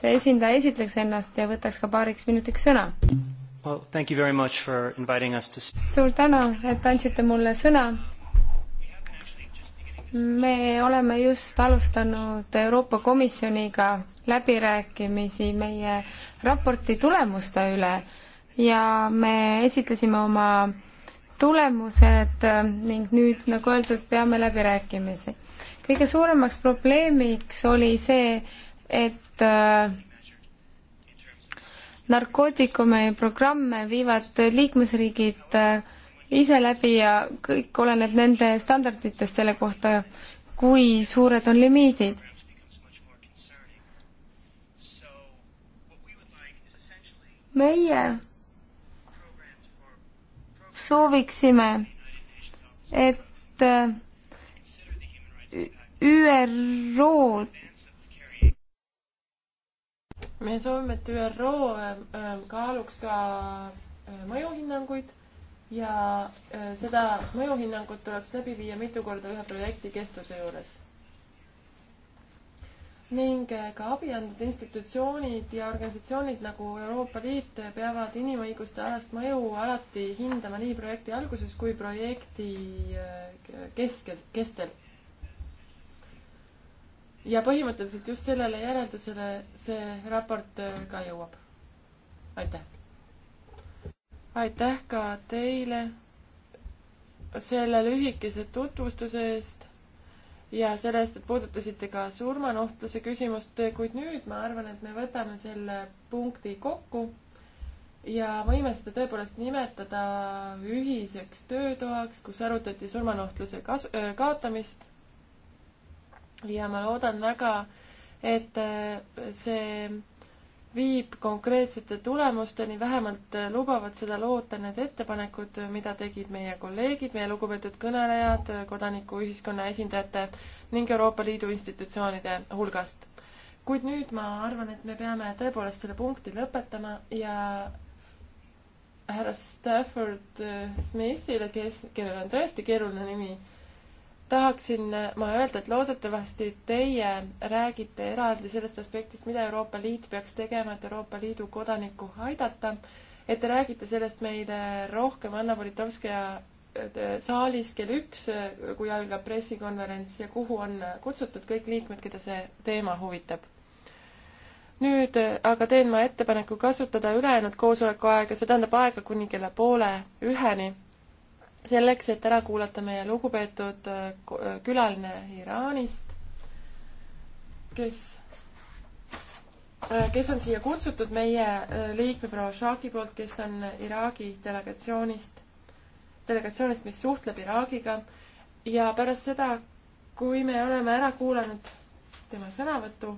Speaker 1: see esindaja esitleks ennast ja võtaks ka paariks minutiks sõna?
Speaker 2: Well, thank you very much for inviting
Speaker 1: us to suur tänu, et andsite mulle sõna. me oleme just alustanud Euroopa Komisjoniga läbirääkimisi meie raporti tulemuste üle ja me esitlesime oma tulemused äh, ning nüüd, nagu öeldud, peame läbirääkimisi. kõige suuremaks probleemiks oli see, et äh, narkootikume programme viivad liikmesriigid äh, ise läbi ja kõik oleneb nende standarditest selle kohta, kui suured on limiidid. meie sooviksime, et äh, ÜRO-d
Speaker 2: me soovime, et ÜRO äh, äh, kaaluks ka äh, mõjuhinnanguid ja seda mõjuhinnangut tuleks läbi viia mitu korda ühe projekti kestuse juures. ning ka abi andnud institutsioonid ja organisatsioonid nagu Euroopa Liit peavad inimõiguste alast mõju alati hindama nii projekti alguses kui projekti keskel, kestel ja põhimõtteliselt just sellele järeldusele see raport äh, ka jõuab. aitäh! aitäh ka teile selle lühikese tutvustuse eest ja selle eest, et puudutasite ka surmanuhtluse küsimust, kuid nüüd ma arvan, et me võtame selle punkti kokku ja võime seda tõepoolest nimetada ühiseks töötoaks, kus arutati surmanuhtluse kas-, äh, kaotamist ja ma loodan väga, et äh, see viib konkreetsete tulemusteni, vähemalt äh, lubavad seda loota need ettepanekud, mida tegid meie kolleegid, meie lugupeetud kõnelejad äh, kodanikuühiskonna esindajate ning Euroopa Liidu institutsioonide hulgast. kuid nüüd ma arvan, et me peame tõepoolest selle punkti lõpetama ja härra Stafford Smithile, kes, kellel on tõesti keeruline nimi, tahaksin ma öelda, et loodetavasti teie räägite eraldi sellest aspektist, mida Euroopa Liit peaks tegema, et Euroopa Liidu kodanikku aidata, et te räägite sellest meile rohkem, Anna Politovskaja eh, saalis kell üks, eh, kui algab pressikonverents ja kuhu on kutsutud kõik liikmed, keda see teema huvitab. nüüd eh, aga teen ma ettepaneku kasutada ülejäänud koosoleku aega, see tähendab aega kuni kella poole üheni selleks, et ära kuulata meie lugupeetud äh, külaline Iraanist, kes, äh, kes on siia kutsutud meie äh, liikme proua Shaki poolt, kes on Iraagi delegatsioonist, delegatsioonist, mis suhtleb Iraagiga ja pärast seda, kui me oleme ära kuulanud tema sõnavõtu,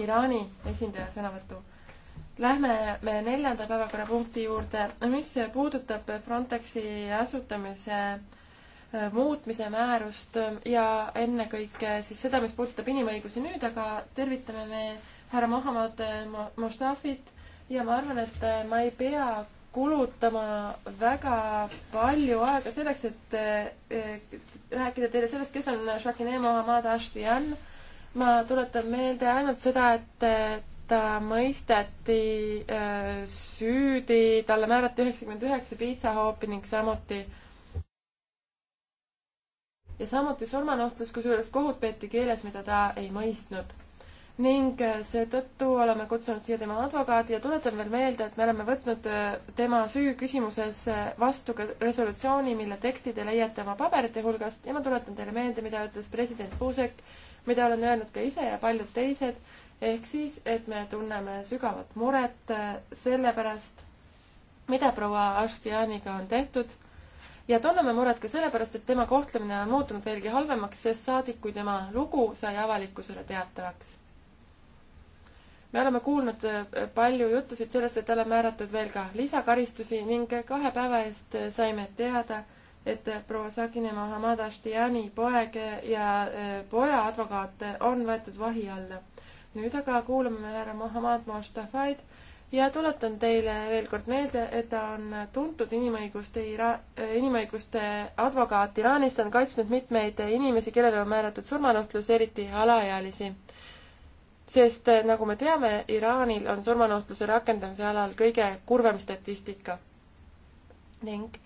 Speaker 2: Iraani esindaja sõnavõtu, Lähme me neljanda päevakorrapunkti juurde, mis puudutab Frontexi asutamise äh, muutmise määrust äh, ja ennekõike siis seda, mis puudutab inimõigusi nüüd, aga tervitame me härra Mohammad äh, Mostafit ja ma arvan, et ma ei pea kulutama väga palju aega selleks, et rääkida teile sellest, kes on Shakine Mohammad Ashtian. ma tuletan meelde ainult seda, et ta mõisteti äh, süüdi, talle määrati üheksakümmend üheksa piitsahoopi ning samuti ja samuti surmanuhtlus, kusjuures kohut peeti keeles, mida ta ei mõistnud. ning äh, seetõttu oleme kutsunud siia tema advokaadi ja tuletan veel meelde, et me oleme võtnud äh, tema süü küsimuses vastu ka resolutsiooni, mille teksti te leiate oma paberite hulgast ja ma tuletan teile meelde, mida ütles president Puusek, mida olen öelnud ka ise ja paljud teised ehk siis, et me tunneme sügavat muret äh, selle pärast, mida proua Ashtianiga on tehtud ja tunneme muret ka sellepärast, et tema kohtlemine on muutunud veelgi halvemaks, sest saadik, kui tema lugu sai avalikkusele teatavaks. me oleme kuulnud äh, palju juttusid sellest, et talle on määratud veel ka lisakaristusi ning kahe päeva eest äh, saime teada, et proua Sakine Mohammad Ashtiani poeg ja poja advokaat on võetud vahi alla nüüd aga kuulame härra Mohammad Mostafaid ja tuletan teile veel kord meelde, et ta on tuntud inimõiguste Ira-, äh, inimõiguste advokaat Iraanist, on kaitsnud mitmeid inimesi, kellele on määratud surmanuhtlus, eriti alaealisi. sest äh, nagu me teame, Iraanil on surmanuhtluse rakendamise alal kõige kurvem statistika. ning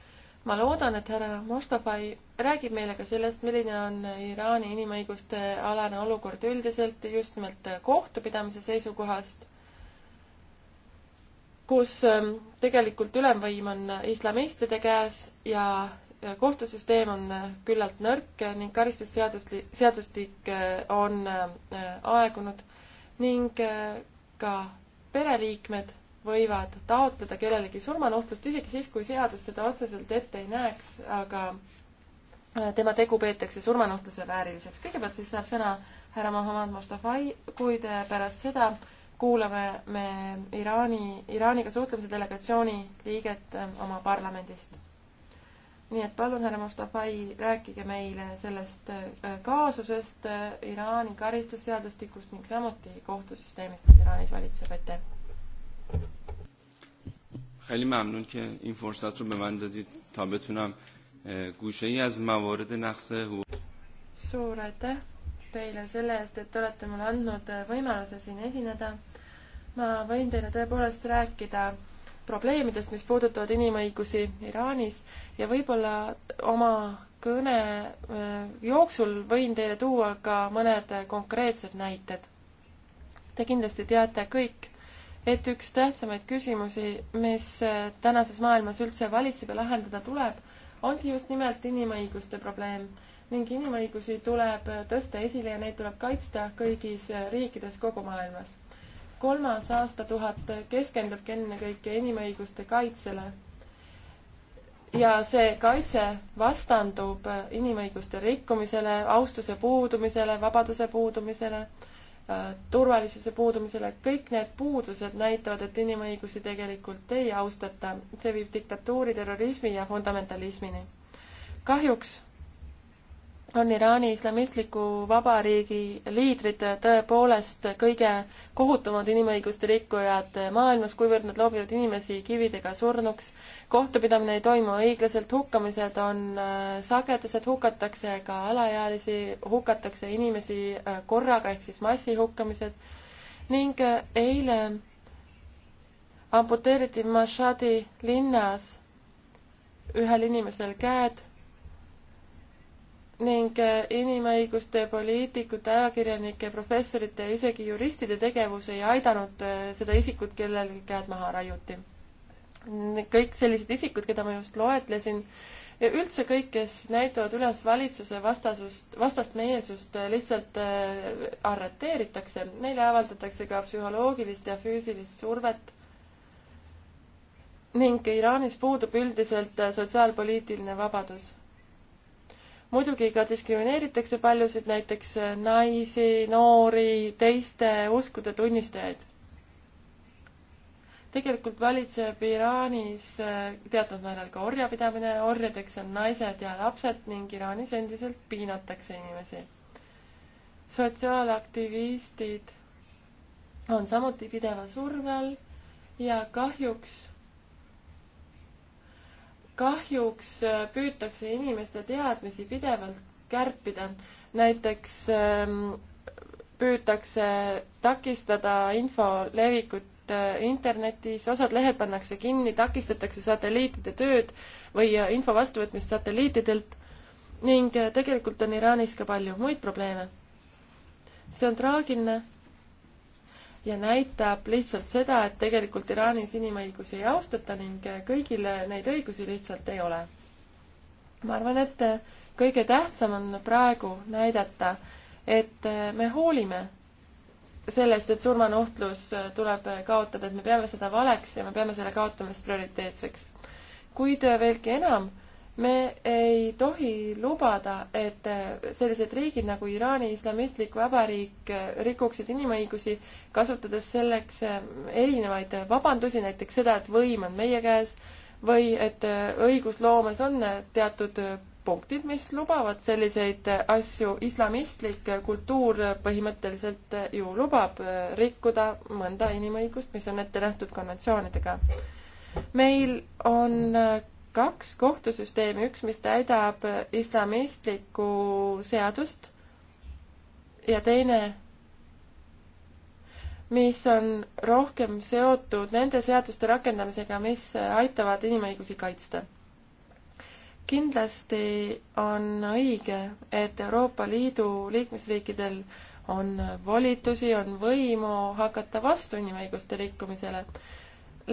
Speaker 2: ma loodan, et härra Mustafai räägib meile ka sellest, milline on Iraani inimõiguste alane olukord üldiselt just nimelt kohtupidamise seisukohast, kus ähm, tegelikult ülemvõim on islamistide käes ja kohtusüsteem on äh, küllalt nõrk ning karistusseadustik, seadustik äh, on äh, aegunud ning ka pereliikmed võivad taotleda kellelegi surmanuhtlust isegi siis, kui seadus seda otseselt ette ei näeks, aga Äh, tema tegu peetakse surmanuhtluse vääriliseks. kõigepealt siis saab sõna härra Mohammad Mustafai, kuid äh, pärast seda kuulame me Iraani, Iraaniga suhtlemise delegatsiooni liiget äh, oma parlamendist. nii et palun, härra Mustafai, rääkige meile sellest kaasusest, Iraani karistusseadustikust ning samuti kohtusüsteemist, mis Iraanis valitseb, aitäh!
Speaker 3: خیلی ممنون که این فرصت رو به من دادید تا بتونم گوشه ای از موارد نقص حقوق
Speaker 2: suur aitäh teile selle eest, et olete mulle andnud võimaluse siin esineda. ma võin teile tõepoolest rääkida probleemidest, mis puudutavad inimõigusi Iraanis ja võib-olla oma kõne äh, jooksul võin teile tuua ka mõned konkreetsed näited. Te kindlasti teate kõik, et üks tähtsamaid küsimusi, mis tänases maailmas üldse valitseb ja lahendada tuleb ongi just nimelt inimõiguste probleem ning inimõigusi tuleb tõsta esile ja neid tuleb kaitsta kõigis riikides kogu maailmas. kolmas aastatuhat keskendubki ennekõike inimõiguste kaitsele. ja see kaitse vastandub inimõiguste rikkumisele, austuse puudumisele, vabaduse puudumisele Äh, turvalisuse puudumisele, kõik need puudused näitavad, et inimõigusi tegelikult ei austata. see viib diktatuuri, terrorismi ja fundamentalismini. kahjuks on Iraani islamistliku vabariigi liidrid tõepoolest kõige kohutavamad inimõiguste rikkujad maailmas, kuivõrd nad loobivad inimesi kividega surnuks. kohtupidamine ei toimu õiglaselt, hukkamised on äh, sagedased, hukatakse ka alaealisi, hukatakse inimesi äh, korraga ehk siis massihukkamised ning äh, eile amputeeriti Mashhadi linnas ühel inimesel käed ning eh, inimõiguste poliitikute, ajakirjanike, professorite ja isegi juristide tegevus ei aidanud eh, seda isikut, kellel käed maha raiuti. kõik sellised isikud, keda ma just loetlesin, ja üldse kõik, kes näitavad üles valitsuse vastasust, vastastmeelsust, eh, lihtsalt arreteeritakse, neile avaldatakse ka psühholoogilist ja füüsilist survet ning Iraanis puudub üldiselt sotsiaalpoliitiline vabadus muidugi ka diskrimineeritakse paljusid, näiteks äh, naisi, noori, teiste uskude tunnistajaid tegelikult valitseb Iraanis äh, teatud määral ka orjapidamine, orjadeks on naised ja lapsed ning Iraanis endiselt piinatakse inimesi. sotsiaalaktivistid on samuti pideva surve all ja kahjuks kahjuks äh, püütakse inimeste teadmisi pidevalt kärpida. näiteks ähm, püütakse takistada info levikut äh, internetis, osad lehed pannakse kinni, takistatakse satelliitide tööd või äh, info vastuvõtmist satelliitidelt ning tegelikult on Iraanis ka palju muid probleeme. see on traagiline ja näitab lihtsalt seda, et tegelikult Iraanis inimõigusi ei austata ning kõigile neid õigusi lihtsalt ei ole. ma arvan, et kõige tähtsam on praegu näidata, et me hoolime sellest, et surmanuhtlus tuleb kaotada, et me peame seda valeks ja me peame selle kaotamist prioriteetseks. kuid veelgi enam me ei tohi lubada, et sellised riigid nagu Iraani Islamistlik Vabariik rikuksid inimõigusi, kasutades selleks erinevaid vabandusi, näiteks seda, et võim on meie käes või et õigusloomes on teatud punktid, mis lubavad selliseid asju, islamistlik kultuur põhimõtteliselt ju lubab rikkuda mõnda inimõigust, mis on ette nähtud konventsioonidega. meil on kaks kohtusüsteemi, üks, mis täidab islamistlikku seadust ja teine, mis on rohkem seotud nende seaduste rakendamisega, mis aitavad inimõigusi kaitsta. kindlasti on õige, et Euroopa Liidu liikmesriikidel on volitusi, on võimu hakata vastu inimõiguste rikkumisele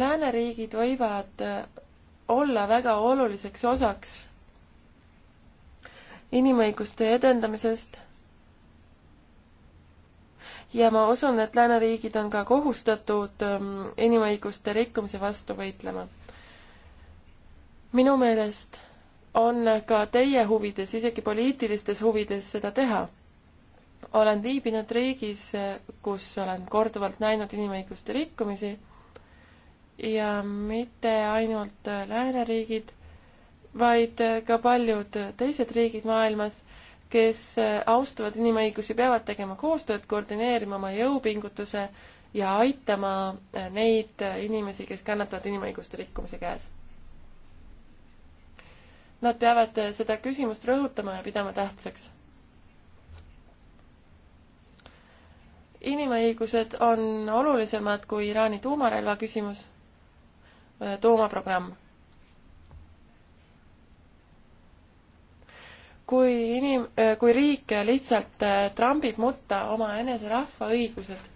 Speaker 2: lääneriigid võivad olla väga oluliseks osaks inimõiguste edendamisest ja ma usun, et lääneriigid on ka kohustatud ähm, inimõiguste rikkumise vastu võitlema. minu meelest on ka teie huvides, isegi poliitilistes huvides seda teha. olen viibinud riigis, kus olen korduvalt näinud inimõiguste rikkumisi ja mitte ainult lääneriigid, vaid ka paljud teised riigid maailmas, kes austavad inimõigusi, peavad tegema koostööd, koordineerima oma jõupingutuse ja aitama neid inimesi, kes kannatavad inimõiguste rikkumise käes. Nad peavad seda küsimust rõhutama ja pidama tähtsaks inimõigused on olulisemad kui Iraani tuumarelva küsimus Dooma äh, programm. kui inim-, äh, kui riik lihtsalt äh, trambib mutta omaenese rahva õigused,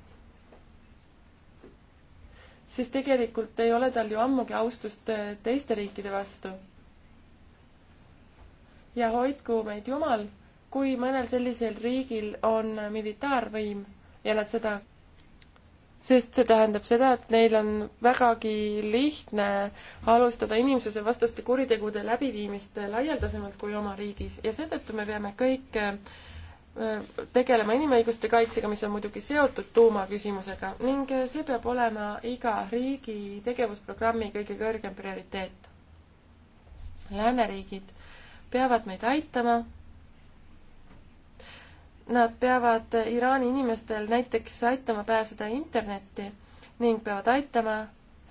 Speaker 2: siis tegelikult ei ole tal ju ammugi austust teiste riikide vastu. ja hoidku meid Jumal, kui mõnel sellisel riigil on militaarvõim ja nad seda sest see tähendab seda, et neil on vägagi lihtne alustada inimsuse vastaste kuritegude läbiviimist laialdasemalt kui oma riigis ja seetõttu me peame kõik äh, tegelema inimõiguste kaitsega, mis on muidugi seotud tuumaküsimusega ning see peab olema iga riigi tegevusprogrammi kõige kõrgem prioriteet. lääneriigid peavad meid aitama Nad peavad Iraani inimestel näiteks aitama pääseda internetti ning peavad aitama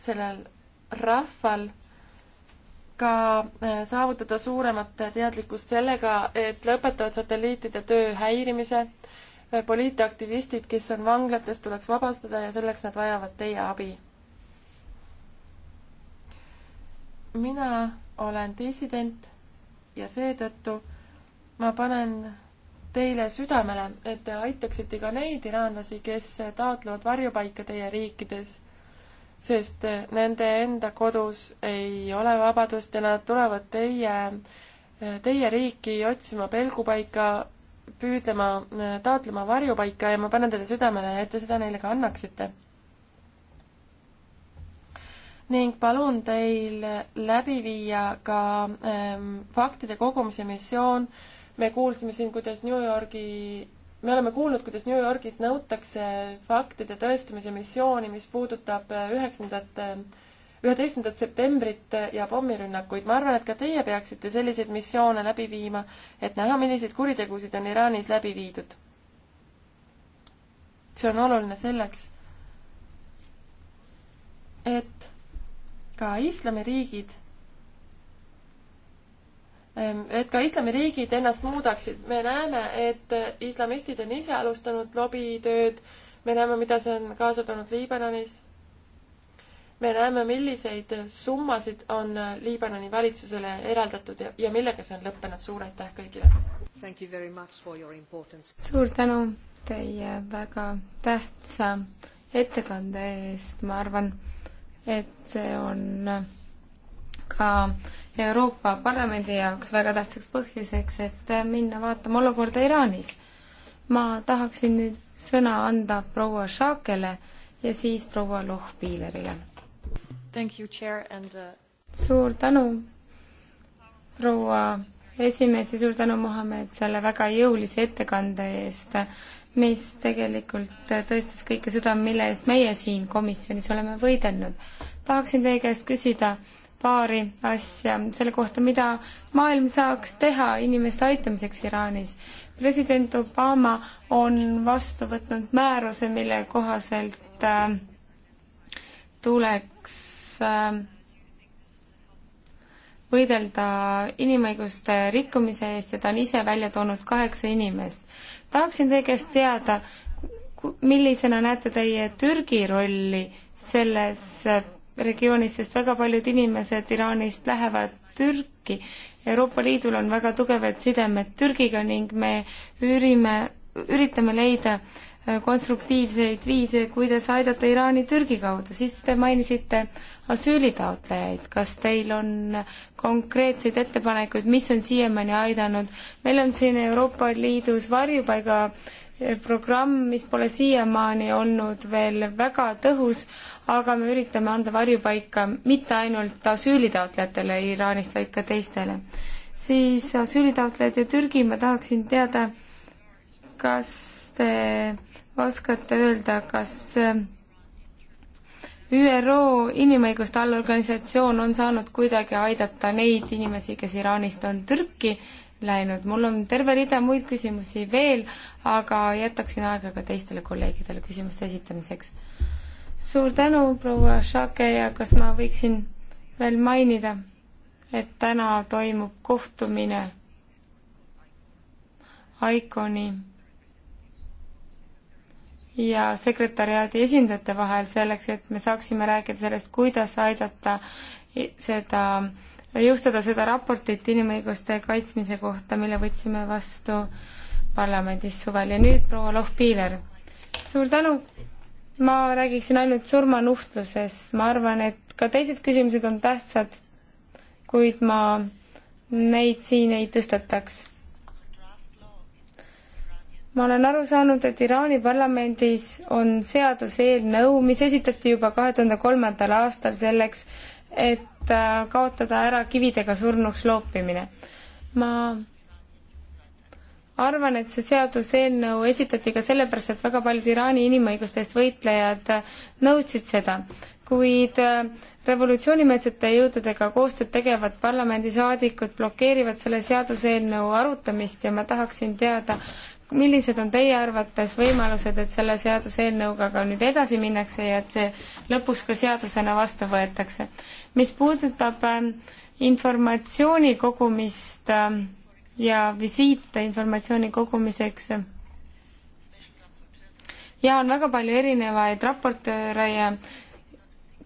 Speaker 2: sellel rahval ka äh, saavutada suuremat teadlikkust sellega, et lõpetavad satelliitide töö häirimise. Äh, poliitaktivistid, kes on vanglates, tuleks vabastada ja selleks nad vajavad teie abi. mina olen dissident ja seetõttu ma panen teile südamele, et te aitaksite ka neid iraanlasi, kes taotlevad varjupaika teie riikides, sest nende enda kodus ei ole vabadust ja nad tulevad teie, teie riiki otsima pelgupaika, püüdlema, taotlema varjupaika ja ma panen teile südamele, et te seda neile ka annaksite ning palun teil läbi viia ka ähm, faktide kogumise missioon äh, me kuulsime siin, kuidas New Yorgi, me oleme kuulnud, kuidas New Yorgis nõutakse faktide tõestamise missiooni, mis puudutab üheksandat, üheteistkümnendat septembrit ja pommirünnakuid. ma arvan, et ka teie peaksite selliseid missioone läbi viima, et näha, milliseid kuritegusid on Iraanis läbi viidud. see on oluline selleks, et ka islamiriigid Ehm, et ka islamiriigid ennast muudaksid. me näeme, et islamistid on ise alustanud lobitööd, me näeme, mida see on kaasa toonud Liibanonis. me näeme, milliseid summasid on Liibanoni valitsusele eraldatud ja, ja millega see on lõppenud. suur aitäh kõigile!
Speaker 1: suur tänu teie väga tähtsa ettekande eest, ma arvan, et see on ka Euroopa Parlamendi jaoks väga tähtsaks põhjuseks, et minna vaatama olukorda Iraanis. ma tahaksin nüüd sõna anda proua Šakele ja siis proua Lohpiilerile.
Speaker 5: Uh...
Speaker 1: suur tänu, proua esimees ja suur tänu, Muhamed, selle väga jõulise ettekande eest, mis tegelikult tõestas kõike seda, mille eest meie siin komisjonis oleme võidelnud. tahaksin teie käest küsida, paari asja selle kohta, mida maailm saaks teha inimeste aitamiseks Iraanis. president Obama on vastu võtnud määruse, mille kohaselt äh, tuleks äh, võidelda inimõiguste rikkumise eest ja ta on ise välja toonud kaheksa inimest. tahaksin teie käest teada, millisena näete teie Türgi rolli selles regioonis, sest väga paljud inimesed Iraanist lähevad Türki. Euroopa Liidul on väga tugevad sidemed Türgiga ning me üürime, üritame leida äh, konstruktiivseid viise, kuidas aidata Iraani Türgi kaudu, siis te mainisite asüülitaotlejaid, kas teil on konkreetseid ettepanekuid, mis on siiamaani aidanud? meil on siin Euroopa Liidus varjupaiga äh, programm, mis pole siiamaani olnud veel väga tõhus, aga me üritame anda varjupaika mitte ainult asüülitaotlejatele Iraanist, vaid ka teistele. siis asüülitaotlejad ja Türgi, ma tahaksin teada, kas te oskate öelda, kas äh, ÜRO inimõiguste allorganisatsioon on saanud kuidagi aidata neid inimesi, kes Iraanist on Türki läinud. mul on terve rida muid küsimusi veel, aga jätaksin aega ka teistele kolleegidele küsimuste esitamiseks. suur tänu, proua Šake ja kas ma võiksin veel mainida, et täna toimub kohtumine Iconi ja sekretäriaadi esindajate vahel selleks, et me saaksime rääkida sellest, kuidas aidata seda äh, jõustada seda raportit inimõiguste kaitsmise kohta, mille võtsime vastu parlamendis suvel ja nüüd proua Lohpiiler. suur tänu! ma räägiksin ainult surmanuhtlusest, ma arvan, et ka teised küsimused on tähtsad, kuid ma neid siin ei tõstataks. ma olen aru saanud, et Iraani parlamendis on seaduseelnõu, mis esitati juba kahe tuhande kolmandal aastal selleks, et Äh, kaotada ära kividega surnuks loopimine. ma arvan, et see seaduseelnõu esitati ka sellepärast, et väga paljud Iraani inimõiguste eest võitlejad äh, nõudsid seda, kuid äh, revolutsioonimeelsete jõududega koostööd tegevad parlamendisaadikud blokeerivad selle seaduseelnõu arutamist ja ma tahaksin teada, millised on teie arvates võimalused, et selle seaduseelnõuga ka nüüd edasi minnakse ja et see lõpuks ka seadusena vastu võetakse? mis puudutab ähm, informatsiooni kogumist ähm, ja visiite informatsiooni kogumiseks, ähm, ja on väga palju erinevaid raportööre ja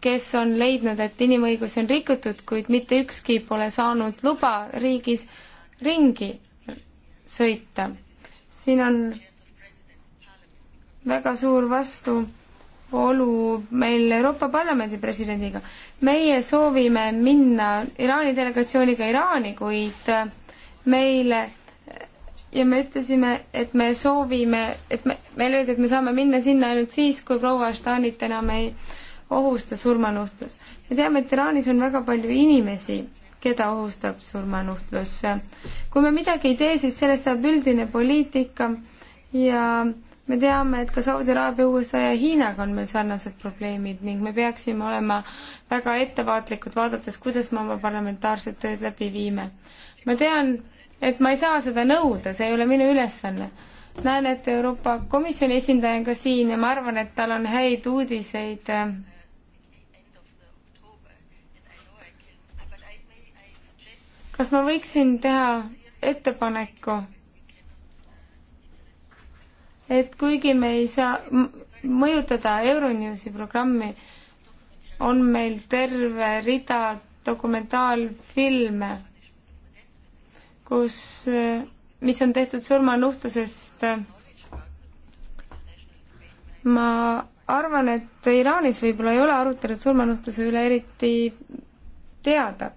Speaker 1: kes on leidnud, et inimõigusi on rikutud, kuid mitte ükski pole saanud luba riigis ringi sõita siin on väga suur vastuolu meil Euroopa Parlamendi presidendiga. meie soovime minna Iraani delegatsiooniga Iraani, kuid meile ja me ütlesime, et me soovime, et me, meile öeldi, et me saame minna sinna ainult siis, kui proua Ashtanit enam ei ohusta surmanuhtlus. me teame, et Iraanis on väga palju inimesi keda ohustab surmanuhtlus. kui me midagi ei tee, siis sellest saab üldine poliitika ja me teame, et ka Saudi Araabia, USA ja Hiinaga on meil sarnased probleemid ning me peaksime olema väga ettevaatlikud, vaadates, kuidas me oma parlamentaarset tööd läbi viime. ma tean, et ma ei saa seda nõuda, see ei ole minu ülesanne. näen, et Euroopa Komisjoni esindaja on ka siin ja ma arvan, et tal on häid uudiseid äh, kas ma võiksin teha ettepaneku, et kuigi me ei saa mõjutada Euronewsi programmi, on meil terve rida dokumentaalfilme, kus, mis on tehtud surmanuhtlusest. ma arvan, et Iraanis võib-olla ei ole arutelud surmanuhtluse üle eriti teada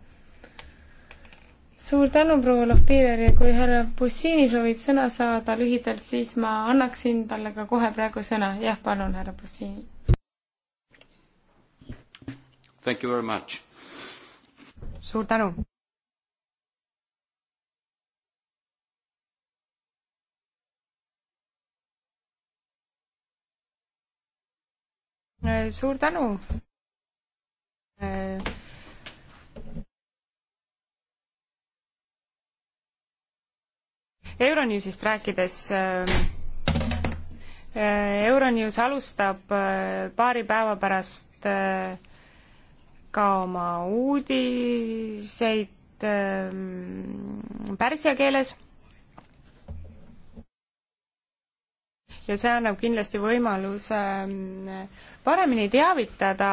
Speaker 1: suur tänu, proua Lohpiiler ja kui härra Bussini soovib sõna saada lühidalt, siis ma annaksin talle ka kohe praegu sõna. jah, palun, härra Bussini.
Speaker 3: Thank you very much.
Speaker 1: suur tänu. suur tänu Euronewsist rääkides äh, Euronews alustab äh, paari päeva pärast äh, ka oma uudiseid pärsia keeles. ja see annab kindlasti võimaluse paremini teavitada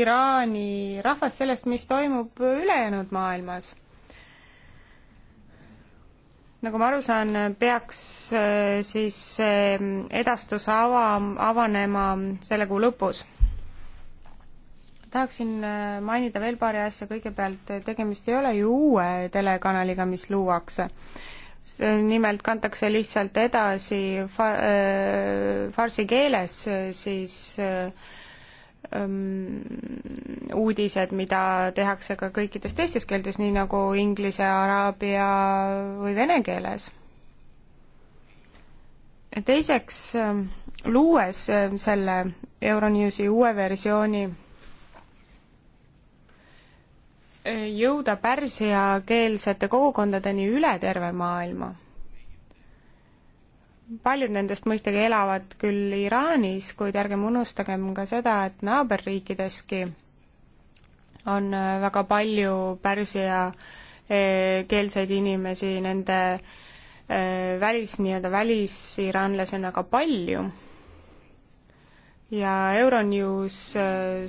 Speaker 1: Iraani rahvast sellest, mis toimub ülejäänud maailmas nagu ma aru saan, peaks äh, siis äh, edastus ava, avanema selle kuu lõpus. tahaksin äh, mainida veel paari asja, kõigepealt tegemist ei ole ju uue telekanaliga, mis luuakse. nimelt kantakse lihtsalt edasi far-, farsi keeles siis äh, Ähm, uudised, mida tehakse ka kõikides teistes keeltes, nii nagu inglise, araabia või vene keeles. teiseks, ähm, luues ähm, selle Euronewsi uue versiooni, äh, jõuda pärsiakeelsete kogukondadeni üle terve maailma paljud nendest mõistagi elavad küll Iraanis, kuid ärgem unustagem ka seda, et naaberriikideski on äh, väga palju pärsia äh, keelseid inimesi, nende äh, välis, nii-öelda välisiranlasi on väga palju. ja Euronews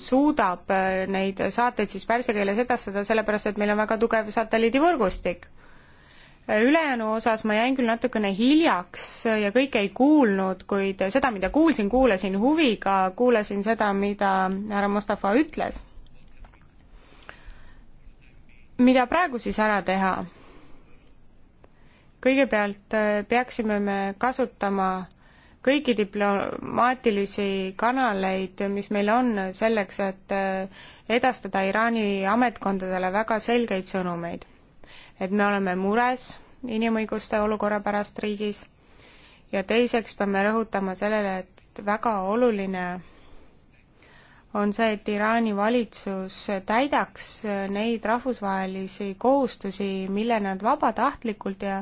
Speaker 1: suudab neid saateid siis pärsia keeles edastada, sellepärast et meil on väga tugev satelliidivõrgustik ülejäänu osas ma jäin küll natukene hiljaks ja kõike ei kuulnud, kuid seda, mida kuulsin, kuulasin huviga, kuulasin seda, mida härra Mustafa ütles. mida praegu siis ära teha? kõigepealt äh, peaksime me kasutama kõiki diplomaatilisi kanaleid, mis meil on, selleks, et äh, edastada Iraani ametkondadele väga selgeid sõnumeid et me oleme mures inimõiguste olukorra pärast riigis ja teiseks peame rõhutama sellele, et väga oluline on see, et Iraani valitsus täidaks neid rahvusvahelisi kohustusi, mille nad vabatahtlikult ja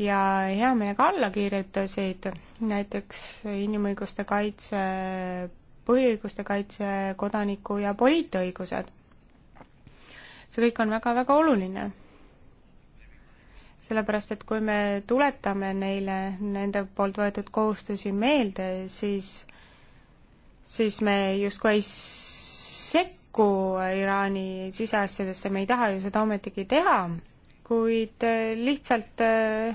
Speaker 1: ja hea meelega alla kirjutasid, näiteks inimõiguste kaitse, põhiõiguste kaitse, kodaniku- ja poliitõigused. see kõik on väga-väga oluline sellepärast, et kui me tuletame neile nende poolt võetud kohustusi meelde, siis, siis me justkui ei sekku Iraani siseasjadesse, me ei taha ju seda ometigi teha, kuid äh, lihtsalt äh,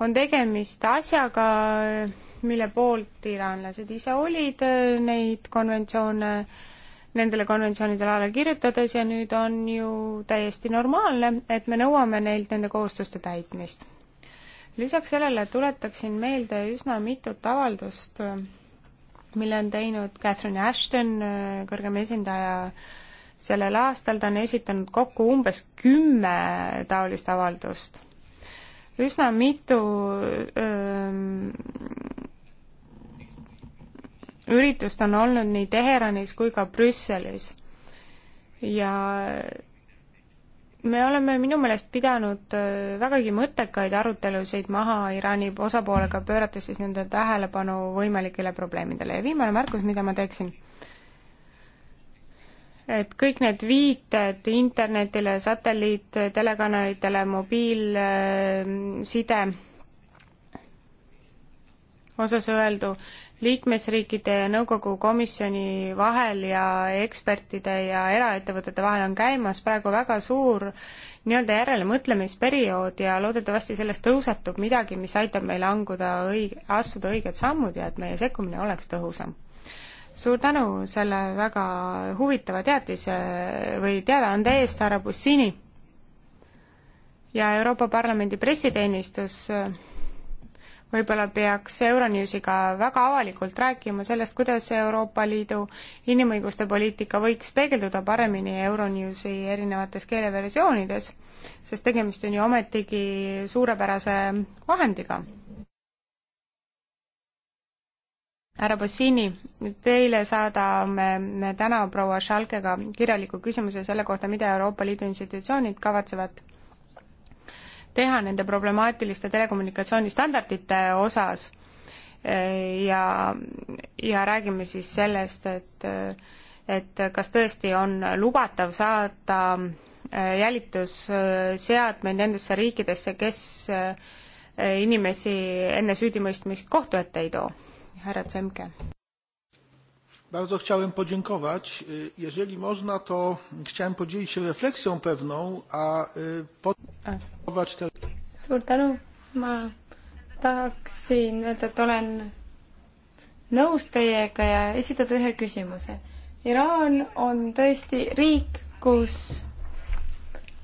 Speaker 1: on tegemist asjaga, mille poolt iraanlased ise olid, äh, neid konventsioone nendele konventsioonidele alla kirjutades ja nüüd on ju täiesti normaalne, et me nõuame neilt nende kohustuste täitmist. lisaks sellele tuletaksin meelde üsna mitut avaldust, mille on teinud Catherine Ashton, kõrgem esindaja, sellel aastal ta on esitanud kokku umbes kümme taolist avaldust üsna mitu öö, üritust on olnud nii Teheranis kui ka Brüsselis. ja me oleme minu meelest pidanud äh, vägagi mõttekaid arutelusid maha Iraani osapoolega, pöörates siis nende tähelepanu võimalikele probleemidele ja viimane märkus, mida ma teeksin, et kõik need viited internetile, satelliit, telekanalitele, mobiilside äh, osas öeldu, liikmesriikide ja nõukogu komisjoni vahel ja ekspertide ja eraettevõtete vahel on käimas praegu väga suur nii-öelda järelemõtlemisperiood ja loodetavasti sellest tõusetub midagi, mis aitab meil anguda õig-, astuda õiged sammud ja et meie sekkumine oleks tõhusam. suur tänu selle väga huvitava teatise või teadaande eest, härra Bussini! ja Euroopa Parlamendi pressiteenistus võib-olla peaks Euronewsiga väga avalikult rääkima sellest, kuidas Euroopa Liidu inimõiguste poliitika võiks peegelduda paremini Euronewsi erinevates keeleversioonides, sest tegemist on ju ometigi suurepärase vahendiga. härra Bossini, teile saadame me täna proua Schalkega kirjaliku küsimuse selle kohta, mida Euroopa Liidu institutsioonid kavatsevad teha nende problemaatiliste telekommunikatsioonistandardite osas ja, ja räägime siis sellest, et et kas tõesti on lubatav saata äh, jälitusseadmeid nendesse riikidesse, kes äh, inimesi enne süüdimõistmist kohtu ette ei too. härra Tsemke.
Speaker 5: Bardzo chciałem podziękować. Jeżeli można, to chciałem podzielić się refleksją pewną, a potem te...
Speaker 1: Suur tänu. Ma tahaksin öelda, et olen nõus teiega ja esitada ühe küsimuse. Iraan on tõesti riik, kus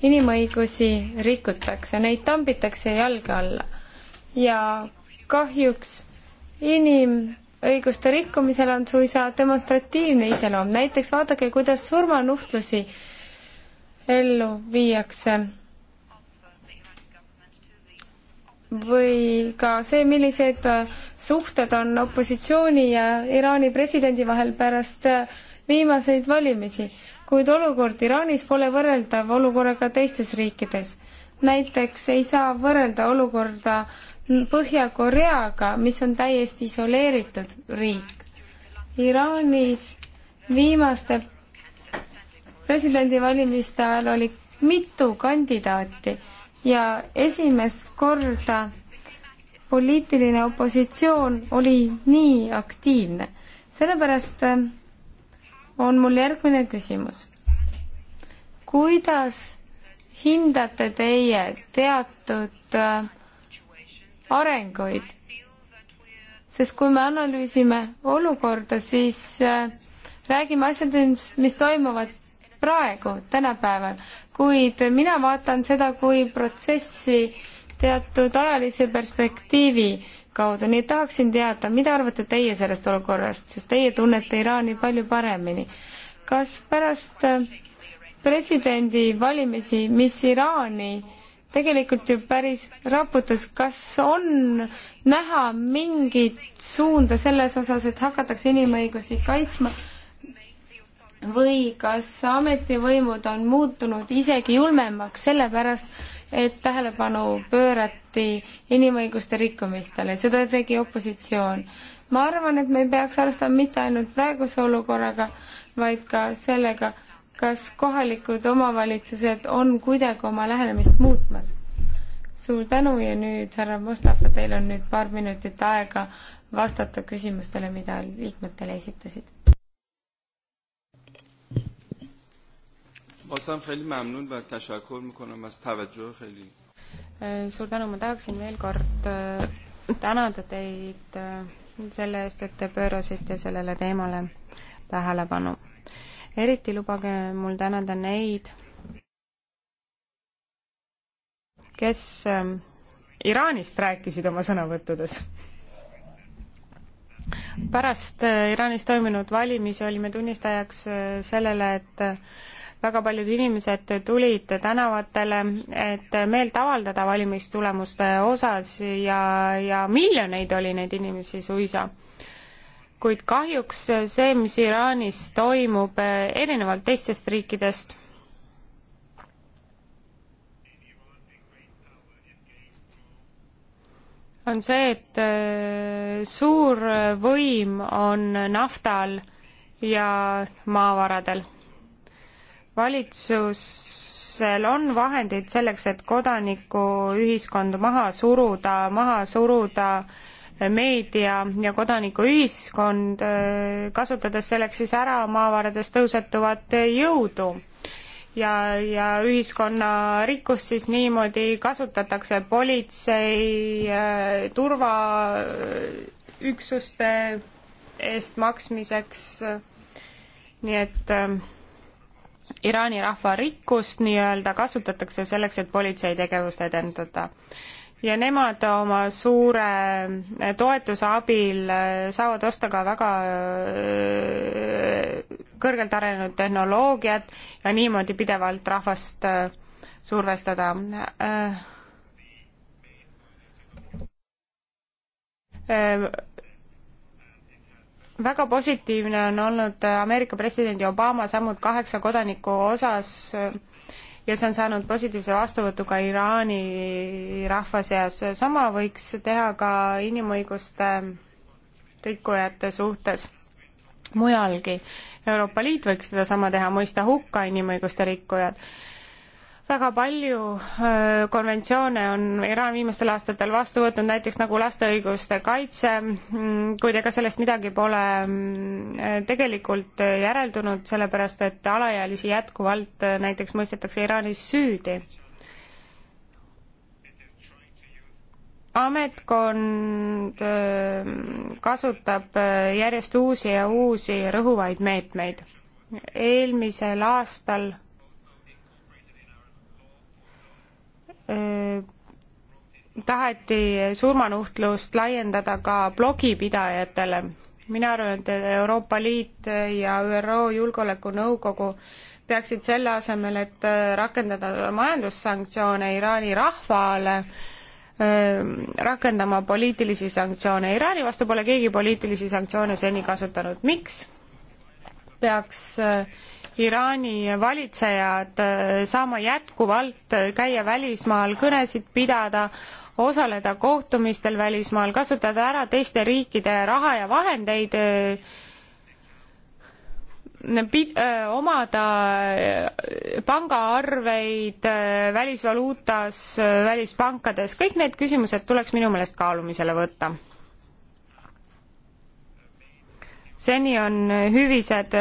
Speaker 1: inimõigusi rikutakse, neid tambitakse jalge alla ja kahjuks inim- õiguste rikkumisel on suisa demonstratiivne iseloom, näiteks vaadake, kuidas surmanuhtlusi ellu viiakse. või ka see, millised äh, suhted on opositsiooni ja Iraani presidendi vahel pärast äh, viimaseid valimisi, kuid olukord Iraanis pole võrreldav olukorraga teistes riikides. näiteks ei saa võrrelda olukorda äh, Põhja-Koreaga, mis on täiesti isoleeritud riik. Iraanis viimaste presidendivalimiste ajal oli mitu kandidaati ja esimest korda poliitiline opositsioon oli nii aktiivne. sellepärast äh, on mul järgmine küsimus. kuidas hindate teie teatud äh, arenguid. sest kui me analüüsime olukorda, siis äh, räägime asjadest, mis toimuvad praegu, tänapäeval, kuid mina vaatan seda kui protsessi teatud ajalise perspektiivi kaudu, nii et tahaksin teada, mida arvate teie sellest olukorrast, sest teie tunnete Iraani palju paremini. kas pärast äh, presidendivalimisi, mis Iraani äh, tegelikult ju päris raputas, kas on näha mingit suunda selles osas, et hakatakse inimõigusi kaitsma või kas ametivõimud on muutunud isegi julmemaks sellepärast, et tähelepanu pöörati inimõiguste rikkumistele, seda tegi opositsioon. ma arvan, et me ei peaks arvestama mitte ainult praeguse olukorraga, vaid ka sellega, kas kohalikud omavalitsused on kuidagi oma lähenemist muutmas? suur tänu ja nüüd, härra Mustafa, teil on nüüd paar minutit aega vastata küsimustele, mida liikmetele esitasid.
Speaker 3: Äh,
Speaker 1: suur tänu, ma tahaksin veel kord äh, tänada teid äh, selle eest, et te pöörasite sellele teemale tähelepanu eriti lubage mul tänada neid, kes ähm, Iraanist rääkisid oma sõnavõttudes pärast äh, Iraanis toimunud valimisi olime tunnistajaks äh, sellele, et äh, väga paljud inimesed tulid tänavatele, et meelt avaldada valimistulemuste osas ja, ja miljoneid oli neid inimesi suisa kuid kahjuks see, mis Iraanis toimub, eh, erinevalt teistest riikidest on see, et eh, suur võim on naftal ja maavaradel. valitsusel on vahendid selleks, et kodanikuühiskonda maha suruda, maha suruda äh, meedia ja kodanikuühiskond, äh, kasutades selleks siis ära maavaradest tõusetuvat jõudu. ja, ja ühiskonna rikkust siis niimoodi kasutatakse politsei, äh, turvaüksuste eest maksmiseks, nii et äh, Iraani rahva rikkust nii-öelda kasutatakse selleks, et politsei tegevust edendada ja nemad oma suure toetuse abil saavad osta ka väga äh, kõrgelt arenenud tehnoloogiat ja niimoodi pidevalt rahvast äh, survestada. Äh, väga positiivne on olnud Ameerika presidendi Obama sammud kaheksa kodaniku osas ja see on saanud positiivse vastuvõtu ka Iraani rahva seas. sama võiks teha ka inimõiguste rikkujate suhtes mujalgi. Euroopa Liit võiks sedasama teha, mõista hukka inimõiguste rikkujad väga palju konventsioone on Iraan viimastel aastatel vastu võtnud, näiteks nagu laste õiguste kaitse, mm, kuid ega sellest midagi pole mm, tegelikult järeldunud, sellepärast et alaealisi jätkuvalt näiteks mõistetakse Iraanis süüdi. ametkond kasutab järjest uusi ja uusi rõhuvaid meetmeid. eelmisel aastal Äh, taheti surmanuhtlust laiendada ka blogipidajatele. mina arvan, et Euroopa Liit ja ÜRO Julgeolekunõukogu peaksid selle asemel, et äh, rakendada majandussanktsioone Iraani rahvale, äh, rakendama poliitilisi sanktsioone. Iraani vastu pole keegi poliitilisi sanktsioone seni kasutanud. miks peaks äh, Iraani valitsejad äh, saama jätkuvalt äh, käia välismaal, kõnesid pidada, osaleda kohtumistel välismaal, kasutada ära teiste riikide raha ja vahendeid, äh, omada pangaarveid välisvaluutas, välispankades, kõik need küsimused tuleks minu meelest kaalumisele võtta seni on hüvised,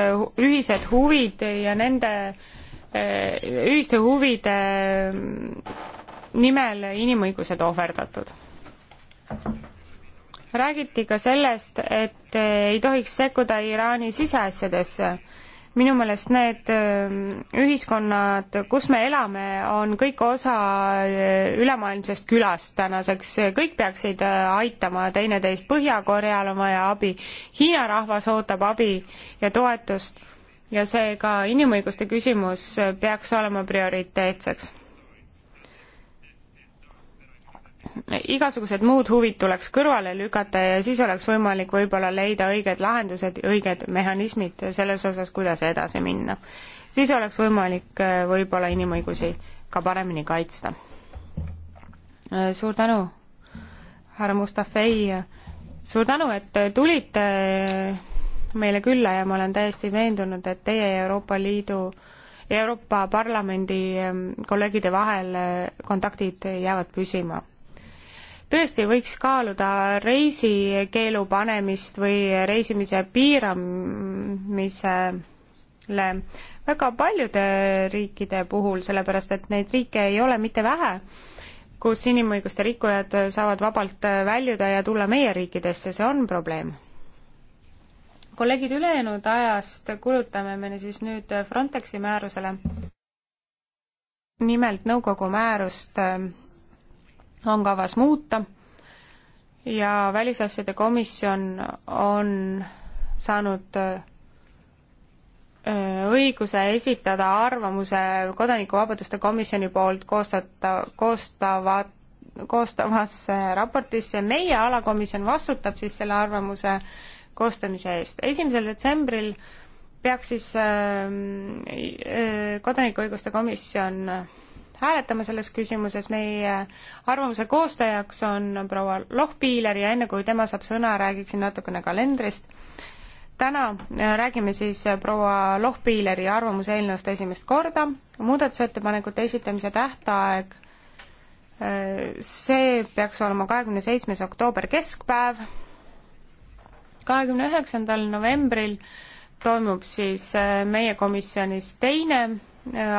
Speaker 1: ühised huvid ja nende ühiste huvide nimel inimõigused ohverdatud. räägiti ka sellest, et ei tohiks sekkuda Iraani siseasjadesse minu meelest need ähm, ühiskonnad, kus me elame, on kõik osa äh, ülemaailmsest külast tänaseks, kõik peaksid äh, aitama teineteist, Põhja-Koreal on vaja abi, Hiina rahvas ootab abi ja toetust ja seega inimõiguste küsimus äh, peaks olema prioriteetseks igasugused muud huvid tuleks kõrvale lükata ja siis oleks võimalik võib-olla leida õiged lahendused, õiged mehhanismid selles osas, kuidas edasi minna. siis oleks võimalik äh, võib-olla inimõigusi ka paremini kaitsta. Äh, suur tänu, härra Mustafei, suur tänu, et tulite äh, meile külla ja ma olen täiesti veendunud, et teie Euroopa Liidu Euroopa Parlamendi ähm, kolleegide vahel kontaktid jäävad püsima tõesti võiks kaaluda reisikeelu panemist või reisimise piiramisele väga paljude riikide puhul, sellepärast et neid riike ei ole mitte vähe, kus inimõiguste rikkujad saavad vabalt väljuda ja tulla meie riikidesse, see on probleem. kolleegid, ülejäänud ajast kulutame me siis nüüd Frontexi määrusele. nimelt nõukogu määrust on kavas muuta ja Välisasjade Komisjon on saanud äh, õiguse esitada arvamuse Kodanikuvabaduste Komisjoni poolt koostata, koostava, koostavasse raportisse. meie alakomisjon vastutab siis selle arvamuse koostamise eest. esimesel detsembril peaks siis äh, äh, Kodanikuõiguste Komisjon äh, hääletama selles küsimuses, meie arvamuse koostajaks on proua Lohpiiler ja enne, kui tema saab sõna, räägiksin natukene kalendrist. täna äh, räägime siis proua Lohpiileri arvamuse eelnõust esimest korda, muudatusettepanekute esitamise tähtaeg äh, see peaks olema kahekümne seitsmes oktoober keskpäev, kahekümne üheksandal novembril toimub siis äh, meie komisjonis teine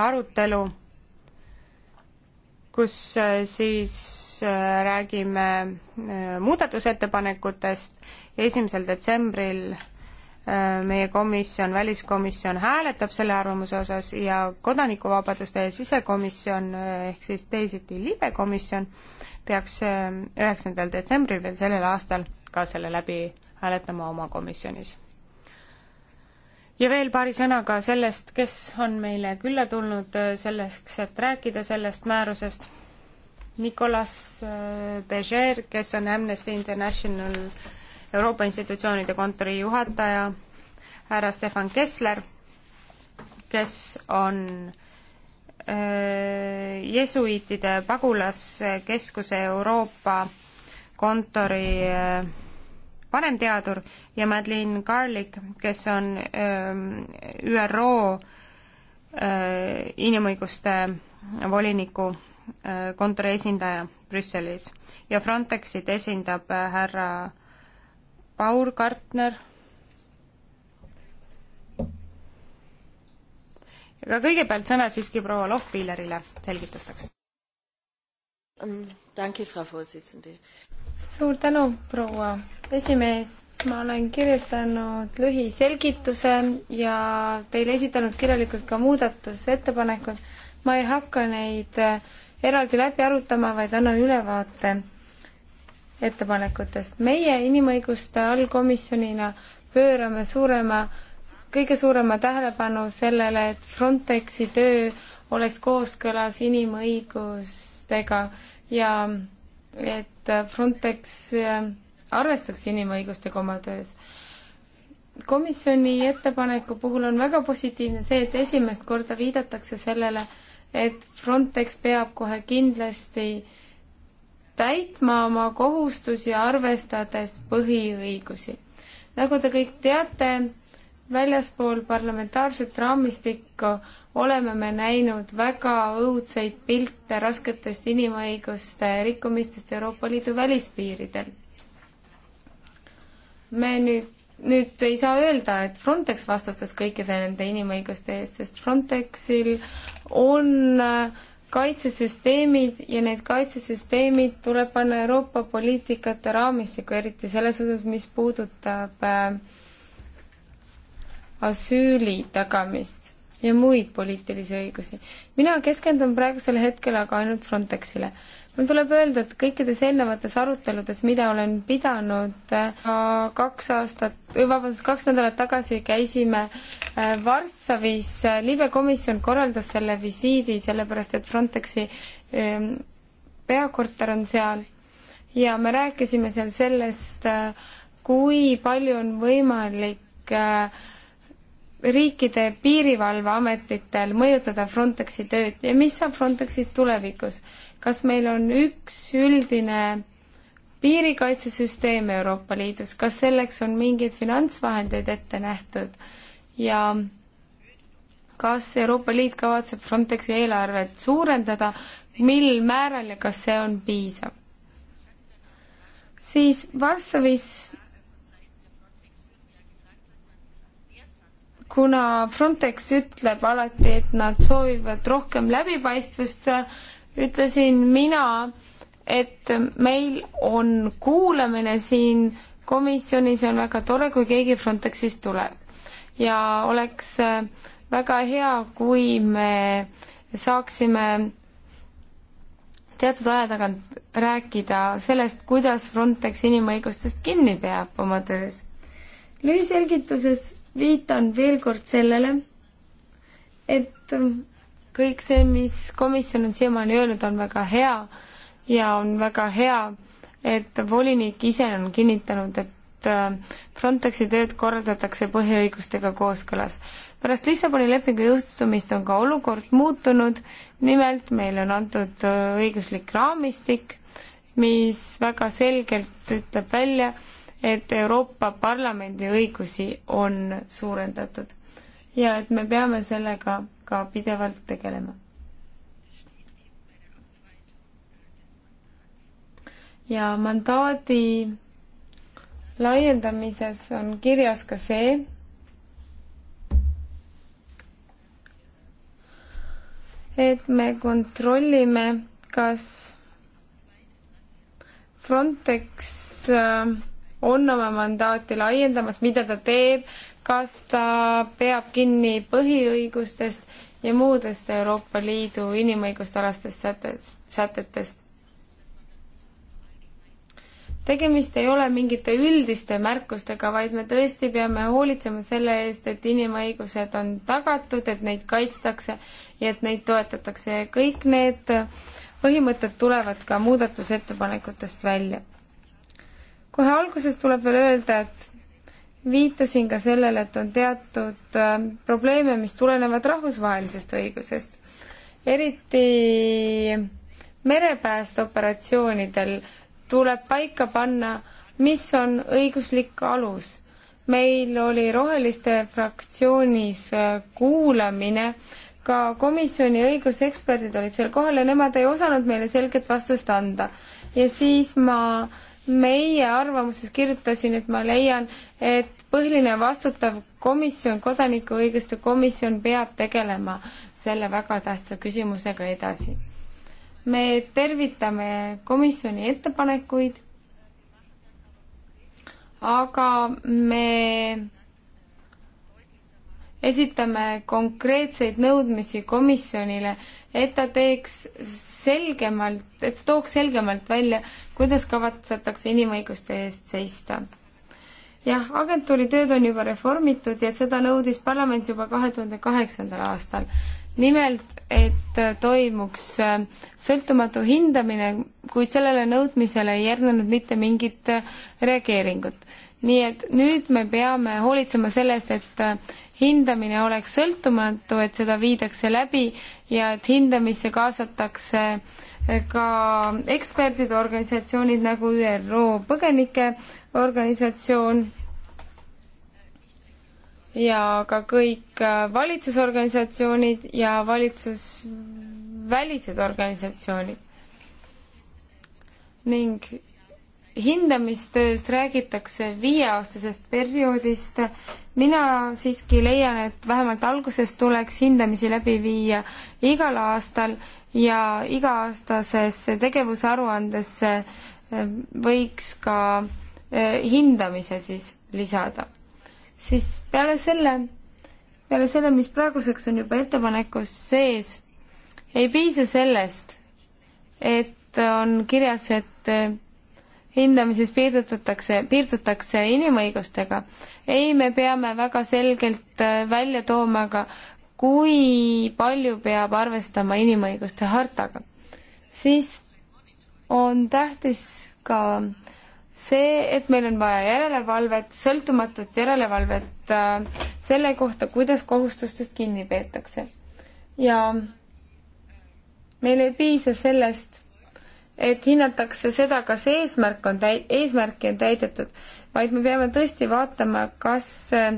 Speaker 1: arutelu kus äh, siis äh, räägime äh, muudatusettepanekutest ja esimesel detsembril meie komisjon, väliskomisjon hääletab selle arvamuse osas ja kodanikuvabaduste ja sisekomisjon ehk siis teisiti libekomisjon peaks üheksandal detsembril veel sellel aastal ka selle läbi hääletama oma komisjonis ja veel paari sõnaga sellest, kes on meile külla tulnud äh, selleks, et rääkida sellest määrusest. Nicolas äh, Beger, kes on Amnesty International Euroopa institutsioonide kontori juhataja, härra Stefan Kessler, kes on äh, jesuiitide pagulaskeskuse Euroopa kontori vanemteadur ja Madeleine Garlic, kes on ähm, ÜRO äh, inimõiguste voliniku äh, kontori esindaja Brüsselis ja Frontexit esindab äh, härra Paul Kartner aga kõigepealt sõna siiski proua Lohpillerile selgitusteks suur tänu, proua esimees. ma olen kirjutanud lühiselgituse ja teile esitanud kirjalikult ka muudatusettepanekud. ma ei hakka neid äh, eraldi läbi arutama, vaid annan ülevaate ettepanekutest. meie inimõiguste allkomisjonina pöörame suurema, kõige suurema tähelepanu sellele, et Frontexi töö oleks kooskõlas inimõigustega ja et Frontex äh, arvestaks inimõigustega oma töös. komisjoni ettepaneku puhul on väga positiivne see, et esimest korda viidatakse sellele, et Frontex peab kohe kindlasti täitma oma kohustusi, arvestades põhiõigusi. nagu te kõik teate, väljaspool parlamentaarset raamistikku oleme me näinud väga õudseid pilte rasketest inimõiguste rikkumistest Euroopa Liidu välispiiridel. me nüüd, nüüd ei saa öelda, et Frontex vastutas kõikide nende inimõiguste eest, sest Frontexil on äh, kaitsesüsteemid ja need kaitsesüsteemid tuleb panna Euroopa poliitikate raamistikku, eriti selles osas, mis puudutab äh, asüüli tagamist ja muid poliitilisi õigusi. mina keskendun praegusel hetkel aga ainult Frontexile. mul tuleb öelda, et kõikides eelnevates aruteludes, mida olen pidanud ka äh, kaks aastat, vabandust, kaks nädalat tagasi käisime äh, Varssavis, äh, libekomisjon korraldas selle visiidi, sellepärast et Frontexi ähm, peakorter on seal ja me rääkisime seal sellest, kui palju on võimalik äh, riikide piirivalveametitel mõjutada Frontexi tööd ja mis saab Frontexist tulevikus? kas meil on üks üldine piirikaitsesüsteem Euroopa Liidus, kas selleks on mingeid finantsvahendeid ette nähtud ja kas Euroopa Liit kavatseb Frontexi eelarvet suurendada, mil määral ja kas see on piisav? siis Varssavis kuna Frontex ütleb alati, et nad soovivad rohkem läbipaistvust, ütlesin mina, et meil on kuulamine siin komisjonis ja on väga tore, kui keegi Frontexist tuleb. ja oleks väga hea, kui me saaksime teatud aja tagant rääkida sellest, kuidas Frontex inimõigustest kinni peab oma töös. lühiselgituses viitan veel kord sellele, et kõik see, mis komisjon on siiamaani öelnud, on väga hea ja on väga hea, et volinik ise on kinnitanud, et äh, Frontexi tööd korraldatakse põhiõigustega kooskõlas. pärast Lissaboni lepingu jõustumist on ka olukord muutunud, nimelt meile on antud äh, õiguslik raamistik, mis väga selgelt ütleb välja, et Euroopa Parlamendi õigusi on suurendatud ja et me peame sellega ka pidevalt tegelema. ja mandaadi laiendamises on kirjas ka see, et me kontrollime, kas Frontex äh, on oma mandaati laiendamas, mida ta teeb, kas ta peab kinni põhiõigustest ja muudest Euroopa Liidu inimõigustalastest sätest, sätetest. tegemist ei ole mingite üldiste märkustega, vaid me tõesti peame hoolitsema selle eest, et inimõigused on tagatud, et neid kaitstakse ja et neid toetatakse ja kõik need põhimõtted tulevad ka muudatusettepanekutest välja kohe alguses tuleb veel öelda, et viitasin ka sellele, et on teatud äh, probleeme, mis tulenevad rahvusvahelisest õigusest. eriti merepäästeoperatsioonidel tuleb paika panna, mis on õiguslik alus. meil oli Roheliste fraktsioonis äh, kuulamine, ka komisjoni õiguseksperdid olid seal kohal ja nemad ei osanud meile selget vastust anda. ja siis ma äh, meie arvamuses kirjutasin, et ma leian, et põhiline vastutav komisjon, kodanikuõiguste komisjon peab tegelema selle väga tähtsa küsimusega edasi. me tervitame komisjoni ettepanekuid, aga me esitame konkreetseid nõudmisi komisjonile, et ta teeks selgemalt, et tooks selgemalt välja, kuidas kavatsetakse inimõiguste eest seista. jah, agentuuri tööd on juba reformitud ja seda nõudis parlament juba kahe tuhande kaheksandal aastal. nimelt, et toimuks äh, sõltumatu hindamine, kuid sellele nõudmisele ei järgnenud mitte mingit äh, reageeringut nii et nüüd me peame hoolitsema sellest, et äh, hindamine oleks sõltumatu, et seda viidakse läbi ja et hindamisse kaasatakse äh, ka eksperdid, organisatsioonid nagu ÜRO põgenike organisatsioon ja ka kõik äh, valitsusorganisatsioonid ja valitsusvälised organisatsioonid. ning hindamistöös räägitakse viieaastasest perioodist. mina siiski leian, et vähemalt alguses tuleks hindamisi läbi viia igal aastal ja iga-aastasesse tegevusaruandesse eh, võiks ka eh, hindamise siis lisada. siis peale selle, peale selle, mis praeguseks on juba ettepanekus sees, ei piisa sellest, et on kirjas, et eh, hindamises piirdutakse, piirdutakse inimõigustega. ei, me peame väga selgelt äh, välja tooma ka, kui palju peab arvestama inimõiguste hartaga. siis on tähtis ka see, et meil on vaja järelevalvet, sõltumatut järelevalvet äh, selle kohta, kuidas kohustustest kinni peetakse. ja meil ei piisa sellest et hinnatakse seda, kas eesmärk on täi-, eesmärki on täidetud, vaid me peame tõesti vaatama, kas äh,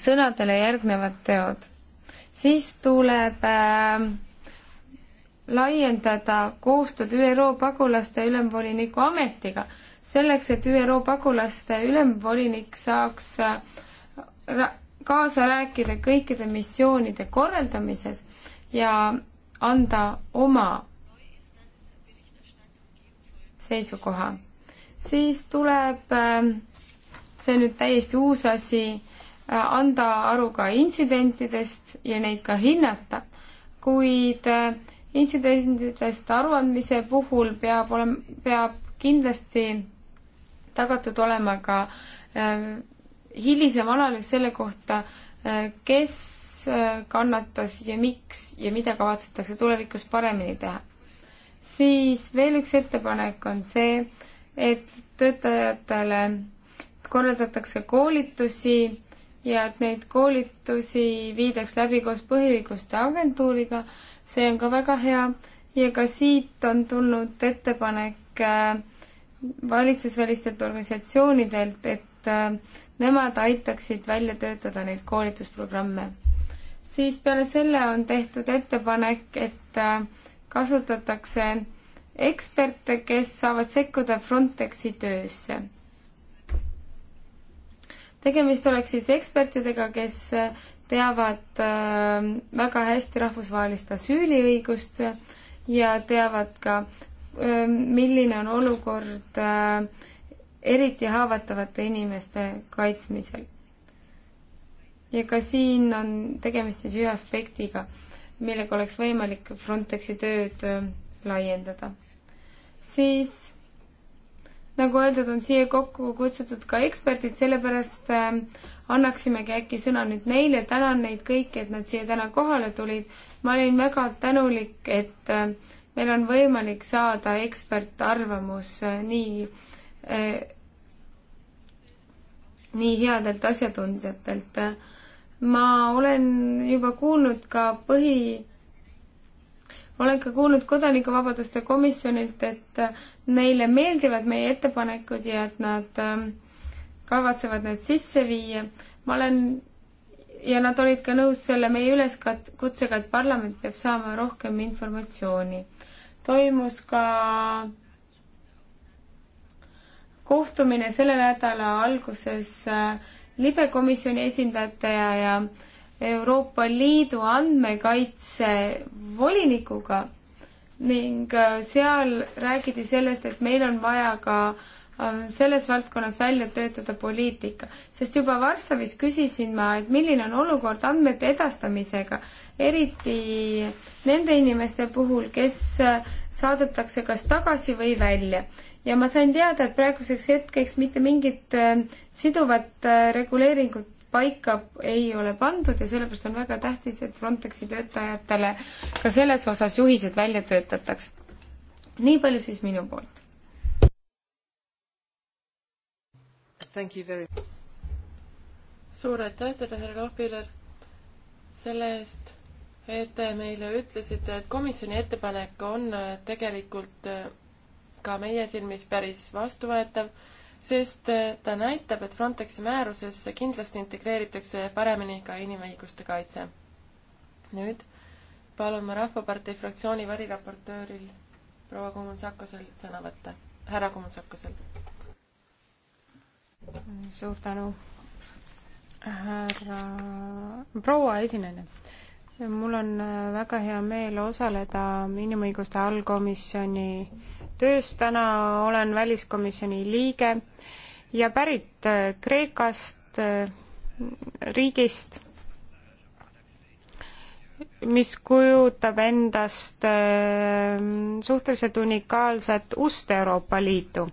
Speaker 1: sõnadele järgnevad teod. siis tuleb äh, laiendada koostööd ÜRO pagulaste ülemvoliniku ametiga, selleks et ÜRO pagulaste ülemvolinik saaks äh, kaasa rääkida kõikide missioonide korraldamises ja anda oma seisukoha, siis tuleb, ähm, see on nüüd täiesti uus asi, äh, anda aru ka intsidentidest ja neid ka hinnata, kuid äh, intsidentidest aruandmise puhul peab olema, peab kindlasti tagatud olema ka äh, hilisem analüüs selle kohta, kes kannatas ja miks ja mida kavatsetakse tulevikus paremini teha. siis veel üks ettepanek on see, et töötajatele korraldatakse koolitusi ja et neid koolitusi viidaks läbi koos põhiõiguste agentuuriga, see on ka väga hea ja ka siit on tulnud ettepanek äh, valitsusvälistelt organisatsioonidelt, et äh, nemad aitaksid välja töötada neid koolitusprogramme siis peale selle on tehtud ettepanek, et äh, kasutatakse eksperte, kes saavad sekkuda Frontexi töösse. tegemist oleks siis ekspertidega, kes teavad äh, väga hästi rahvusvahelist asüüliõigust ja teavad ka, äh, milline on olukord eriti haavatavate inimeste kaitsmisel ja ka siin on tegemist siis ühe aspektiga, millega oleks võimalik Frontexi tööd äh, laiendada. siis nagu öeldud, on siia kokku kutsutud ka eksperdid, sellepärast äh, annaksimegi äkki sõna nüüd neile, tänan neid kõiki, et nad siia täna kohale tulid. ma olin väga tänulik, et äh, meil on võimalik saada ekspertarvamus äh, nii äh,, nii headelt asjatundjatelt äh, ma olen juba kuulnud ka põhi, olen ka kuulnud Kodanikuvabaduste komisjonilt, et neile meeldivad meie ettepanekud ja et nad ähm, kavatsevad need sisse viia. ma olen ja nad olid ka nõus selle meie üleskutsega, et parlament peab saama rohkem informatsiooni. toimus ka kohtumine selle nädala alguses äh, libekomisjoni esindajate ja, ja Euroopa Liidu andmekaitsevolinikuga ning äh, seal räägiti sellest, et meil on vaja ka äh, selles valdkonnas välja töötada poliitika, sest juba Varssavis küsisin ma, et milline on olukord andmete edastamisega, eriti nende inimeste puhul, kes äh, saadetakse kas tagasi või välja ja ma sain teada, et praeguseks hetkeks mitte mingit äh, siduvat äh, reguleeringut paika ei ole pandud ja sellepärast on väga tähtis, et Frontexi töötajatele ka selles osas juhised välja töötataks. nii palju siis minu poolt.
Speaker 2: Very... suur aitäh teile, härra Lohpiler, selle eest, et te meile ütlesite, et komisjoni ettepanek on äh, tegelikult ka meie silmis päris vastuvõetav, sest ta näitab, et Frontexi määrusesse kindlasti integreeritakse paremini ka inimõiguste kaitse. nüüd palun ma Rahvapartei fraktsiooni variraportööril proua Kumunsakosel sõna võtta, härra Kumunsakosel.
Speaker 1: suur tänu, härra, proua esineja mul on väga hea meel osaleda inimõiguste allkomisjoni töös, täna olen väliskomisjoni liige ja pärit äh, Kreekast, äh, riigist, mis kujutab endast äh, suhteliselt unikaalset ust Euroopa Liitu.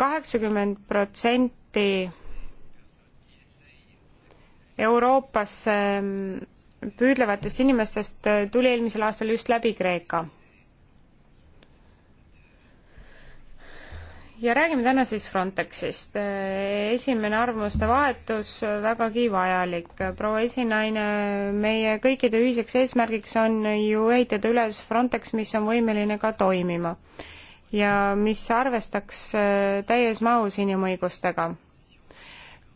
Speaker 1: kaheksakümmend protsenti Euroopasse ähm, püüdlevatest inimestest tuli eelmisel aastal just läbi Kreeka ja räägime täna siis Frontexist. esimene arvamuste vahetus vägagi vajalik. proua esinaine, meie kõikide ühiseks eesmärgiks on ju ehitada üles Frontex, mis on võimeline ka toimima ja mis arvestaks äh, täies mahus inimõigustega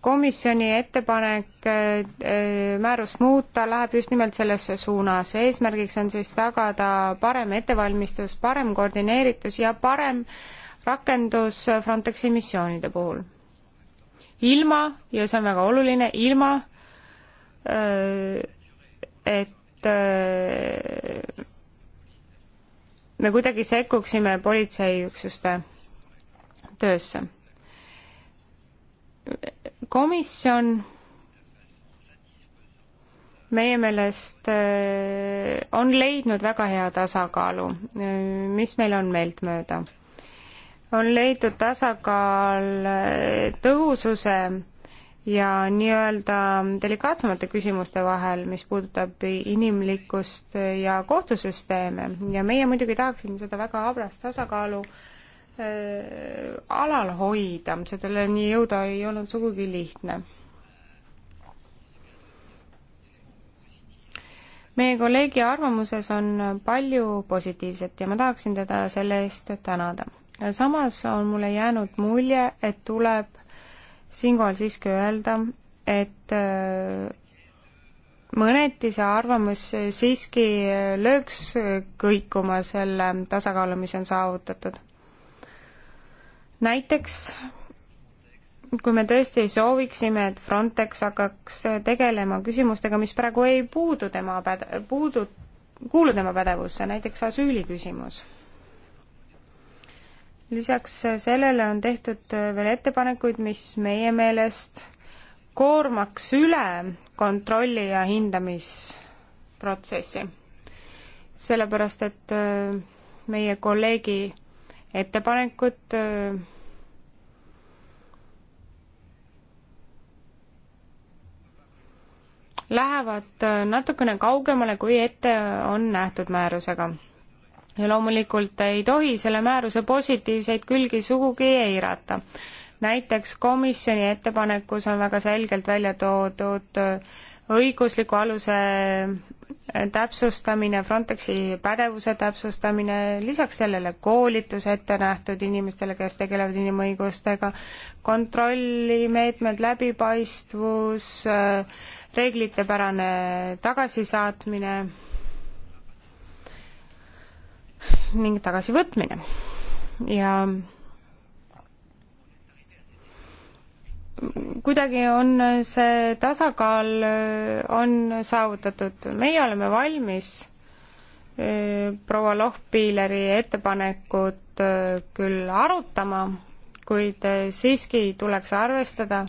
Speaker 1: komisjoni ettepanek äh, äh, määrust muuta läheb just nimelt selles suunas. eesmärgiks on siis tagada parem ettevalmistus, parem koordineeritus ja parem äh, rakendus Frontexi missioonide puhul. ilma, ja see on väga oluline, ilma et me kuidagi sekkuksime politseiüksuste töösse. komisjon meie meelest on leidnud väga hea tasakaalu, mis meil on meeltmööda on leitud tasakaal tõhususe ja nii-öelda delikaatsemate küsimuste vahel, mis puudutab inimlikkust ja kohtusüsteeme ja meie muidugi tahaksime seda väga habrast tasakaalu äh, alal hoida, selleni jõuda ei olnud sugugi lihtne. meie kolleegi arvamuses on palju positiivset ja ma tahaksin teda selle eest tänada samas on mulle jäänud mulje, et tuleb siinkohal siiski öelda, et äh, mõneti see arvamus siiski lööks kõikuma selle tasakaalu, mis on saavutatud. näiteks kui me tõesti sooviksime, et Frontex hakkaks tegelema küsimustega, mis praegu ei puudu tema päde-, puudu, kuulu tema pädevusse, näiteks asüüliküsimus lisaks äh, sellele on tehtud äh, veel ettepanekuid, mis meie meelest koormaks üle kontrolli ja hindamisprotsessi. sellepärast, et äh, meie kolleegi ettepanekud lähevad natukene kaugemale, kui ette on nähtud määrusega loomulikult ei tohi selle määruse positiivseid külgi sugugi eirata. näiteks komisjoni ettepanekus on väga selgelt välja toodud õigusliku aluse täpsustamine, Frontexi pädevuse täpsustamine, lisaks sellele koolitus ette nähtud inimestele, kes tegelevad inimõigustega, kontrollimeetmed, läbipaistvus, reeglitepärane tagasisaatmine ning tagasivõtmine. ja kuidagi on see tasakaal, äh, on saavutatud, meie oleme valmis äh, proua Lohpiileri ettepanekut äh, küll arutama, kuid siiski tuleks arvestada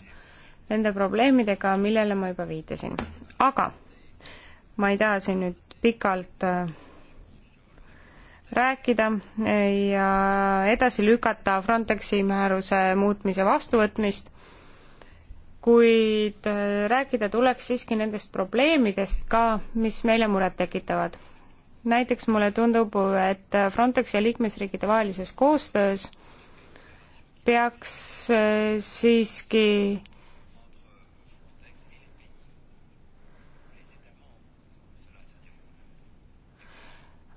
Speaker 1: nende probleemidega, millele ma juba viitasin. aga ma ei taha siin nüüd pikalt rääkida ja edasi lükata Frontexi määruse muutmise vastuvõtmist, kuid äh, rääkida tuleks siiski nendest probleemidest ka, mis meile muret tekitavad. näiteks mulle tundub, et Frontexi ja liikmesriikide vahelises koostöös peaks äh, siiski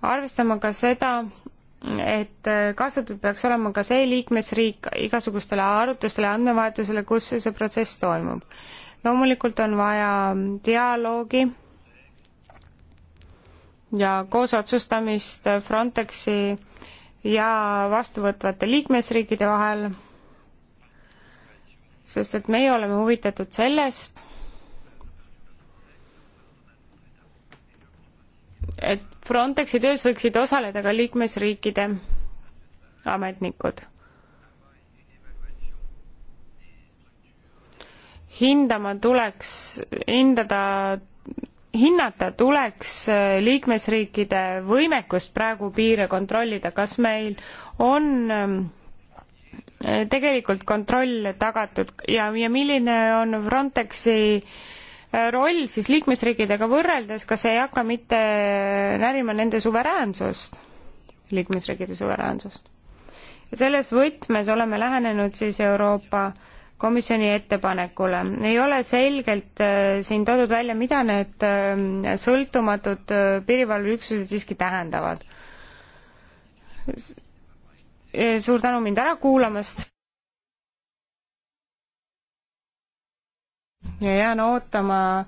Speaker 1: arvestama ka seda, et äh, kaasatud peaks olema ka see liikmesriik igasugustele arutlustele, andmevahetusele, kus see protsess toimub. loomulikult on vaja dialoogi ja koosotsustamist Frontexi ja vastuvõtvate liikmesriikide vahel, sest et meie oleme huvitatud sellest, et Frontexi töös võiksid osaleda ka liikmesriikide ametnikud. hindama tuleks, hindada, hinnata tuleks liikmesriikide võimekust praegu piire kontrollida, kas meil on ähm, tegelikult kontroll tagatud ja, ja milline on Frontexi äh, roll siis liikmesriikidega võrreldes, kas ei hakka mitte närima nende suveräänsust, liikmesriikide suveräänsust? ja selles võtmes oleme lähenenud siis Euroopa komisjoni ettepanekule. ei ole selgelt äh, siin toodud välja, mida need äh, sõltumatud äh, piirivalveüksused siiski tähendavad. suur tänu mind ära kuulamast! ja jään ootama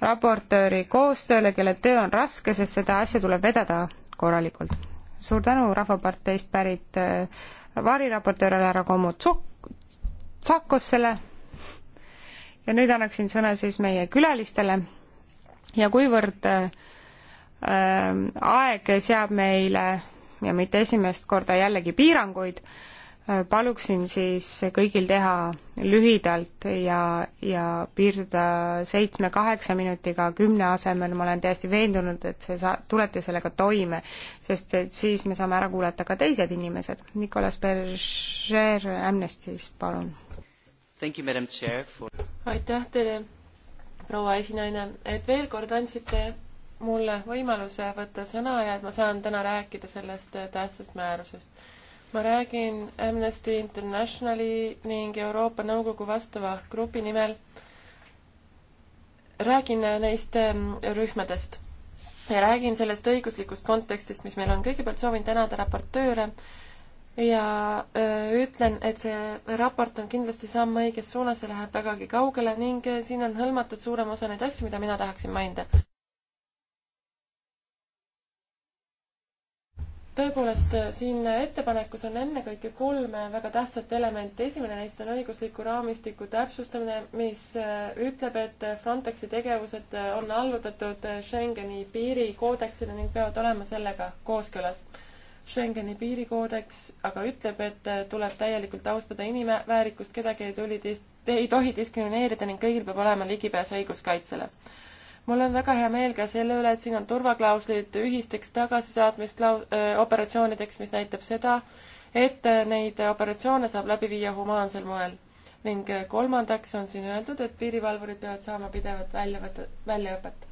Speaker 1: raportööri koostööle, kelle töö on raske, sest seda asja tuleb vedada korralikult. suur tänu Rahvaparteist pärit äh, variraportöörile härra Kommu Tsakosele ja nüüd annaksin sõna siis meie külalistele ja kuivõrd äh, äh aeg seab meile ja mitte esimest korda jällegi piiranguid, Äh, paluksin siis kõigil teha lühidalt ja, ja piirduda seitsme-kaheksa minutiga, kümne asemel, ma olen täiesti veendunud, et see saa-, tulete sellega toime, sest et siis me saame ära kuulata ka teised inimesed. Nicolas Berger Amnestyst, palun.
Speaker 3: For...
Speaker 2: aitäh teile, proua esinaine, et veel kord andsite mulle võimaluse võtta sõna ja et ma saan täna rääkida sellest tähtsast määrusest ma räägin Amnesty Internationali ning Euroopa Nõukogu vastava grupi nimel. räägin neist ähm, rühmadest ja räägin sellest õiguslikust kontekstist, mis meil on. kõigepealt soovin tänada raportööre ja öö, äh, ütlen, et see raport on kindlasti samm õiges suunas, see läheb vägagi kaugele ning äh, siin on hõlmatud suurem osa neid asju, mida mina tahaksin mainida tõepoolest, äh, siin ettepanekus on ennekõike kolme väga tähtsat elementi. esimene neist on õigusliku raamistiku täpsustamine, mis äh, ütleb, et äh, Frontexi tegevused on allutatud Schengeni piirikoodeksile ning peavad olema sellega kooskõlas. Schengeni piirikoodeks aga ütleb, et tuleb täielikult austada inimväärikust, kedagi ei tuli dis-, ei tohi diskrimineerida ning kõigil peab olema ligipääs õiguskaitsele mul on väga hea meel ka selle üle, et siin on turvaklauslid ühisteks tagasisaatmisklau-, operatsioonideks, mis näitab seda, et neid operatsioone saab läbi viia humaansel moel. ning kolmandaks on siin öeldud, et piirivalvurid peavad saama pidevat väljavõtte, väljaõpet.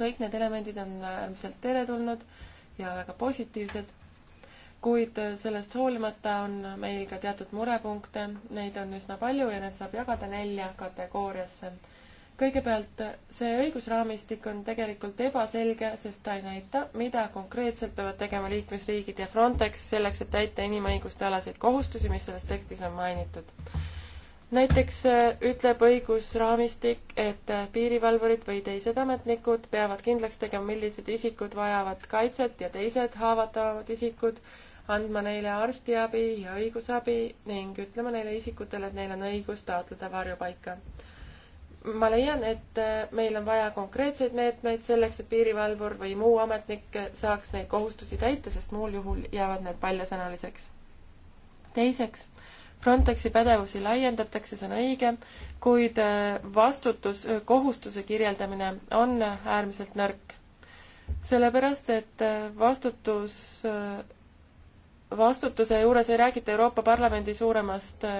Speaker 2: kõik need elemendid on äärmiselt teretulnud ja väga positiivsed, kuid sellest hoolimata on meil ka teatud murepunkte, neid on üsna palju ja need saab jagada nelja kategooriasse kõigepealt see õigusraamistik on tegelikult ebaselge, sest ta ei näita, mida konkreetselt peavad tegema liikmesriigid ja Frontex selleks, et täita inimõiguste alaseid kohustusi, mis selles tekstis on mainitud. näiteks äh, ütleb õigusraamistik, et äh, piirivalvurid või teised ametnikud peavad kindlaks tegema, millised isikud vajavad kaitset ja teised haavatavamad isikud, andma neile arstiabi ja õigusabi ning ütlema neile isikutele, et neil on õigus taotleda varjupaika ma leian, et äh, meil on vaja konkreetseid meetmeid selleks, et piirivalvur või muu ametnik saaks neid kohustusi täita, sest muul juhul jäävad need paljasõnaliseks. teiseks, Frontexi pädevusi laiendatakse, see on õige, kuid äh, vastutus, äh, kohustuse kirjeldamine on äärmiselt nõrk. sellepärast, et vastutus vastutuse juures ei räägita Euroopa Parlamendi suuremast äh,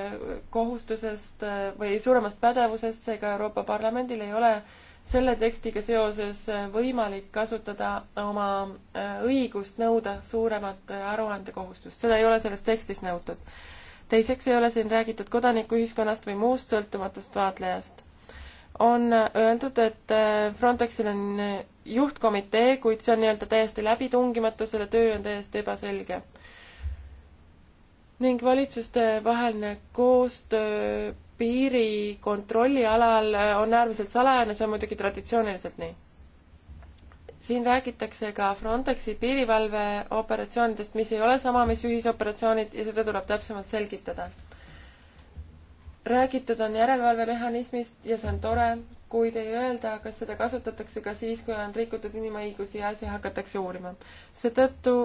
Speaker 2: kohustusest äh, või suuremast pädevusest, seega Euroopa Parlamendil ei ole selle tekstiga seoses äh, võimalik kasutada oma õigust nõuda suuremat aruandekohustust, seda ei ole selles tekstis nõutud. teiseks ei ole siin räägitud kodanikuühiskonnast või muust sõltumatust vaatlejast. on öeldud, et Frontexil on juhtkomitee, kuid see on nii-öelda täiesti läbitungimatu, selle töö on täiesti ebaselge ning valitsustevaheline koostöö piirikontrolli alal on äärmiselt salajane, see on muidugi traditsiooniliselt nii. siin räägitakse ka Frontexi piirivalveoperatsioonidest, mis ei ole sama, mis ühisoperatsioonid ja seda tuleb täpsemalt selgitada. räägitud on järelevalvemehhanismist ja see on tore, kuid ei öelda, kas seda kasutatakse ka siis, kui on rikutud inimõigusi ja asi hakatakse uurima. seetõttu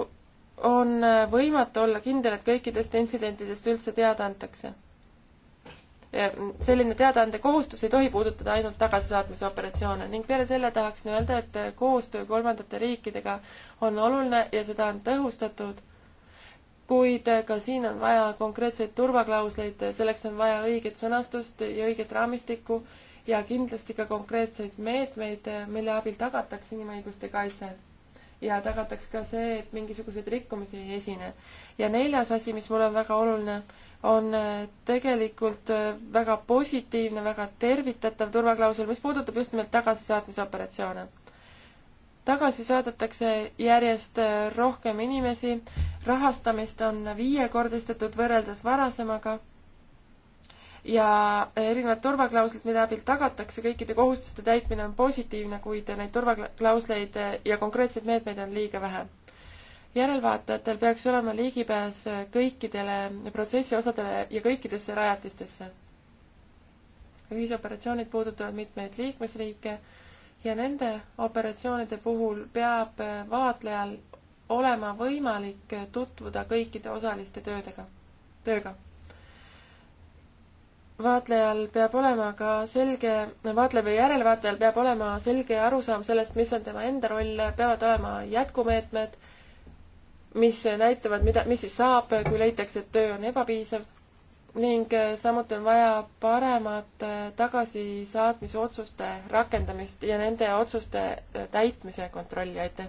Speaker 2: on võimatu olla kindel, et kõikidest intsidentidest üldse teada antakse. selline teadaande kohustus ei tohi puudutada ainult tagasisaatmise operatsioone ning peale selle tahaksin öelda, et koostöö kolmandate riikidega on oluline ja seda on tõhustatud, kuid ka siin on vaja konkreetseid turvaklausleid, selleks on vaja õiget sõnastust ja õiget raamistikku ja kindlasti ka konkreetseid meetmeid, mille abil tagatakse inimõiguste kaitse ja tagataks ka see, et mingisuguseid rikkumisi ei esine. ja neljas asi, mis mulle on väga oluline, on äh, tegelikult äh, väga positiivne, väga tervitatav turvaklausel, mis puudutab just nimelt tagasisaatmise operatsioone. tagasi saadetakse järjest äh, rohkem inimesi, rahastamist on viiekordistatud võrreldes varasemaga ja erinevad turvaklauslid, mille abil tagatakse kõikide kohustuste täitmine, on positiivne, kuid neid turvaklausleid ja konkreetseid meetmeid on liiga vähe. järelvaatajatel peaks olema ligipääs kõikidele protsessi osadele ja kõikidesse rajatistesse. ühisoperatsioonid puudutavad mitmeid liikmesriike ja nende operatsioonide puhul peab vaatlejal olema võimalik tutvuda kõikide osaliste töödega, tööga vaatlejal peab olema ka selge, vaatleja või järelevaatajal peab olema selge arusaam sellest, mis on tema enda roll, peavad olema jätkumeetmed, mis näitavad, mida, mis siis saab, kui leitakse, et töö on ebapiisav ning eh, samuti on vaja paremat eh, tagasisaatmise otsuste rakendamist ja nende otsuste eh, täitmise kontrolli, aitäh!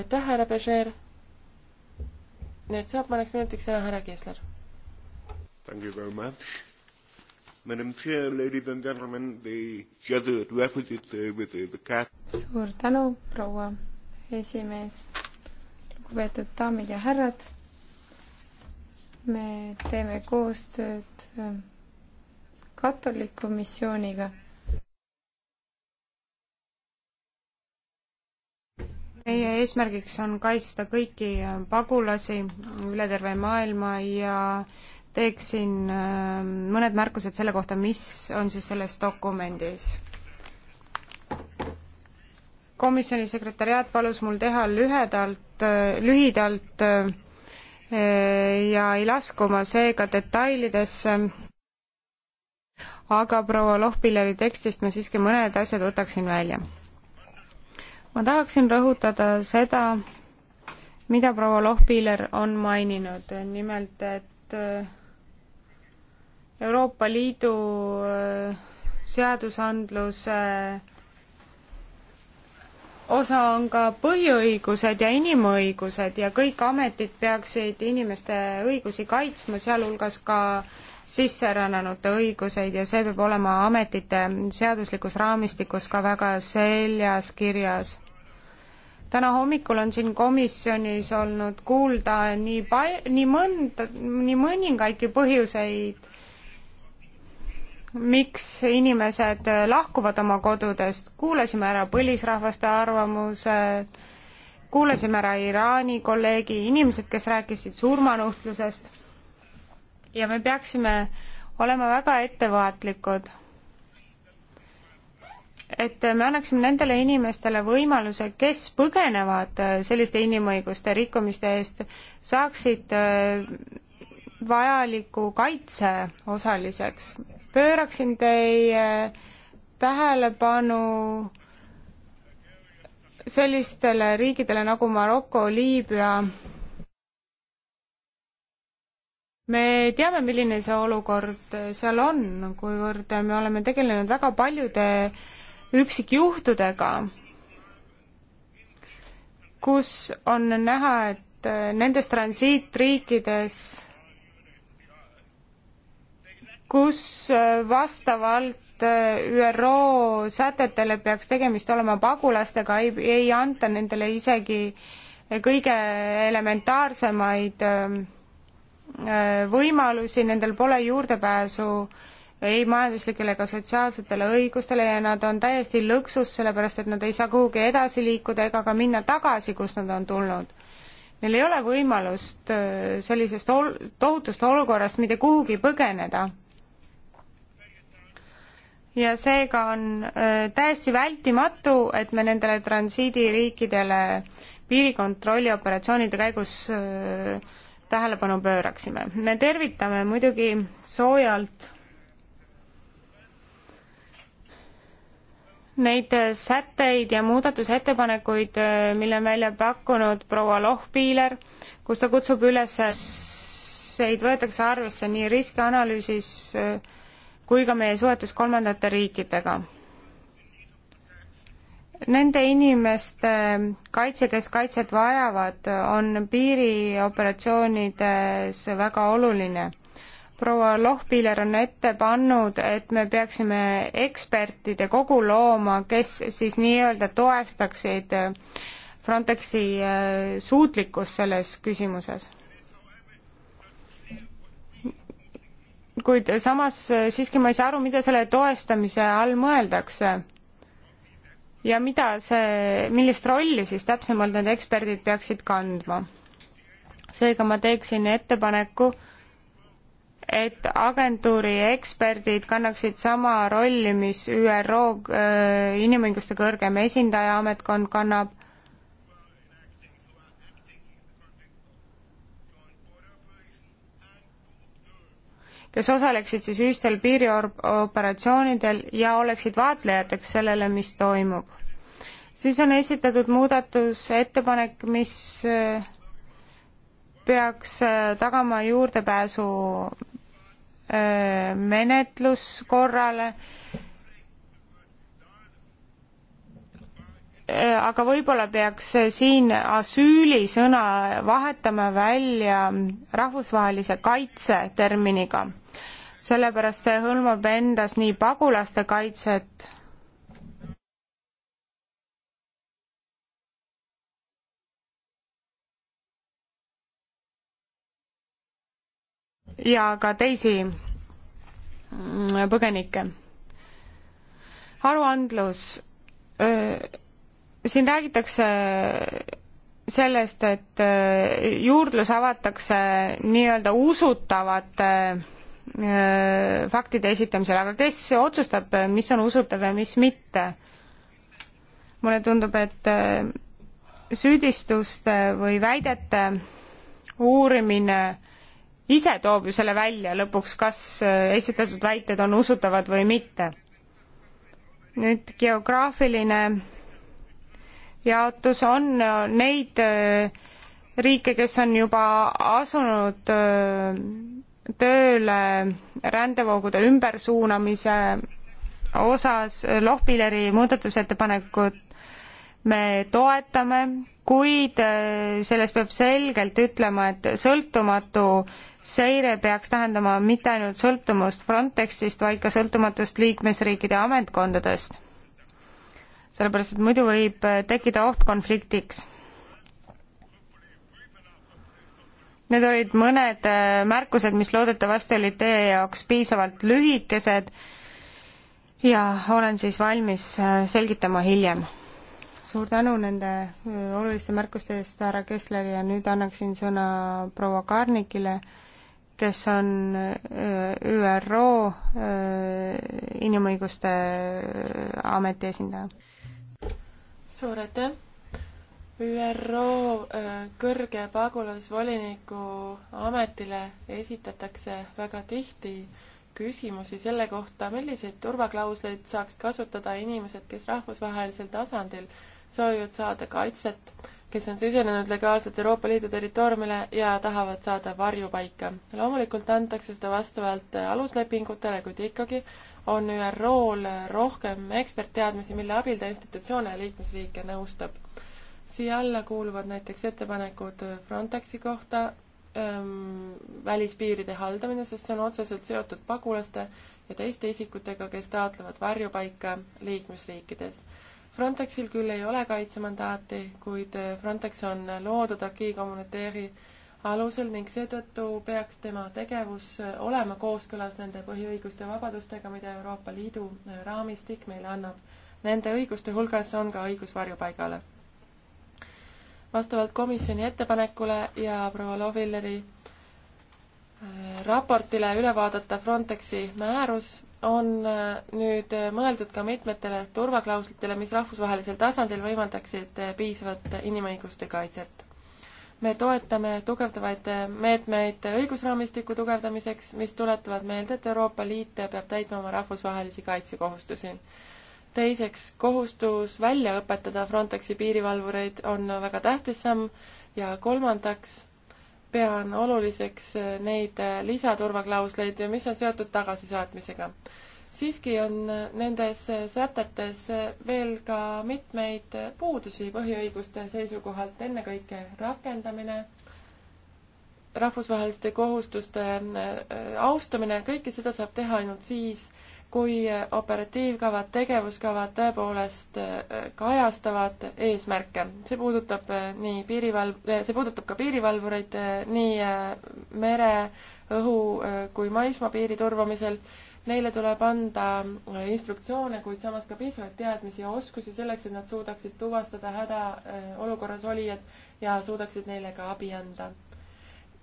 Speaker 2: aitäh, härra Bežeer! nüüd saab mõneks minutiks sõna härra Kiisler
Speaker 3: Thank you very much. Madam Chair, ladies and gentlemen, the Jesuit refugees uh, with the, the Catholic...
Speaker 1: suur tänu, proua esimees, lugupeetud daamid ja härrad. me teeme koostööd ähm, katoliku missiooniga. meie eesmärgiks on kaitsta kõiki äh, pagulasi üle terve maailma ja äh, teeksin ähm, mõned märkused selle kohta, mis on siis selles dokumendis. komisjoni sekretäriaat palus mul teha lühedalt, äh, lühidalt äh, ja ei lasku ma seega detailidesse, aga proua Lohpilleri tekstist ma siiski mõned asjad võtaksin välja. ma tahaksin rõhutada seda, mida proua Lohpiller on maininud, nimelt et äh, Euroopa Liidu äh, seadusandluse osa on ka põhiõigused ja inimõigused ja kõik ametid peaksid inimeste õigusi kaitsma, sealhulgas ka sisserännanute õiguseid ja see peab olema ametite seaduslikus raamistikus ka väga seljas kirjas. täna hommikul on siin komisjonis olnud kuulda nii pal-, nii mõnda, nii mõningaidki põhjuseid, miks inimesed lahkuvad oma kodudest, kuulasime ära põlisrahvaste arvamuse, kuulasime ära Iraani kolleegi, inimesed, kes rääkisid surmanuhtlusest ja me peaksime olema väga ettevaatlikud, et me annaksime nendele inimestele võimaluse, kes põgenevad äh, selliste inimõiguste rikkumiste eest, saaksid äh, vajaliku kaitse osaliseks pööraksin teie tähelepanu sellistele riikidele nagu Maroko, Liibüa. me teame, milline see olukord seal on, kuivõrd me oleme tegelenud väga paljude üksikjuhtudega, kus on näha, et nendes transiitriikides kus äh, vastavalt äh, ÜRO sätetele peaks tegemist olema pagulastega, ei, ei anta nendele isegi äh, kõige elementaarsemaid ähm, võimalusi, nendel pole juurdepääsu ei majanduslikele ega sotsiaalsetele õigustele ja nad on täiesti lõksus, sellepärast et nad ei saa kuhugi edasi liikuda ega ka minna tagasi, kust nad on tulnud. Neil ei ole võimalust sellisest ol-, tohutust olukorrast mitte kuhugi põgeneda ja seega on äh, täiesti vältimatu, et me nendele transiidiriikidele piirikontrolli operatsioonide käigus äh, tähelepanu pööraksime. me tervitame muidugi soojalt neid äh, sätteid ja muudatusettepanekuid, mille on välja pakkunud proua Lohpiiler, kus ta kutsub üles, et võetakse arvesse nii riskianalüüsis äh, kui ka meie suhetes kolmandate riikidega. Nende inimeste kaitse, kes kaitset vajavad, on piirioperatsioonides väga oluline proua Lohpiiler on ette pannud, et me peaksime ekspertide kogu looma, kes siis nii-öelda toestaksid Frontexi äh, suutlikkust selles küsimuses. kuid samas eh, siiski ma ei saa aru, mida selle toestamise all mõeldakse. ja mida see, millist rolli siis täpsemalt need eksperdid peaksid kandma. seega ma teeksin ettepaneku, et agentuuri eksperdid kannaksid sama rolli, mis ÜRO eh, inimõiguste kõrgem esindaja ametkond kannab kes osaleksid siis ühistel piirioperatsioonidel ja oleksid vaatlejateks sellele, mis toimub. siis on esitatud muudatusettepanek, mis äh, peaks äh, tagama juurdepääsu äh, menetluskorrale Äh, aga võib-olla peaks äh, siin asüüli sõna vahetama välja rahvusvahelise kaitse terminiga, sellepärast see äh, hõlmab endas nii pagulaste kaitset, ja ka teisi mm, põgenikke. aruandlus öö, siin räägitakse sellest, et äh, juurdlus avatakse nii-öelda usutavate äh, faktide esitamisel, aga kes otsustab, mis on usutav ja mis mitte? mulle tundub, et äh, süüdistuste või väidete uurimine ise toob ju selle välja lõpuks, kas esitatud väited on usutavad või mitte. nüüd geograafiline jaotus on neid äh, riike, kes on juba asunud äh, tööle rändevoogude ümbersuunamise osas Lohpilleri muudatusettepanekut me toetame, kuid äh, selles peab selgelt ütlema, et sõltumatu seire peaks tähendama mitte ainult sõltumust Frontexist, vaid ka sõltumatust liikmesriikide ametkondadest sellepärast et muidu võib äh, tekkida oht konfliktiks. Need olid mõned äh, märkused, mis loodetavasti olid teie jaoks piisavalt lühikesed ja olen siis valmis äh, selgitama hiljem. suur tänu nende oluliste märkuste eest, härra Kessler, ja nüüd annaksin sõna proua Karnikile, kes on ÜRO inimõiguste ameti esindaja
Speaker 2: suur aitäh! ÜRO äh, kõrge pagulasvoliniku ametile esitatakse väga tihti küsimusi selle kohta, milliseid turvaklausleid saaks kasutada inimesed, kes rahvusvahelisel tasandil soovivad saada kaitset, kes on sisenenud legaalselt Euroopa Liidu territooriumile ja tahavad saada varjupaika. loomulikult antakse seda vastavalt aluslepingutele, kuid ikkagi on ÜRO-l rohkem ekspertteadmisi, mille abil ta institutsioone ja liikmesriike nõustab. siia alla kuuluvad näiteks ettepanekud Frontexi kohta, ähm, välispiiride haldamine, sest see on otseselt seotud pagulaste ja teiste isikutega, kes taotlevad varjupaika liikmesriikides. Frontexil küll ei ole kaitsemandaati, kuid Frontex on loodud Acquis Communitaire'i alusel ning seetõttu peaks tema tegevus äh, olema kooskõlas nende põhiõiguste ja vabadustega, mida Euroopa Liidu äh, raamistik meile annab. Nende õiguste hulgas on ka õigus varjupaigale. vastavalt komisjoni ettepanekule ja proua Lovilleri äh, raportile üle vaadata Frontexi määrus on nüüd mõeldud ka mitmetele turvaklauslitele, mis rahvusvahelisel tasandil võimaldaksid piisavat inimõiguste kaitset me toetame tugevdavaid meetmeid õigusraamistiku tugevdamiseks, mis tuletavad meelde, et Euroopa Liit peab täitma oma rahvusvahelisi kaitsekohustusi. teiseks, kohustus välja õpetada Frontexi piirivalvureid on väga tähtis samm ja kolmandaks pean oluliseks neid lisaturvaklausleid, mis on seotud tagasisaatmisega siiski on nendes sätetes veel ka mitmeid puudusi põhiõiguste seisukohalt, ennekõike rakendamine, rahvusvaheliste kohustuste äh, austamine, kõike seda saab teha ainult siis, kui operatiivkavad, tegevuskavad tõepoolest äh, kajastavad eesmärke. see puudutab äh, nii piirivalv-, see puudutab ka piirivalvureid nii mere, õhu kui maismaapiiri turvamisel Neile tuleb anda äh, instruktsioone, kuid samas ka piisavalt teadmisi ja oskusi selleks, et nad suudaksid tuvastada hädaolukorras äh, olijad ja suudaksid neile ka abi anda.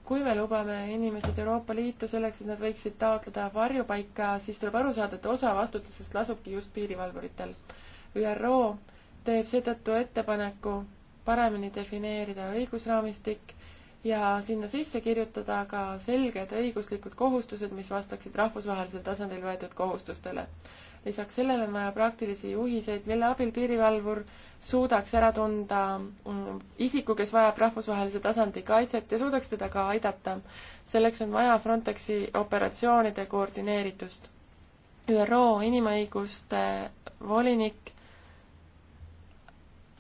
Speaker 2: kui me lubame inimesed Euroopa Liitu selleks, et nad võiksid taotleda varjupaika, siis tuleb aru saada, et osa vastutusest lasubki just piirivalvuritel. ÜRO teeb seetõttu ettepaneku paremini defineerida õigusraamistik ja sinna sisse kirjutada ka selged õiguslikud kohustused, mis vastaksid rahvusvahelisel tasandil võetud kohustustele. lisaks sellele on vaja praktilisi juhiseid, mille abil piirivalvur suudaks ära tunda mm, isiku, kes vajab rahvusvahelise tasandi kaitset ja suudaks teda ka aidata. selleks on vaja Frontexi operatsioonide koordineeritust. ÜRO inimõiguste volinik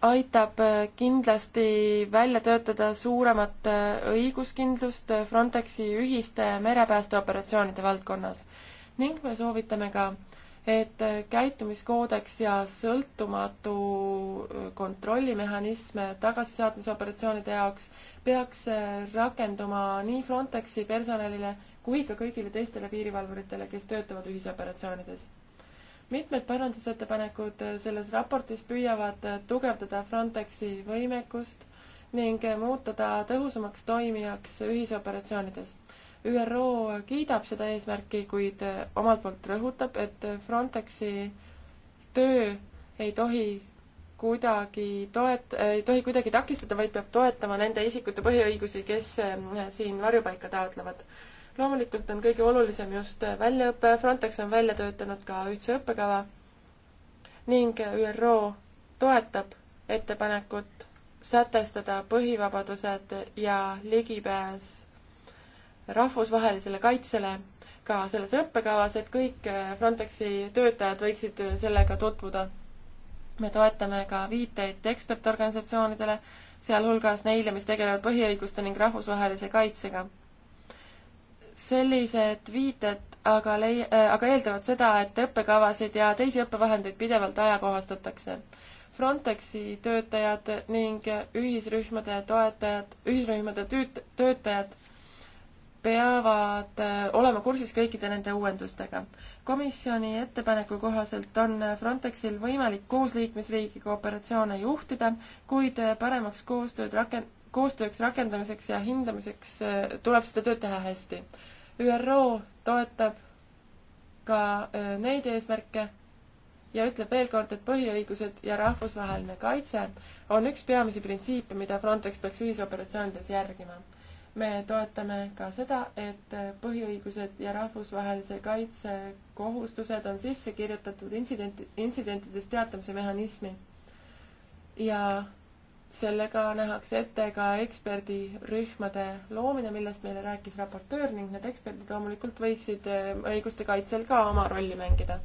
Speaker 2: aitab äh, kindlasti välja töötada suuremat äh, õiguskindlust äh, Frontexi ühiste merepäästeoperatsioonide valdkonnas ning me soovitame ka, et käitumiskoodeks ja sõltumatu kontrollimehhanism tagasisaatmise operatsioonide jaoks peaks rakenduma nii Frontexi personalile kui ka kõigile teistele piirivalvuritele, kes töötavad ühisoperatsioonides mitmed parandusettepanekud äh, selles raportis püüavad äh, tugevdada Frontexi võimekust ning äh, muuta ta tõhusamaks toimijaks ühisoperatsioonides. ÜRO kiidab seda eesmärki, kuid omalt poolt rõhutab, et Frontexi töö ei tohi kuidagi toet-, ei tohi kuidagi takistada, vaid peab toetama nende isikute põhiõigusi, kes siin varjupaika taotlevad loomulikult on kõige olulisem just väljaõpe, Frontex on välja töötanud ka ühtse õppekava ning ÜRO toetab ettepanekut sätestada põhivabadused ja ligipääs rahvusvahelisele kaitsele ka selles õppekavas, et kõik Frontexi töötajad võiksid sellega tutvuda. me toetame ka viiteid ekspertorganisatsioonidele, sealhulgas neile, mis tegelevad põhiõiguste ning rahvusvahelise kaitsega sellised viited aga lei-, äh, aga eeldavad seda, et õppekavasid ja teisi õppevahendeid pidevalt ajakohastatakse. Frontexi töötajad ning ühisrühmade toetajad, ühisrühmade tüüt-, töötajad peavad äh, olema kursis kõikide nende uuendustega. komisjoni ettepaneku kohaselt on Frontexil võimalik koos liikmesriigiga operatsioone juhtida, kuid paremaks koostööd raken-, koostööks, rakendamiseks ja hindamiseks äh, tuleb seda tööd teha hästi. ÜRO toetab ka äh, neid eesmärke ja ütleb veel kord, et põhiõigused ja rahvusvaheline kaitse on üks peamisi printsiipe, mida Frontex peaks ühisoperatsioonides järgima. me toetame ka seda, et äh, põhiõigused ja rahvusvahelise kaitse kohustused on sisse kirjutatud intsidenti, intsidentidest teatamise mehhanismi. ja sellega nähakse ette ka eksperdirühmade loomine, millest meile rääkis raportöör ning need eksperdid loomulikult võiksid eh, õiguste kaitsel ka oma rolli mängida.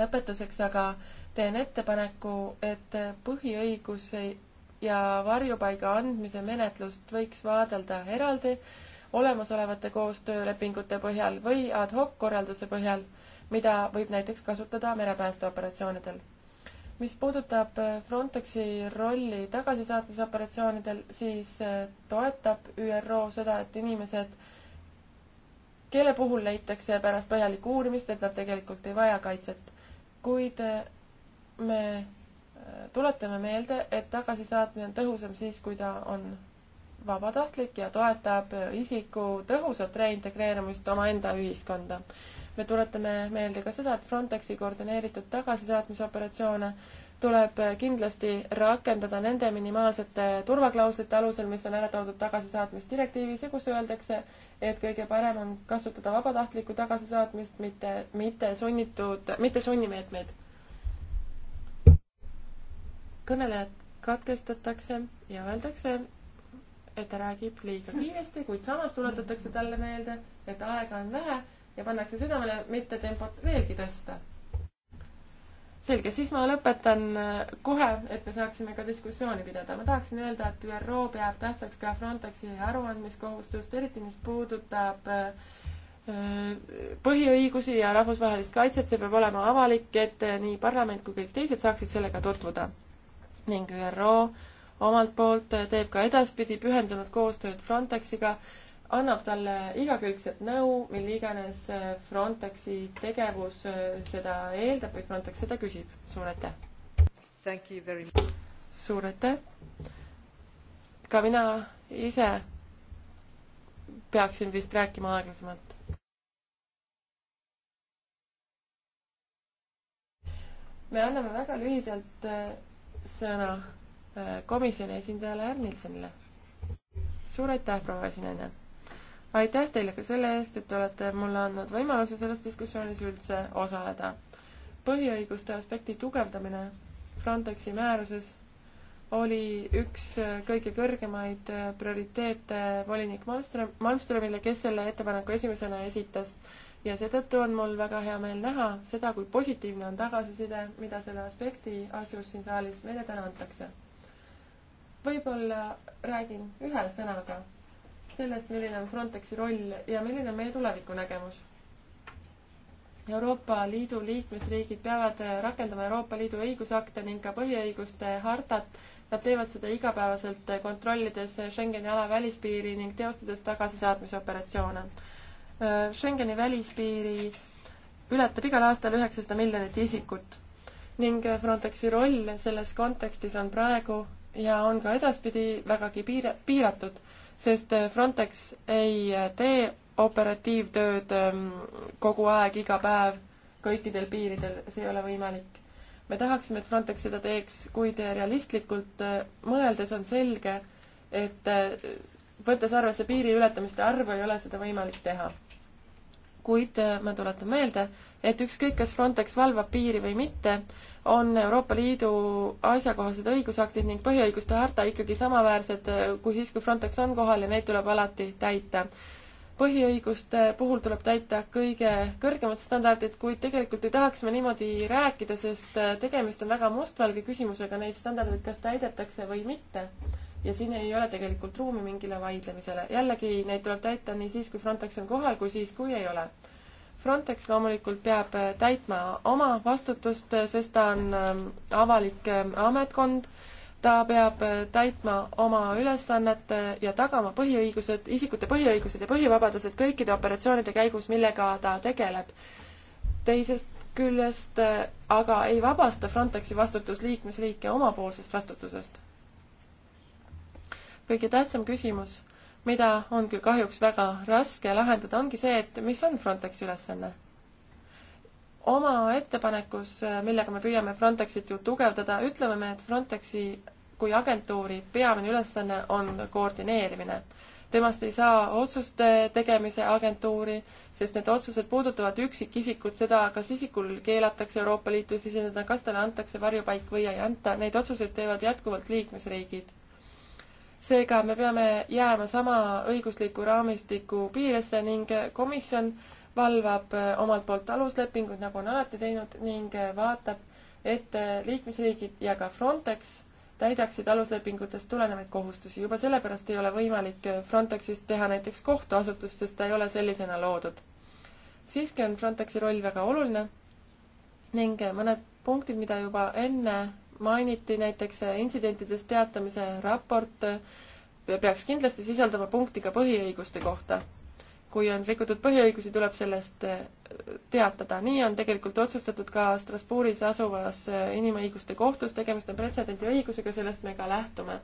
Speaker 2: lõpetuseks aga teen ettepaneku, et põhiõiguse ja varjupaiga andmise menetlust võiks vaadelda eraldi olemasolevate koostöölepingute põhjal või ad hoc korralduse põhjal, mida võib näiteks kasutada merepäästeoperatsioonidel mis puudutab äh, Frontexi rolli tagasisaatmise operatsioonidel, siis äh, toetab ÜRO seda, et inimesed, kelle puhul leitakse pärast põhjalikku uurimist, et nad tegelikult ei vaja kaitset. kuid äh, me tuletame meelde, et tagasisaatmine on tõhusam siis, kui ta on vabatahtlik ja toetab isiku tõhusat reintegreerumist omaenda ühiskonda me tuletame meelde ka seda, et Frontexi koordineeritud tagasisaatmisoperatsioone tuleb kindlasti rakendada nende minimaalsete turvaklauslite alusel, mis on ära toodud tagasisaatmisdirektiivis ja kus öeldakse, et kõige parem on kasutada vabatahtlikku tagasisaatmist, mitte, mitte sunnitud, mitte sunnimeetmeid. kõnelejad katkestatakse ja öeldakse, et ta räägib liiga kiiresti, kuid samas tuletatakse talle meelde, et aega on vähe ja pannakse südamele, mitte tempot veelgi tõsta. selge, siis ma lõpetan äh, kohe, et me saaksime ka diskussiooni pidada. ma tahaksin öelda, et ÜRO peab tähtsaks ka Frontexi aruandmiskohustust, eriti mis puudutab äh, äh, põhiõigusi ja rahvusvahelist kaitset, see peab olema avalik, et nii parlament kui kõik teised saaksid sellega tutvuda. ning ÜRO omalt poolt teeb ka edaspidi pühendunud koostööd Frontexiga annab talle igakülgset nõu, mil iganes äh, Frontexi tegevus äh, seda eeldab või Frontex seda küsib. suur aitäh! suur aitäh! ka mina ise peaksin vist rääkima aeglasemalt. me anname väga lühidalt äh, sõna komisjoni esindajale Härnilsonile. suur aitäh, proua esinaine aitäh teile ka selle eest, et olete mulle andnud võimaluse selles diskussioonis üldse osaleda. põhiõiguste aspekti tugevdamine Frontexi määruses oli üks kõige kõrgemaid prioriteete volinik Malmström, Malmströmile, kes selle ettepaneku esimesena esitas. ja seetõttu on mul väga hea meel näha seda, kui positiivne on tagasiside, mida selle aspekti asjus siin saalis meile täna antakse. võib-olla räägin ühe sõnaga sellest, milline on Frontexi roll ja milline on meie tulevikunägemus. Euroopa Liidu liikmesriigid peavad rakendama Euroopa Liidu õigusakte ning ka põhiõiguste hartat. Nad teevad seda igapäevaselt, kontrollides Schengeni ala välispiiri ning teostades tagasisaatmise operatsioone. Schengeni välispiiri ületab igal aastal üheksasada miljonit isikut ning Frontexi roll selles kontekstis on praegu ja on ka edaspidi vägagi piir-, piiratud sest äh, Frontex ei äh, tee operatiivtööd ähm, kogu aeg, iga päev, kõikidel piiridel, see ei ole võimalik. me tahaksime, et Frontex seda teeks, kuid äh, realistlikult mõeldes on selge, et võttes arvesse piiri ületamiste arvu, ei ole seda võimalik teha. kuid ma tuletan meelde, et ükskõik, kas Frontex valvab piiri või mitte, on Euroopa Liidu asjakohased õigusaktid ning põhiõiguste harta ikkagi samaväärsed äh, kui siis, kui Frontex on kohal ja neid tuleb alati täita. põhiõiguste puhul tuleb täita kõige kõrgemad standardid, kuid tegelikult ei tahaks me niimoodi rääkida, sest äh, tegemist on väga mustvalge küsimusega, neid standardeid kas täidetakse või mitte ja siin ei ole tegelikult ruumi mingile vaidlemisele. jällegi, neid tuleb täita nii siis, kui Frontex on kohal, kui siis, kui ei ole Frontex loomulikult peab äh, täitma oma vastutust, äh, sest ta on ähm, avalik ähm, ametkond, ta peab äh, täitma oma ülesannet ja tagama põhiõigused, isikute põhiõigused ja põhivabadused kõikide operatsioonide käigus, millega ta tegeleb. teisest küljest aga ei vabasta Frontexi vastutus liikmesriike omapoolsest vastutusest. kõige tähtsam küsimus mida on küll kahjuks väga raske lahendada, ongi see, et mis on Frontexi ülesanne. oma ettepanekus, äh, millega me püüame Frontexit ju tugevdada, ütleme me, et Frontexi kui agentuuri peamine ülesanne on koordineerimine. temast ei saa otsuste tegemise agentuuri, sest need otsused puudutavad üksikisikut, seda, kas isikul keelatakse Euroopa Liitu siseneda, kas talle antakse varjupaik või ei anta, neid otsuseid teevad jätkuvalt liikmesriigid seega me peame jääma sama õigusliku raamistiku piiresse ning komisjon valvab eh, omalt poolt aluslepinguid, nagu on alati teinud, ning eh, vaatab, et eh, liikmesriigid ja ka Frontex täidaksid aluslepingutest tulenevaid kohustusi. juba sellepärast ei ole võimalik Frontexist teha näiteks kohtuasutust, sest ta ei ole sellisena loodud. siiski on Frontexi roll väga oluline ning mõned punktid, mida juba enne mainiti näiteks intsidentidest teatamise raport peaks kindlasti sisaldama punkti ka põhiõiguste kohta. kui on rikutud põhiõigusi, tuleb sellest teatada. nii on tegelikult otsustatud ka Strasbourgis asuvas inimõiguste kohtus, tegemist on pretsedendi õigusega, sellest me ka lähtume.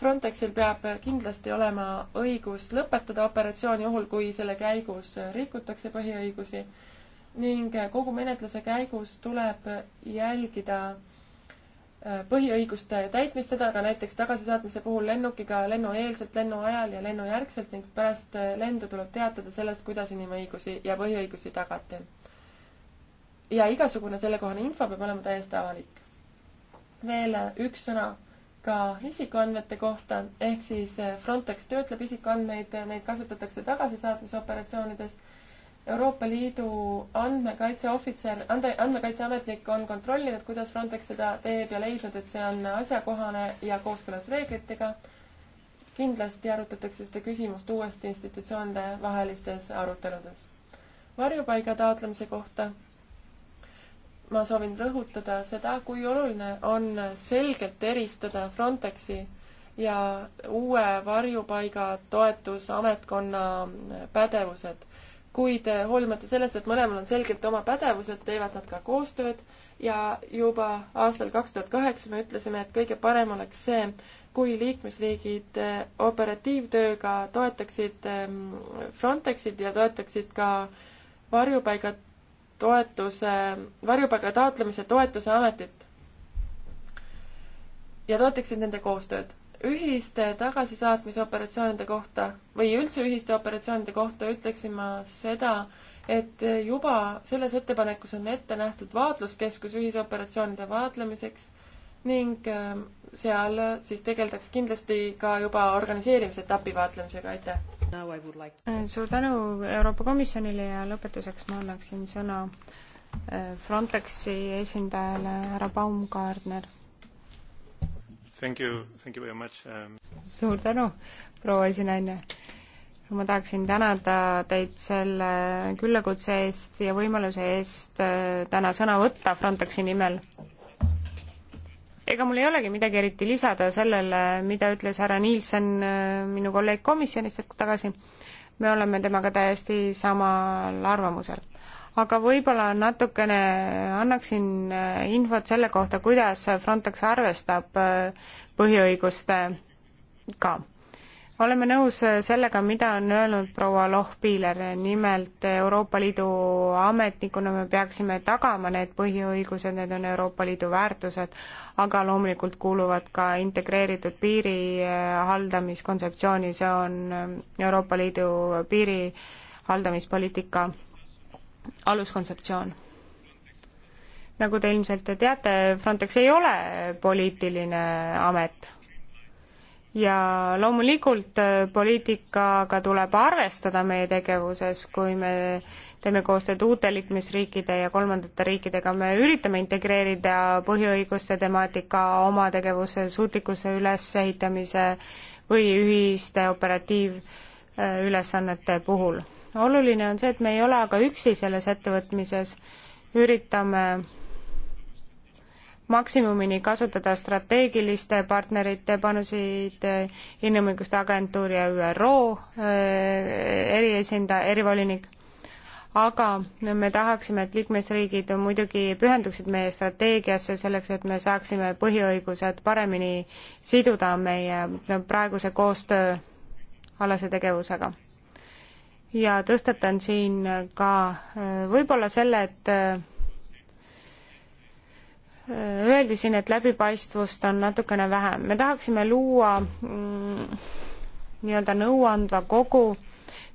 Speaker 2: Frontexil peab kindlasti olema õigus lõpetada operatsioon juhul, kui selle käigus rikutakse põhiõigusi ning kogu menetluse käigus tuleb jälgida äh, Äh, põhiõiguste täitmist, seda ka näiteks tagasisaatmise puhul lennukiga lennueelselt, lennu ajal ja lennujärgselt ning pärast äh, lendu tuleb teatada sellest, kuidas inimõigusi ja põhiõigusi tagati. ja igasugune sellekohane info peab olema täiesti avalik. veel äh, üks sõna ka isikuandmete kohta, ehk siis Frontex töötleb isikuandmeid, neid kasutatakse tagasisaatmisoperatsioonides Euroopa Liidu andmekaitseohvitser, ande, andmekaitseametnik on kontrollinud, kuidas Frontex seda teeb ja leidnud, et see on asjakohane ja kooskõlas reeglitega. kindlasti arutatakse seda küsimust uuesti institutsioonide vahelistes aruteludes. varjupaiga taotlemise kohta ma soovin rõhutada seda, kui oluline on selgelt eristada Frontexi ja uue varjupaiga toetusametkonna pädevused kuid eh, hoolimata sellest, et mõlemal on selgelt oma pädevused, teevad nad ka koostööd ja juba aastal kaks tuhat kaheksa me ütlesime, et kõige parem oleks see, kui liikmesriigid eh, operatiivtööga toetaksid ehm, Frontexit ja toetaksid ka varjupaiga toetuse, varjupaiga taotlemise toetuse ametit ja toetaksid nende koostööd ühiste tagasisaatmise operatsioonide kohta või üldse ühiste operatsioonide kohta ütleksin ma seda, et juba selles ettepanekus on ette nähtud vaatluskeskus ühisoperatsioonide vaatlemiseks ning ähm, seal siis tegeldaks kindlasti ka juba organiseerimise etapi vaatlemisega, aitäh! Like...
Speaker 1: Äh, suur tänu Euroopa Komisjonile ja lõpetuseks ma annaksin sõna äh, Frontexi esindajale härra Baumgartner
Speaker 2: Thank you, thank you very much um.... suur
Speaker 1: tänu, proua esinaine. ma tahaksin tänada teid selle küllakutse eest ja võimaluse eest äh, täna sõna võtta Frontexi nimel. ega mul ei olegi midagi eriti lisada sellele, mida ütles härra Nielsen, äh, minu kolleeg komisjonist hetk tagasi. me oleme temaga täiesti samal arvamusel aga võib-olla natukene annaksin äh, infot selle kohta, kuidas Frontex arvestab äh, põhiõigustega. oleme nõus äh, sellega, mida on öelnud proua Lohpiiler, nimelt Euroopa Liidu ametnikuna me peaksime tagama need põhiõigused, need on Euroopa Liidu väärtused, aga loomulikult kuuluvad ka integreeritud piiri haldamiskontseptsiooni, see on Euroopa Liidu piiri haldamispoliitika aluskontseptsioon. nagu te ilmselt teate, Frontex ei ole poliitiline amet ja loomulikult äh, poliitikaga tuleb arvestada meie tegevuses, kui me teeme koostööd uute liikmesriikide ja kolmandate riikidega, me üritame integreerida põhiõiguste temaatika oma tegevuse suutlikkuse ülesehitamise või ühiste operatiiv- Äh, ülesannete puhul. oluline on see, et me ei ole aga üksi selles ettevõtmises, üritame maksimumini kasutada strateegiliste partnerite panuseid, äh, Inimõiguste Agentuur ja ÜRO äh, eriesindaja, erivolinik, aga me tahaksime, et liikmesriigid muidugi pühenduksid meie strateegiasse selleks, et me saaksime põhiõigused paremini siduda meie praeguse koostöö alase tegevusega. ja tõstatan siin ka äh, võib-olla selle, et äh, öeldi siin, et läbipaistvust on natukene vähem. me tahaksime luua mm, nii-öelda nõuandva kogu,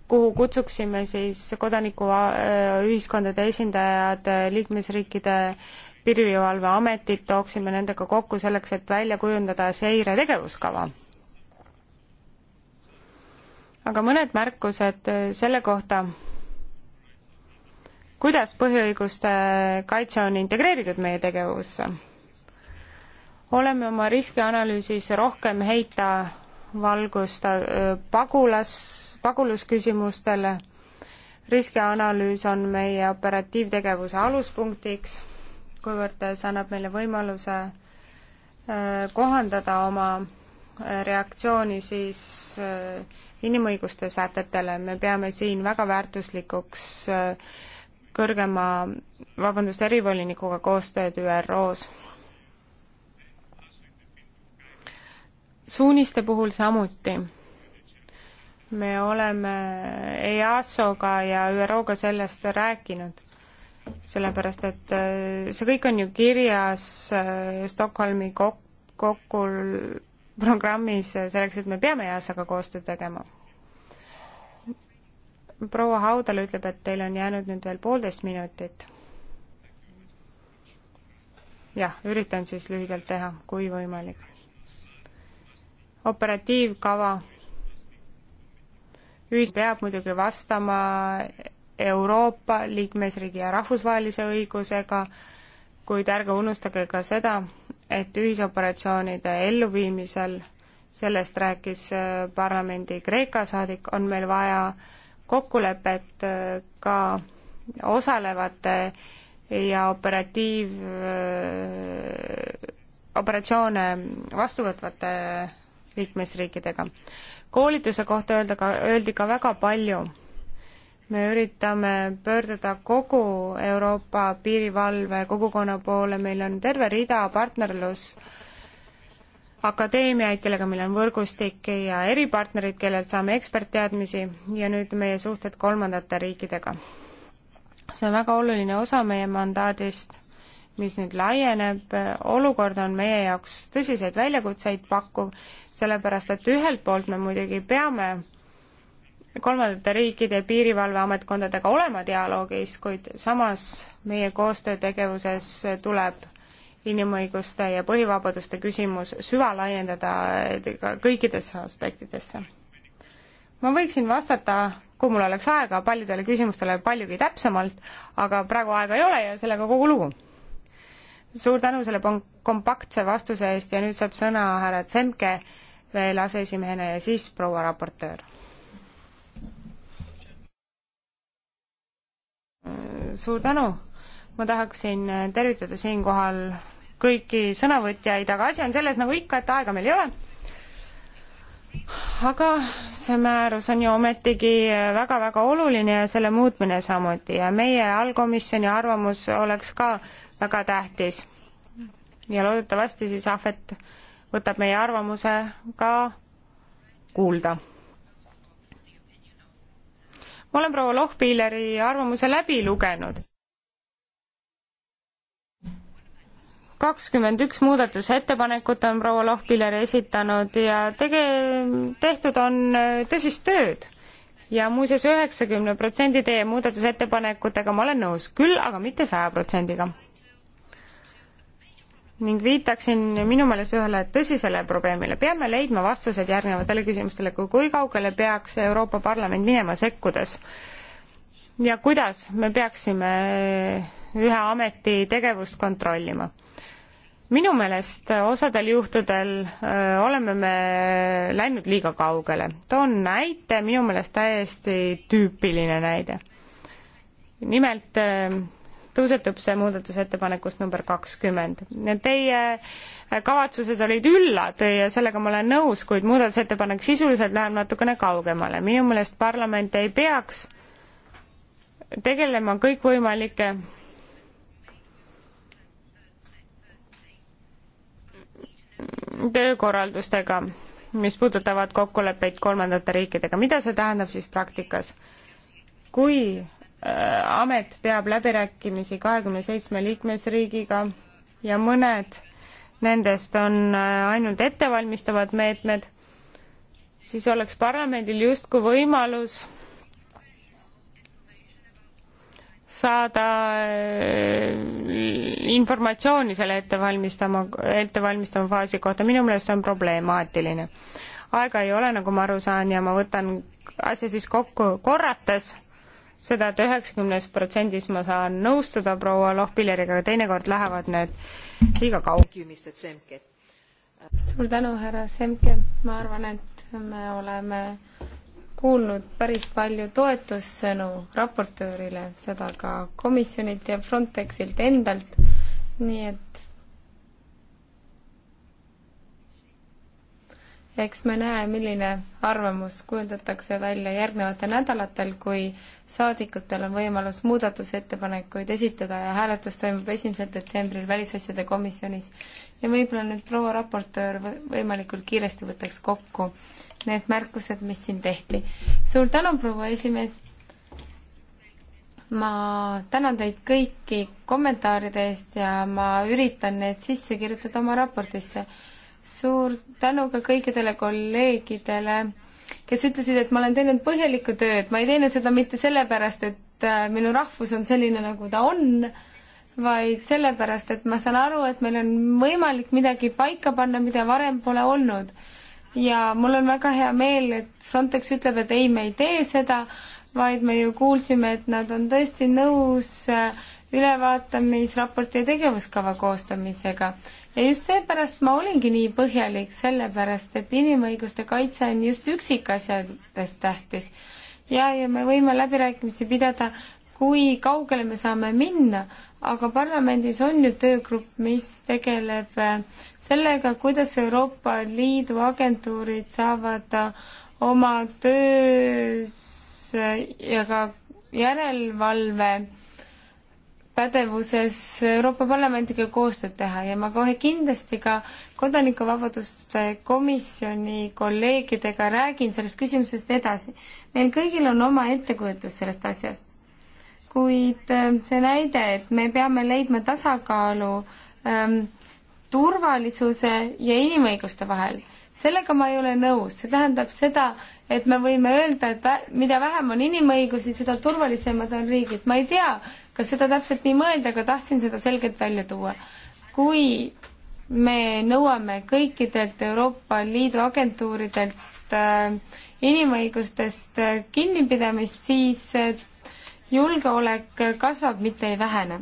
Speaker 1: kuhu kutsuksime siis kodanikuühiskondade äh, esindajad, liikmesriikide piirivalveametit, tooksime nendega kokku selleks, et välja kujundada seire tegevuskava aga mõned märkused äh, selle kohta, kuidas põhiõiguste kaitse on integreeritud meie tegevusse. oleme oma riskianalüüsis rohkem heita valgust äh, pagulas, pagulusküsimustele. riskianalüüs on meie operatiivtegevuse aluspunktiks, kuivõrd see annab meile võimaluse äh, kohandada oma reaktsiooni siis inimõiguste sätetele, me peame siin väga väärtuslikuks äh, kõrgema, vabandust, erivolinikuga koostööd ÜRO-s. suuniste puhul samuti me oleme EASO-ga ja ÜRO-ga sellest rääkinud, sellepärast et äh, see kõik on ju kirjas äh, Stockholmi kok-, kokku, programmis selleks, et me peame EASA-ga koostööd tegema. proua Haudal ütleb, et teil on jäänud nüüd veel poolteist minutit. jah, üritan siis lühidalt teha, kui võimalik. operatiivkava ühis- peab muidugi vastama Euroopa liikmesriigi ja rahvusvahelise õigusega, kuid ärge unustage ka seda, et ühisoperatsioonide elluviimisel, sellest rääkis äh, parlamendi Kreeka saadik, on meil vaja kokkulepet äh, ka osalevate ja operatiiv, äh, operatsioone vastuvõtvate liikmesriikidega. koolituse kohta öelda ka, öeldi ka väga palju me üritame pöörduda kogu Euroopa piirivalve kogukonna poole, meil on terve rida partnerlus akadeemiaid, kellega meil on võrgustik ja eripartnerid, kellelt saame ekspertteadmisi ja nüüd meie suhted kolmandate riikidega. see on väga oluline osa meie mandaadist, mis nüüd laieneb, olukord on meie jaoks tõsiseid väljakutseid pakkuv, sellepärast et ühelt poolt me muidugi peame kolmandate riikide piirivalveametkondadega olema dialoogis, kuid samas meie koostöötegevuses tuleb inimõiguste ja põhivabaduste küsimus süvalaiendada kõikidesse aspektidesse. ma võiksin vastata, kui mul oleks aega, paljudele küsimustele paljugi täpsemalt, aga praegu aega ei ole ja sellega kogu lugu. suur tänu selle kompaktse vastuse eest ja nüüd saab sõna härra Tsemke veel aseesimehena ja siis proua raportöör suur tänu. ma tahaksin tervitada siinkohal kõiki sõnavõtjaid, aga asi on selles nagu ikka, et aega meil ei ole aga see määrus on ju ometigi väga-väga oluline ja selle muutmine samuti ja meie allkomisjoni arvamus oleks ka väga tähtis. ja loodetavasti siis Ahvet võtab meie arvamuse ka kuulda ma olen proua Lohpilleri arvamuse läbi lugenud. kakskümmend üks muudatusettepanekut on proua Lohpiller esitanud ja tege-, tehtud on äh, tõsist tööd ja muuseas üheksakümne protsendi teie muudatusettepanekutega ma olen nõus, küll aga mitte saja protsendiga ning viitaksin minu meelest ühele tõsisele probleemile. peame leidma vastused järgnevatele küsimustele, kui kaugele peaks Euroopa Parlament minema sekkudes ja kuidas me peaksime ühe ameti tegevust kontrollima. minu meelest osadel juhtudel öö, oleme me läinud liiga kaugele. toon näite, minu meelest täiesti tüüpiline näide. nimelt öö, tõusetub see muudatusettepanekust number kakskümmend. Teie äh, kavatsused olid üllad ja sellega ma olen nõus, kuid muudatusettepanek sisuliselt läheb natukene kaugemale. minu meelest parlament ei peaks tegelema kõikvõimalike töökorraldustega, mis puudutavad kokkuleppeid kolmandate riikidega. mida see tähendab siis praktikas? kui Äh, amet peab läbirääkimisi kahekümne seitsme liikmesriigiga ja mõned nendest on äh, ainult ettevalmistavad meetmed, siis oleks parlamendil justkui võimalus saada äh, informatsiooni selle ettevalmistama, ettevalmistava faasi kohta, minu meelest see on problemaatiline. aega ei ole, nagu ma aru saan, ja ma võtan asja siis kokku korrates seda et, et üheksakümnes protsendis ma saan nõustuda proua Lohpilleriga, aga teinekord lähevad need liiga kaugele. suur tänu, härra Semke, ma arvan, et me oleme kuulnud päris palju toetussõnu raportöörile, seda ka komisjonilt ja Frontexilt endalt, nii et eks me näe, milline arvamus kujundatakse välja järgnevatel nädalatel, kui saadikutel on võimalus muudatusettepanekuid esitada ja hääletus toimub esimesel detsembril Välisasjade komisjonis. ja võib-olla nüüd proua raportöör võimalikult kiiresti võtaks kokku need märkused, mis siin tehti. suur tänu, proua esimees! ma tänan teid kõiki kommentaaride eest ja ma üritan need sisse kirjutada oma raportisse suur tänu ka kõikidele kolleegidele, kes ütlesid, et ma olen teinud põhjalikku tööd, ma ei teinud seda mitte sellepärast, et äh, minu rahvus on selline, nagu ta on, vaid sellepärast, et ma saan aru, et meil on võimalik midagi paika panna, mida varem pole olnud. ja mul on väga hea meel, et Frontex ütleb, et ei, me ei tee seda, vaid me ju kuulsime, et nad on tõesti nõus äh, ülevaatamisraporti ja tegevuskava koostamisega ja just seepärast ma olingi nii põhjalik, sellepärast et inimõiguste kaitse on just üksikasjades tähtis. ja, ja me võime läbirääkimisi pidada, kui kaugele me saame minna, aga parlamendis on ju töögrupp, mis tegeleb äh, sellega, kuidas Euroopa Liidu agentuurid saavad äh, oma töös äh, ja ka järelevalve pädevuses Euroopa Parlamendiga koostööd teha ja ma kohe kindlasti ka kodanikuvabaduste komisjoni kolleegidega räägin sellest küsimusest edasi. meil kõigil on oma ettekujutus sellest asjast. kuid äh, see näide, et me peame leidma tasakaalu ähm, turvalisuse ja inimõiguste vahel, sellega ma ei ole nõus, see tähendab seda, et me võime öelda, et mida vähem on inimõigusi, seda turvalisemad on riigid. ma ei tea, ka seda täpselt nii mõelda, aga tahtsin seda selgelt välja tuua. kui me nõuame kõikidelt Euroopa Liidu agentuuridelt äh, inimõigustest äh, kinnipidamist, siis äh, julgeolek kasvab, mitte ei vähene.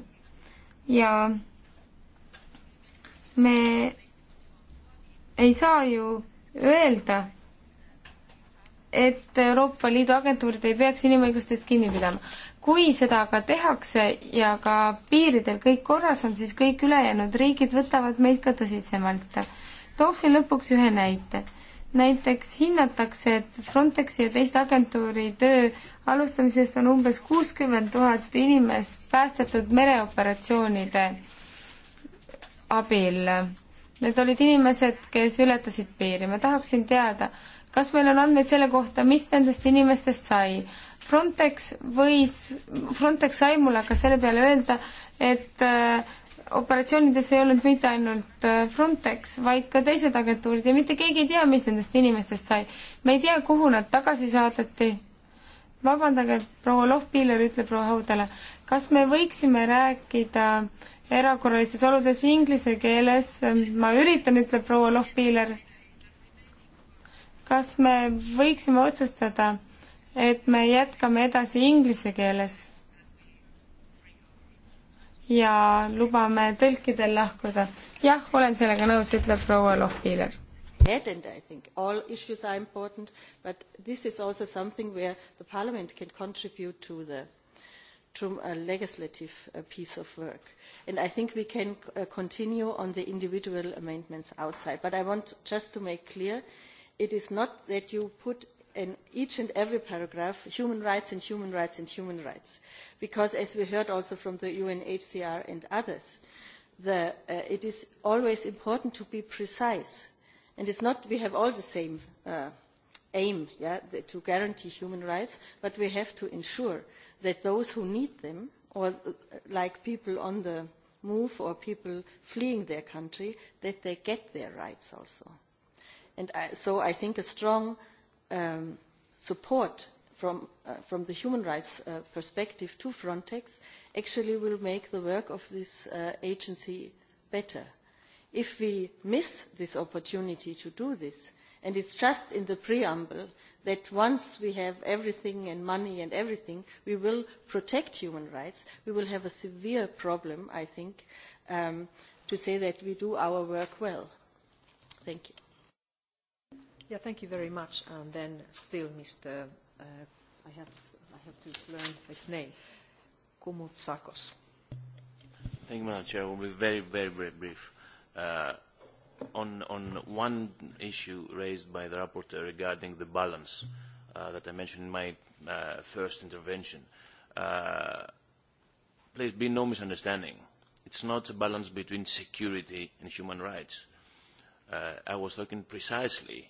Speaker 1: ja me ei saa ju öelda, et Euroopa Liidu agentuurid ei peaks inimõigustest kinni pidama kui seda aga tehakse ja ka piiridel kõik korras on, siis kõik ülejäänud riigid võtavad meid ka tõsisemalt. tooksin lõpuks ühe näite. näiteks hinnatakse, et Frontexi ja teiste agentuuri töö alustamisest on umbes kuuskümmend tuhat inimest päästetud mereoperatsioonide abil. Need olid inimesed, kes ületasid piiri. ma tahaksin teada, kas meil on andmeid selle kohta, mis nendest inimestest sai? Frontex võis, Frontex sai mulle ka selle peale öelda, et äh, operatsioonides ei olnud mitte ainult äh, Frontex, vaid ka teised agentuurid ja mitte keegi ei tea, mis nendest inimestest sai. me ei tea, kuhu nad tagasi saadeti. vabandage, proua Lohpiiler ütleb proua Haudale, kas me võiksime rääkida erakorralistes oludes inglise keeles, ma üritan, ütleb proua Lohpiiler. kas me võiksime otsustada et me jätkame edasi inglise keeles ja lubame tõlkidel lahkuda. jah, olen sellega nõus, ütleb proua Lohviler.
Speaker 5: Net and I think all issues are important, but this is also something where the parliament can contribute to the to a legislative uh, piece of work. And I think we can uh, continue on the individual amendments outside. But I want just to make clear, it is not that you put in each and every paragraph human rights and human rights and human rights because as we heard also from the UNHCR and others the, uh, it is always important to be precise and it's not we have all the same uh, aim yeah, the, to guarantee human rights but we have to ensure that those who need them or uh, like people on the move or people fleeing their country that they get their rights also and I, so I think a strong uh, um, support from, uh, from the human rights uh, perspective to Frontex actually will make the work of this uh, agency better. If we miss this opportunity to do this, and it's just in the preamble that once we have everything and money and everything, we will protect human rights, we will have a severe problem, I think, um, to say that we do our work well. Thank you.
Speaker 4: Yeah, thank you very much. And then still, Mr. Uh, I, have, I have to learn his name, Kumutsakos.
Speaker 3: Thank you, Madam Chair. I will be very, very, very brief. Uh, on, on one issue raised by the rapporteur regarding the balance uh, that I mentioned in my uh, first intervention, uh, please be no misunderstanding. It's not a balance between security and human rights. Uh, I was talking precisely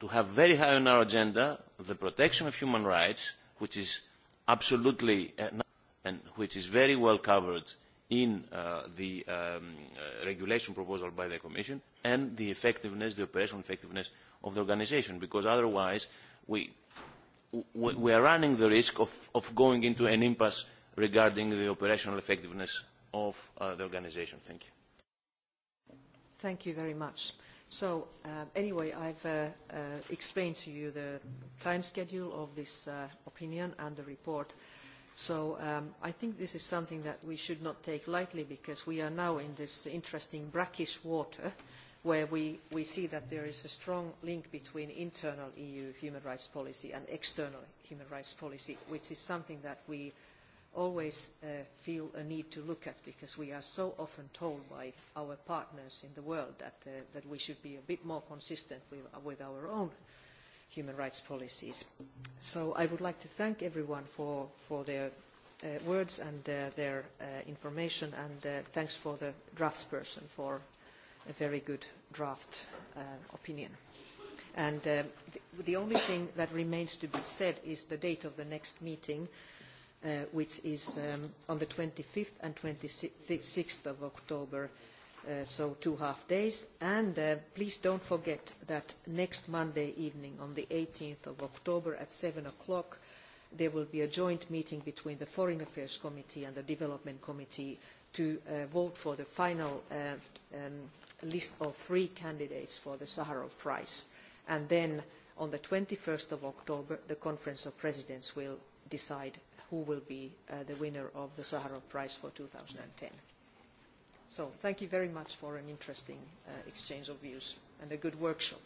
Speaker 3: to have very high on our agenda the protection of human rights, which is absolutely uh, and which is very well covered in uh, the um, uh, regulation proposal by the Commission, and the effectiveness, the operational effectiveness of the organisation, because otherwise we, we, we are running the risk of, of going into an impasse regarding the operational effectiveness of uh, the organisation. Thank you.
Speaker 4: Thank you very much. So uh, anyway, I've uh, uh, explained to you the time schedule of this uh, opinion and the report. So um, I think this is something that we should not take lightly because we are now in this interesting brackish water where we, we see that there is a strong link between internal EU human rights policy and external human rights policy, which is something that we uh, always uh, feel a need to look at because we are so often told by our partners in the world that, uh, that we should be a bit more consistent with, uh, with our own human rights policies. So I would like to thank everyone for, for their uh, words and uh, their uh, information and uh, thanks for the draftsperson for a very good draft uh, opinion. And uh, the, the only thing that remains to be said is the date of the next meeting. Uh, uh, which is um, on the 25th and 26th of October, uh, so two half days. And uh, please don't forget that next Monday evening, on the 18th of October at 7 o'clock, there will be a joint meeting between the Foreign Affairs Committee and the Development Committee to uh, vote for the final uh, um, list of three candidates for the Sakharov Prize. And then on the 21st of October, the Conference of Presidents will decide who will be uh, the winner of the Sakharov Prize for 2010. So thank you very much for an interesting uh, exchange of views and a good workshop.